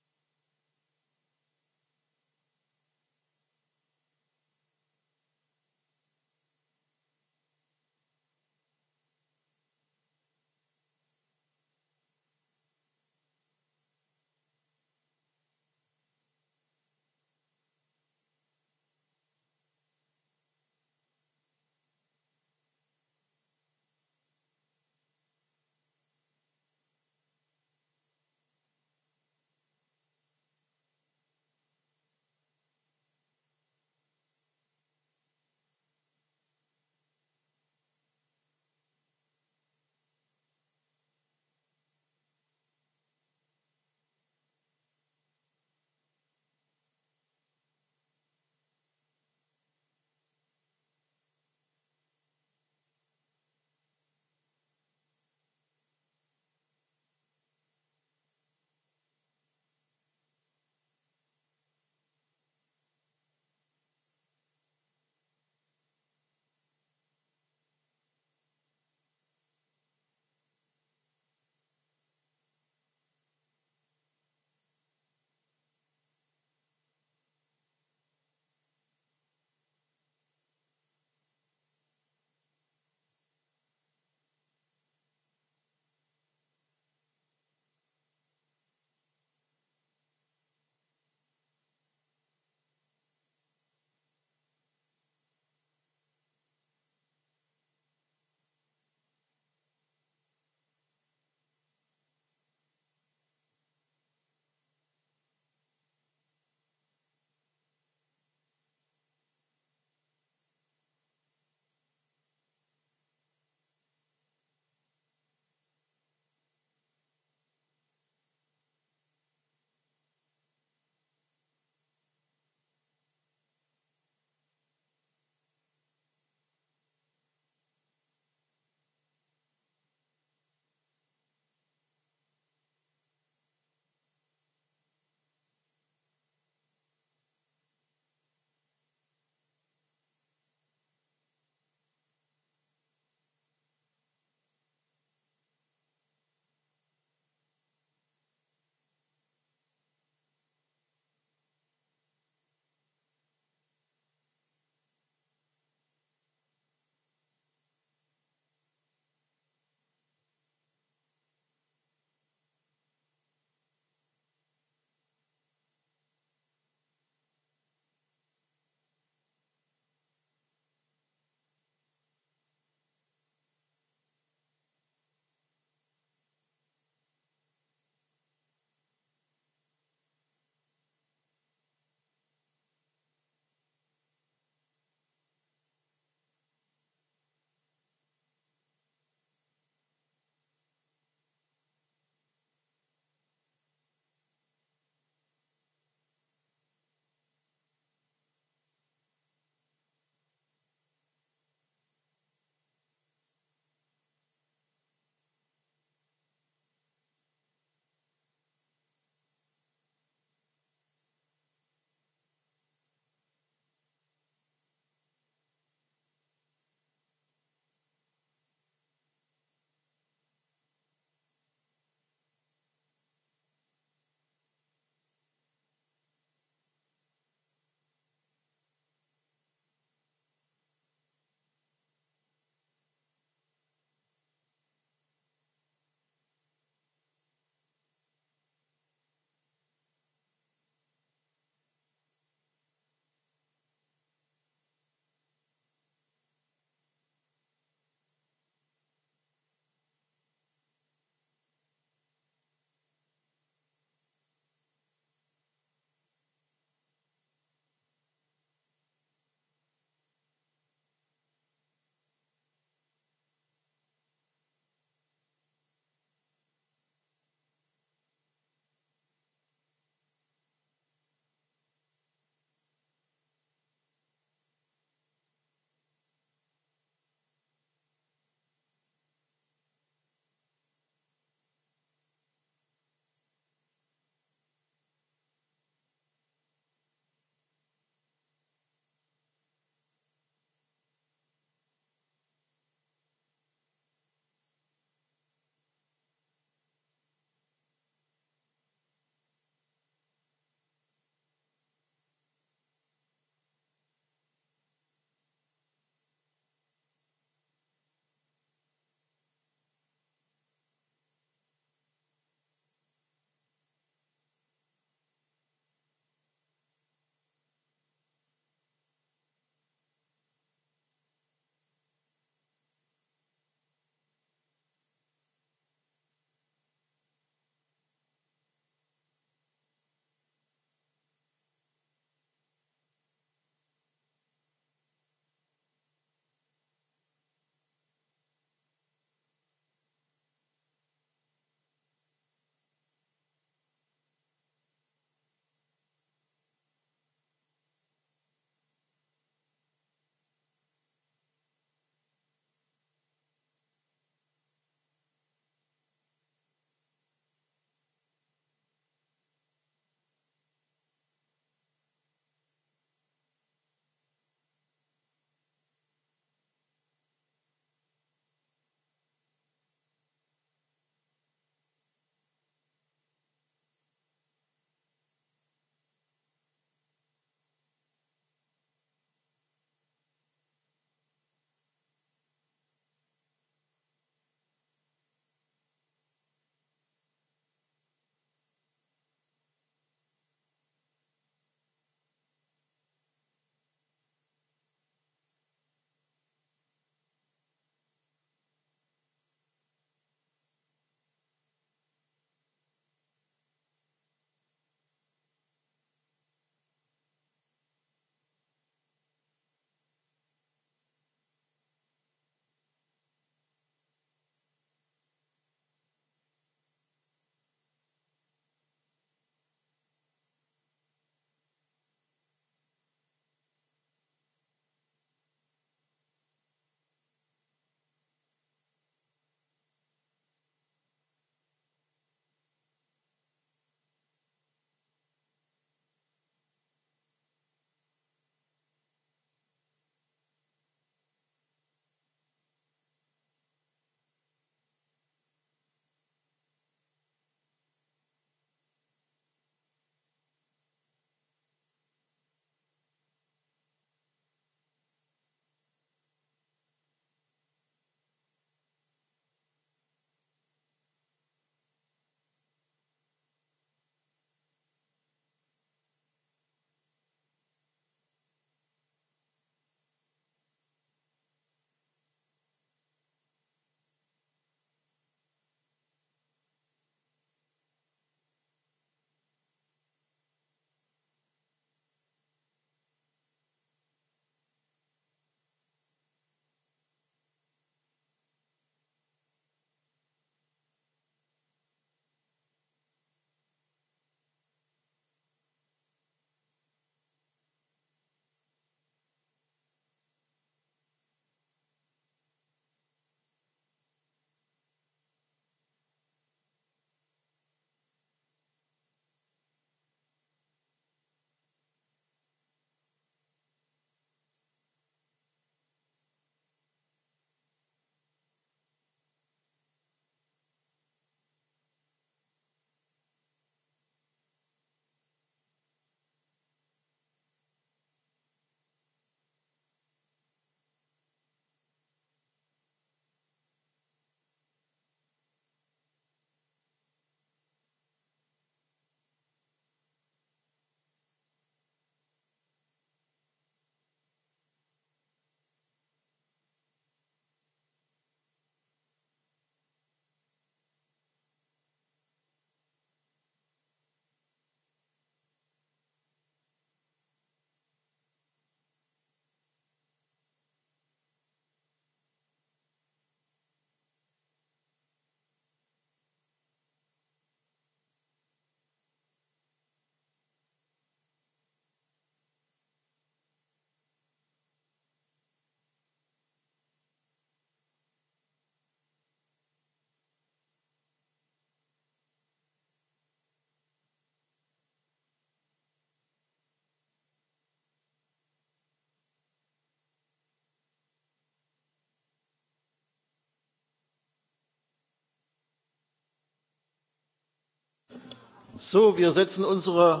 So, wir setzen unsere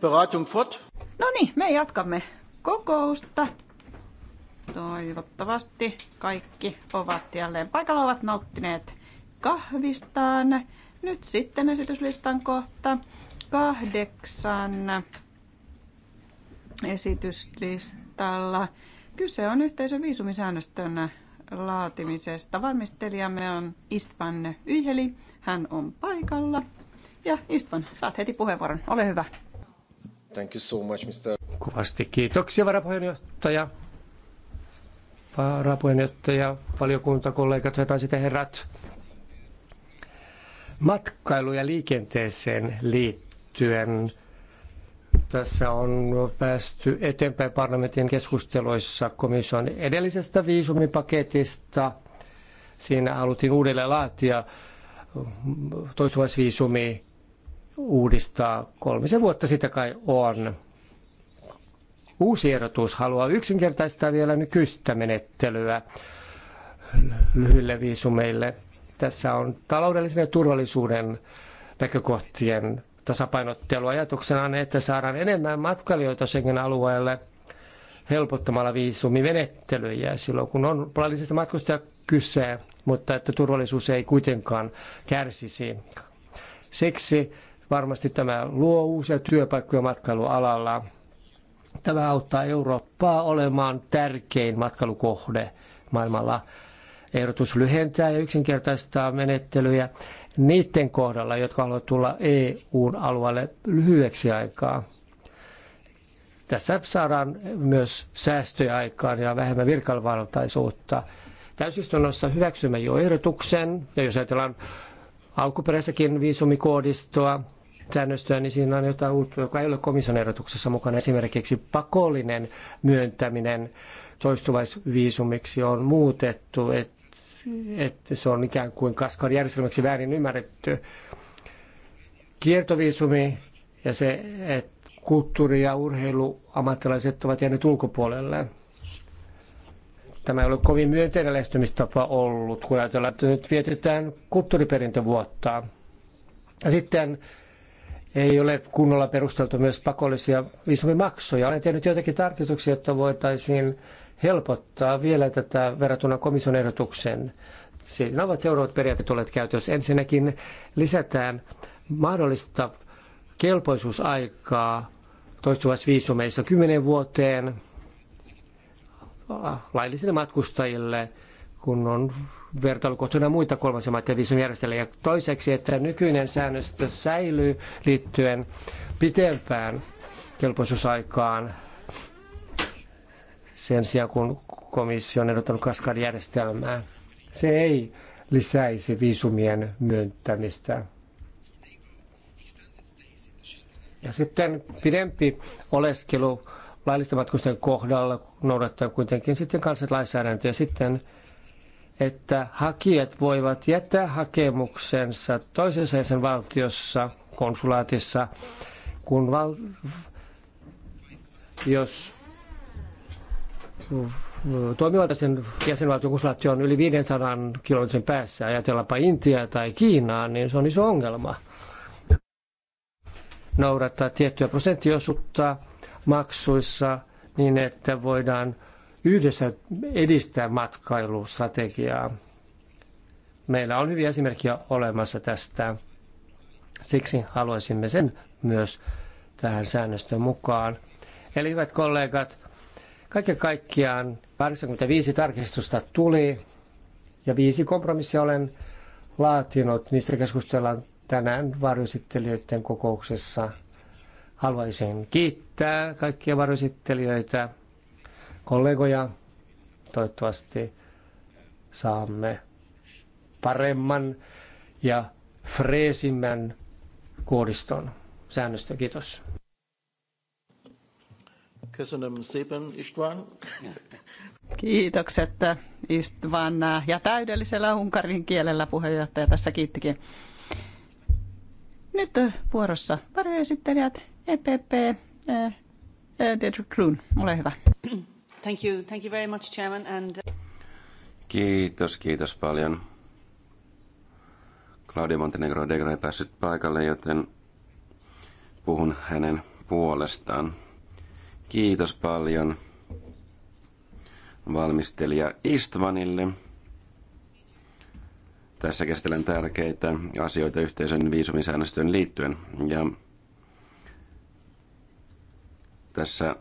Beratung fort. No niin, me jatkamme kokousta. Toivottavasti kaikki ovat jälleen paikalla, ovat nauttineet kahvistaan. Nyt sitten esityslistan kohta kahdeksan esityslistalla. Kyse on yhteisön viisumisäännöstön laatimisesta. Valmistelijamme on Istvan Yheli. Hän on paikalla. Ja Istvan, saat heti puheenvuoron. Ole hyvä. Thank you so much, Mr. Kuvasti kiitoksia, varapuheenjohtaja. Varapuheenjohtaja, valiokuntakollegat, hyvät naiset ja herrat. Matkailu- ja liikenteeseen liittyen – tässä on päästy eteenpäin parlamentin keskusteluissa komission edellisestä viisumipaketista. Siinä haluttiin uudelleen laatia toistuvaisviisumi uudistaa. Kolmisen vuotta sitä kai on. Uusi ehdotus haluaa yksinkertaistaa vielä nykyistä menettelyä lyhyille viisumeille. Tässä on taloudellisen ja turvallisuuden näkökohtien tasapainottelu ajatuksena on, että saadaan enemmän matkailijoita Schengen-alueelle helpottamalla viisumimenettelyjä silloin, kun on laillisesta matkustaja kyse, mutta että turvallisuus ei kuitenkaan kärsisi. Siksi varmasti tämä luo uusia työpaikkoja matkailualalla. Tämä auttaa Eurooppaa olemaan tärkein matkailukohde maailmalla. Ehdotus lyhentää ja yksinkertaistaa menettelyjä niiden kohdalla, jotka haluavat tulla EUn alueelle lyhyeksi aikaa. Tässä saadaan myös säästöjä aikaan ja vähemmän virkavaltaisuutta. Täysistunnossa hyväksymme jo ehdotuksen, ja jos ajatellaan alkuperäistäkin viisumikoodistoa, säännöstöä, niin siinä on jotain uutta, joka ei ole komission ehdotuksessa mukana. Esimerkiksi pakollinen myöntäminen toistuvaisviisumiksi on muutettu, että että se on ikään kuin kaskarijärjestelmäksi väärin ymmärretty. Kiertoviisumi ja se, että kulttuuri- ja urheiluammattilaiset ovat jääneet ulkopuolelle. Tämä ei ole kovin myönteinen lähestymistapa ollut, kun ajatellaan, että nyt vietetään kulttuuriperintövuotta. Ja sitten ei ole kunnolla perusteltu myös pakollisia viisumimaksuja. Olen tehnyt joitakin tarkistuksia, että voitaisiin helpottaa vielä tätä verrattuna komission ehdotuksen. Siinä ovat seuraavat periaatteet olleet käytössä. Ensinnäkin lisätään mahdollista kelpoisuusaikaa toistuvassa viisumeissa kymmenen vuoteen laillisille matkustajille, kun on vertailukohtana muita kolmansia maita viisumijärjestelmiä. Toiseksi, että nykyinen säännöstö säilyy liittyen pitempään kelpoisuusaikaan sen sijaan, kun komissio on ehdottanut kaskadijärjestelmää. Se ei lisäisi viisumien myöntämistä. Ja sitten pidempi oleskelu laillisten matkustajien kohdalla noudattaa kuitenkin sitten kansalainsäädäntöä sitten, että hakijat voivat jättää hakemuksensa toisessa jäsenvaltiossa, konsulaatissa, kun val- jos toimivalta sen jäsenvaltio, kun Slatti on yli 500 kilometrin päässä, ajatellaanpa Intiaa tai Kiinaa, niin se on iso ongelma noudattaa tiettyä prosenttiosuutta maksuissa niin, että voidaan yhdessä edistää matkailustrategiaa. Meillä on hyviä esimerkkejä olemassa tästä. Siksi haluaisimme sen myös tähän säännöstön mukaan. Eli hyvät kollegat, Kaiken kaikkiaan 85 tarkistusta tuli ja viisi kompromissia olen laatinut. Niistä keskustellaan tänään varjoesittelijöiden kokouksessa. Haluaisin kiittää kaikkia varjoesittelijöitä, kollegoja. Toivottavasti saamme paremman ja freesimmän kuoriston. säännöstä. Kiitos. Kiitokset Istvan ja täydellisellä unkarin kielellä puheenjohtaja tässä kiittikin. Nyt vuorossa varjoesittelijät EPP, eh, Deirdre Kloon, ole hyvä. Thank you, thank you very much, Chairman. And... Uh, kiitos, kiitos paljon. Claudia Montenegro Degro ei päässyt paikalle, joten puhun hänen puolestaan. Kiitos paljon valmistelija Istvanille. Tässä käsitellään tärkeitä asioita yhteisön viisumisäännöstöön liittyen. Ja tässä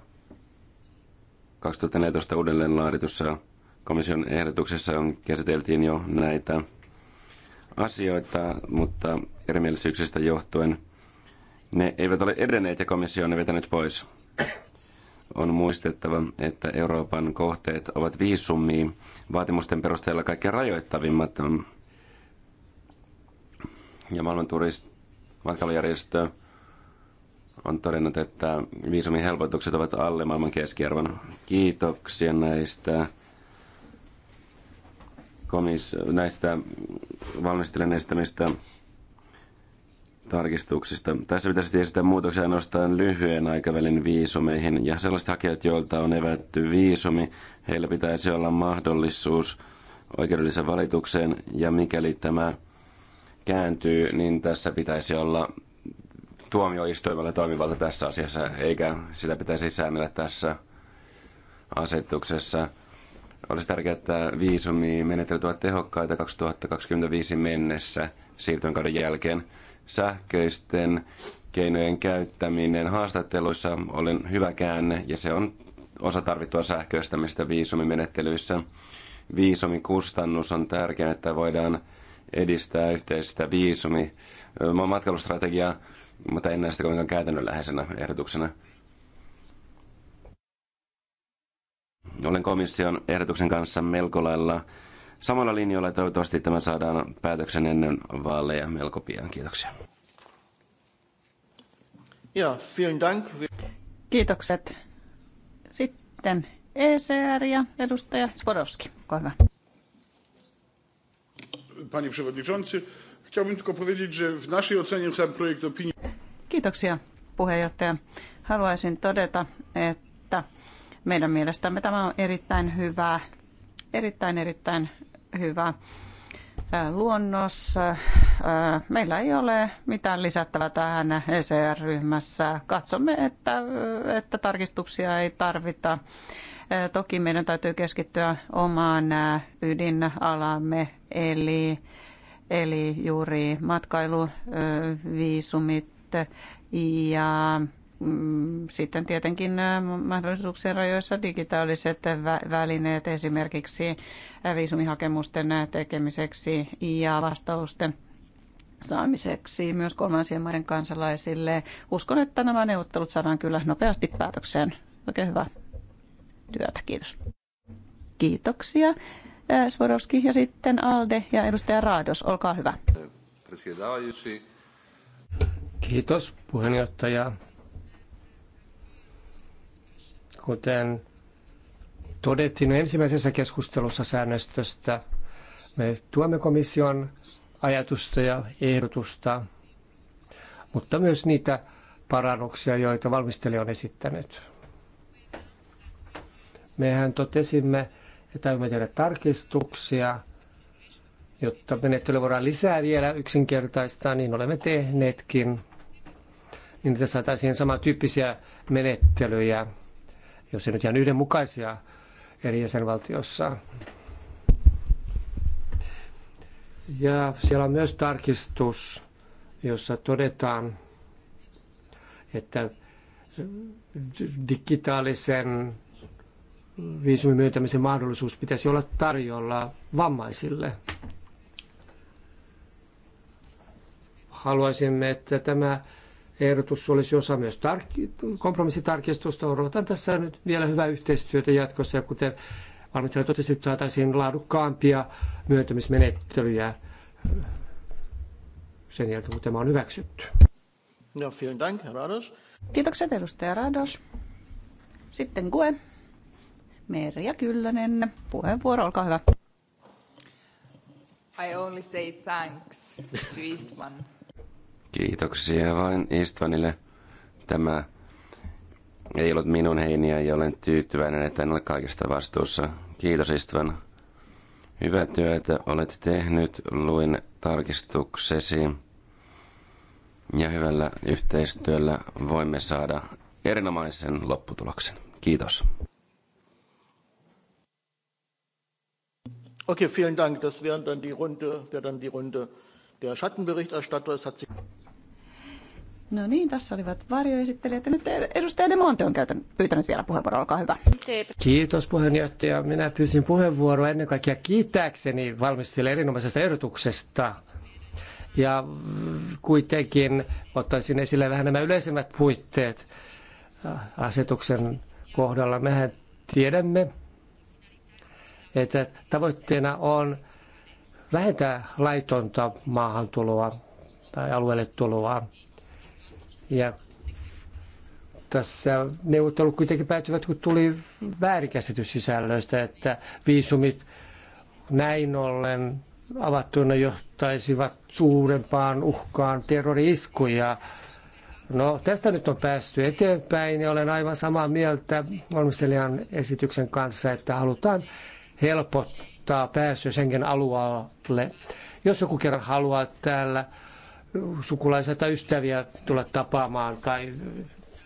2014 uudelleen laaditussa komission ehdotuksessa on käsiteltiin jo näitä asioita, mutta erimielisyyksistä johtuen ne eivät ole edenneet ja komissio on ne vetänyt pois. On muistettava, että Euroopan kohteet ovat viisumi vaatimusten perusteella kaikkein rajoittavimmat. Ja maailman turist, matkailujärjestö on todennut, että viisumin helpotukset ovat alle maailman keskiarvon. Kiitoksia näistä, komis, näistä valmistelijan estämistä tarkistuksista. Tässä pitäisi esittää muutoksia ainoastaan lyhyen aikavälin viisumeihin, ja sellaiset hakijat, joilta on evätty viisumi, heillä pitäisi olla mahdollisuus oikeudelliseen valitukseen, ja mikäli tämä kääntyy, niin tässä pitäisi olla tuomioistuimella toimivalta tässä asiassa, eikä sitä pitäisi säännellä tässä asetuksessa. Olisi tärkeää, että viisumimenettelyt ovat tehokkaita 2025 mennessä – kauden jälkeen. Sähköisten keinojen käyttäminen haastatteluissa olen hyvä käänne ja se on osa tarvittua sähköistämistä viisumimenettelyissä. Viisumikustannus on tärkeää, että voidaan edistää yhteistä viisumi matkailustrategiaa, mutta en näe sitä kovinkaan käytännönläheisenä ehdotuksena. Olen komission ehdotuksen kanssa melko lailla samalla linjoilla ja toivottavasti tämä saadaan päätöksen ennen vaaleja melko pian. Kiitoksia. Ja, vielen dank. Kiitokset. Sitten ECR ja edustaja Sporowski. Olkaa hyvä. Panie przewodniczący, chciałbym tylko powiedzieć, że w naszej ocenie sam projekt opinii... Kiitoksia puheenjohtaja. Haluaisin todeta, että meidän mielestämme tämä on erittäin hyvä, erittäin erittäin hyvä luonnos. Meillä ei ole mitään lisättävää tähän ECR-ryhmässä. Katsomme, että, että tarkistuksia ei tarvita. Toki meidän täytyy keskittyä omaan ydinalamme, eli, eli juuri matkailuviisumit ja Mm, sitten tietenkin äh, mahdollisuuksien rajoissa digitaaliset välineet esimerkiksi äh, viisumihakemusten äh, tekemiseksi ja vastausten saamiseksi myös kolmansien maiden kansalaisille. Uskon, että nämä neuvottelut saadaan kyllä nopeasti päätökseen. Oikein hyvää työtä. Kiitos. Kiitoksia. Swarovski ja sitten Alde ja edustaja Raados, olkaa hyvä. Kiitos puheenjohtaja. Kuten todettiin ensimmäisessä keskustelussa säännöstöstä, me tuemme komission ajatusta ja ehdotusta, mutta myös niitä parannuksia, joita valmistelija on esittänyt. Mehän totesimme, että aiomme tehdä tarkistuksia, jotta menettely voidaan lisää vielä yksinkertaistaa, niin olemme tehneetkin, niin että saataisiin samantyyppisiä menettelyjä jos ei nyt ihan yhdenmukaisia eri jäsenvaltiossa. Ja siellä on myös tarkistus, jossa todetaan, että digitaalisen viisumin myöntämisen mahdollisuus pitäisi olla tarjolla vammaisille. Haluaisimme, että tämä ehdotus olisi osa myös tar- kompromissitarkistusta. Odotan tässä nyt vielä hyvää yhteistyötä jatkossa ja kuten valmistelija totesi, että saataisiin laadukkaampia myöntämismenettelyjä sen jälkeen, kun tämä on hyväksytty. No, vielen dank, Rados. Kiitokset edustaja Rados. Sitten Kue, Merja Kyllönen, puheenvuoro, olkaa hyvä. I only say thanks to Eastman. Kiitoksia vain Istvanille. Tämä ei ollut minun heiniä ja olen tyytyväinen, että en ole kaikesta vastuussa. Kiitos Istvan. Hyvää työtä olet tehnyt. Luin tarkistuksesi. Ja hyvällä yhteistyöllä voimme saada erinomaisen lopputuloksen. Kiitos. Okay, vielen Dank. Das wäre dann die Runde, wäre dann die Runde der Schattenberichterstatter. Es hat sich No niin, tässä olivat varjoesittelijät. nyt edustaja De Monte on käytänyt, pyytänyt vielä puheenvuoroa. Olkaa hyvä. Kiitos puheenjohtaja. Minä pyysin puheenvuoroa ennen kaikkea kiittääkseni valmistelijan erinomaisesta ehdotuksesta. Ja kuitenkin ottaisin esille vähän nämä yleisemmät puitteet asetuksen kohdalla. Mehän tiedämme, että tavoitteena on vähentää laitonta maahantuloa tai alueelle tuloa. Ja tässä neuvottelut kuitenkin päätyvät, kun tuli väärinkäsitys sisällöistä, että viisumit näin ollen avattuina johtaisivat suurempaan uhkaan terrori-iskuja. No tästä nyt on päästy eteenpäin ja olen aivan samaa mieltä valmistelijan esityksen kanssa, että halutaan helpottaa pääsyä Schengen alueelle. Jos joku kerran haluaa täällä sukulaisia tai ystäviä tulla tapaamaan tai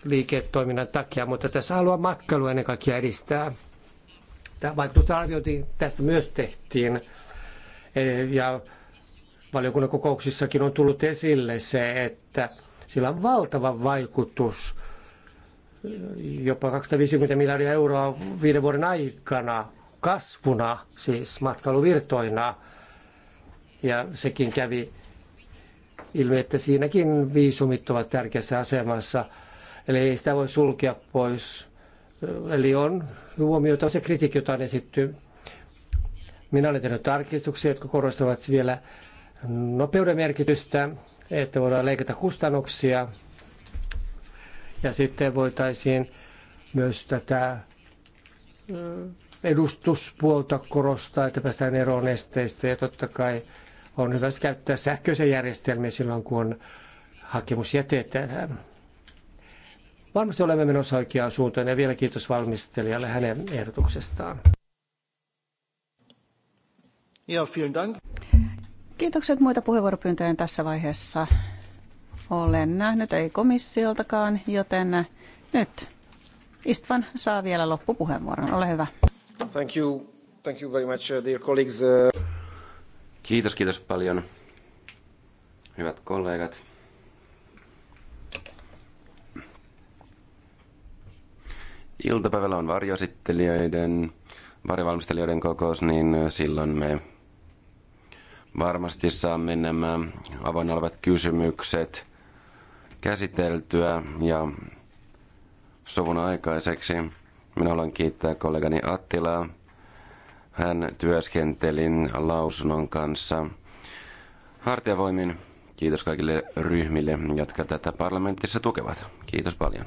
liiketoiminnan takia, mutta tässä haluan matkailua ennen kaikkea edistää. Tämä vaikutusten arviointi tästä myös tehtiin e, ja valiokunnan kokouksissakin on tullut esille se, että sillä on valtava vaikutus, jopa 250 miljardia euroa viiden vuoden aikana kasvuna, siis matkailuvirtoina. Ja sekin kävi ilmi, että siinäkin viisumit ovat tärkeässä asemassa. Eli ei sitä voi sulkea pois. Eli on huomioita se kritiikki, jota on esitty. Minä olen tehnyt tarkistuksia, jotka korostavat vielä nopeuden merkitystä, että voidaan leikata kustannuksia. Ja sitten voitaisiin myös tätä edustuspuolta korostaa, että päästään eroon esteistä ja totta kai on hyvä käyttää sähköisiä järjestelmiä silloin, kun hakemus jätetään. Varmasti olemme menossa oikeaan suuntaan ja vielä kiitos valmistelijalle hänen ehdotuksestaan. Ja, vielen dank. Kiitokset muita puheenvuoropyyntöjä tässä vaiheessa. Olen nähnyt ei komissioltakaan, joten nyt Istvan saa vielä loppupuheenvuoron. Ole hyvä. Thank you. Thank you very much, uh, dear colleagues. Uh, Kiitos, kiitos paljon, hyvät kollegat. Iltapäivällä on varjoesittelijöiden, varjovalmistelijoiden kokous, niin silloin me varmasti saamme nämä avoinna olevat kysymykset käsiteltyä ja sovun aikaiseksi. Minä haluan kiittää kollegani Attilaa hän työskentelin lausunnon kanssa hartiavoimin. Kiitos kaikille ryhmille, jotka tätä parlamentissa tukevat. Kiitos paljon.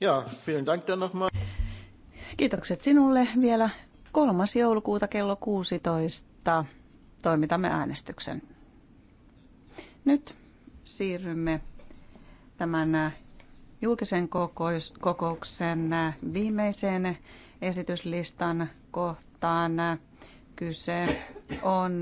Ja, vielen dank Kiitokset sinulle vielä 3. joulukuuta kello 16 toimitamme äänestyksen. Nyt siirrymme tämän julkisen kokouksen viimeiseen esityslistan kohtaan kohtaan. Kyse on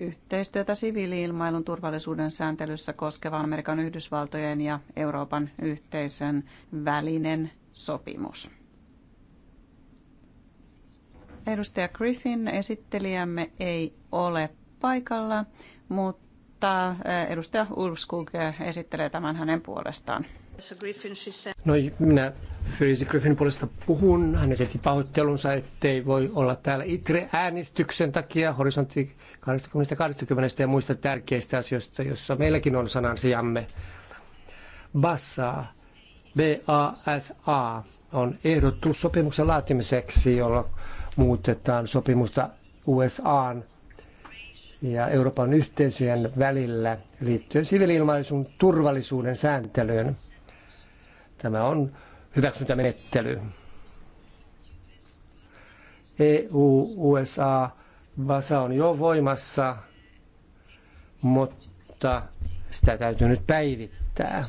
yhteistyötä siviiliilmailun turvallisuuden sääntelyssä koskeva Amerikan Yhdysvaltojen ja Euroopan yhteisön välinen sopimus. Edustaja Griffin, esittelijämme, ei ole paikalla, mutta edustaja Ulfskog esittelee tämän hänen puolestaan. No minä Fysi Griffin puolesta puhun. Hän esitti pahoittelunsa, ettei voi olla täällä itse äänestyksen takia horisontti 20, ja muista tärkeistä asioista, jossa meilläkin on sanansijamme. Bassa, BASA, on ehdotus sopimuksen laatimiseksi, jolla muutetaan sopimusta USAn ja Euroopan yhteisöjen välillä liittyen siviiliilmaisun turvallisuuden sääntelyyn. Tämä on hyväksyntämenettely. EU-USA vasa on jo voimassa, mutta sitä täytyy nyt päivittää.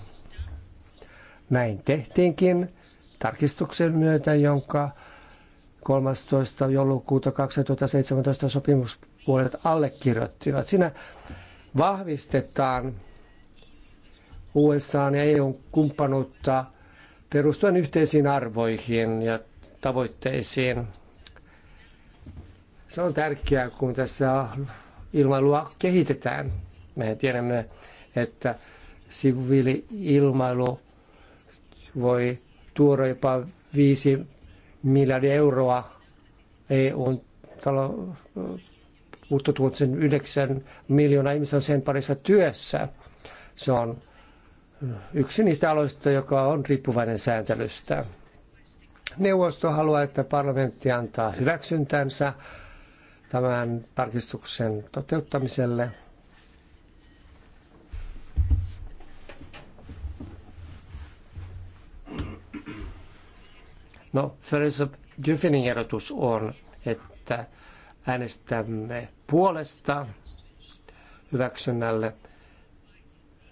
Näin tehtiinkin tarkistuksen myötä, jonka 13. joulukuuta 2017 sopimuspuolet allekirjoittivat. Siinä vahvistetaan USA ja EUn kumppanuutta perustuen yhteisiin arvoihin ja tavoitteisiin. Se on tärkeää, kun tässä ilmailua kehitetään. Mehän tiedämme, että siviili-ilmailu voi tuoda jopa 5 miljardia euroa EUn talo, uutta 9 miljoonaa ihmistä on sen parissa työssä. Se on yksi niistä aloista, joka on riippuvainen sääntelystä. Neuvosto haluaa, että parlamentti antaa hyväksyntänsä tämän tarkistuksen toteuttamiselle. No, Ferisop Jyfinin erotus on, että äänestämme puolesta hyväksynnälle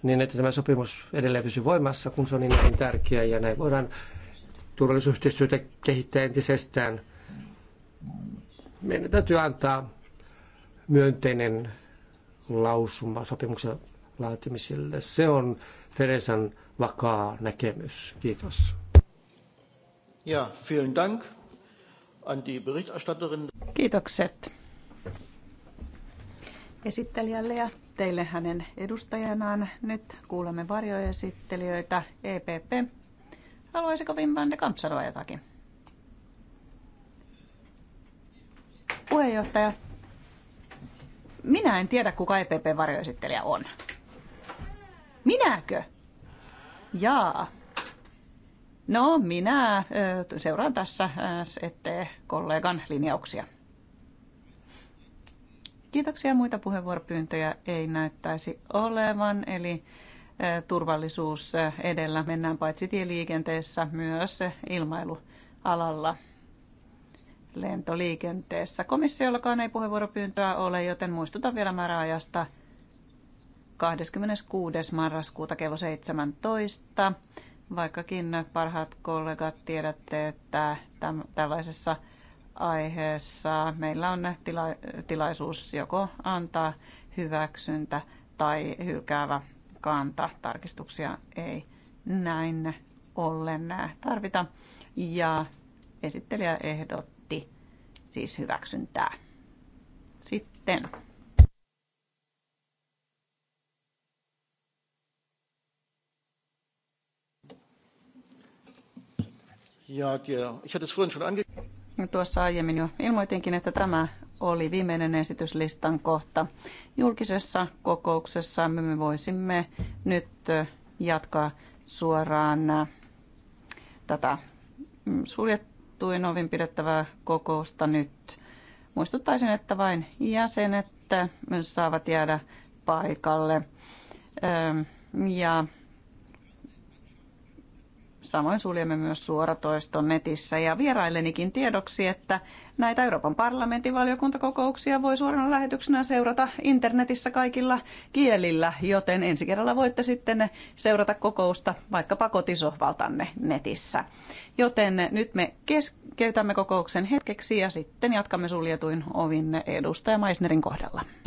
niin että tämä sopimus edelleen pysyy voimassa, kun se on niin näin tärkeä ja näin voidaan turvallisuusyhteistyötä kehittää entisestään. Meidän täytyy antaa myönteinen lausuma sopimuksen laatimiselle. Se on Feresan vakaa näkemys. Kiitos. Ja, vielen Dank an die Berichterstatterin. Kiitokset esittelijälle ja teille hänen edustajanaan. Nyt kuulemme varjoesittelijöitä EPP. Haluaisiko Wim van de Kamp sanoa jotakin? Puheenjohtaja, minä en tiedä kuka EPP-varjoesittelijä on. Minäkö? Jaa. No, minä seuraan tässä SET-kollegan linjauksia. Kiitoksia. Muita puheenvuoropyyntöjä ei näyttäisi olevan, eli turvallisuus edellä mennään paitsi tieliikenteessä myös ilmailualalla lentoliikenteessä. Komissiollakaan ei puheenvuoropyyntöä ole, joten muistutan vielä määräajasta 26. marraskuuta kello 17. Vaikkakin parhaat kollegat tiedätte, että tällaisessa aiheessa meillä on tila- tilaisuus joko antaa hyväksyntä tai hylkäävä kanta. Tarkistuksia ei näin ollen tarvita. Ja esittelijä ehdotti siis hyväksyntää. Sitten Ja, ich hatte es vorhin schon angekündigt. No, tuossa aiemmin jo ilmoitinkin, että tämä oli viimeinen esityslistan kohta. Julkisessa kokouksessa me voisimme nyt jatkaa suoraan tätä mm, suljettuin ovin pidettävää kokousta nyt. Muistuttaisin, että vain jäsenet saavat jäädä paikalle. Ja Samoin suljemme myös suoratoiston netissä ja vieraillenikin tiedoksi, että näitä Euroopan parlamentin valiokuntakokouksia voi suorana lähetyksenä seurata internetissä kaikilla kielillä, joten ensi kerralla voitte sitten seurata kokousta vaikka kotisohvaltanne netissä. Joten nyt me keskeytämme kokouksen hetkeksi ja sitten jatkamme suljetuin ovin edustaja Maisnerin kohdalla.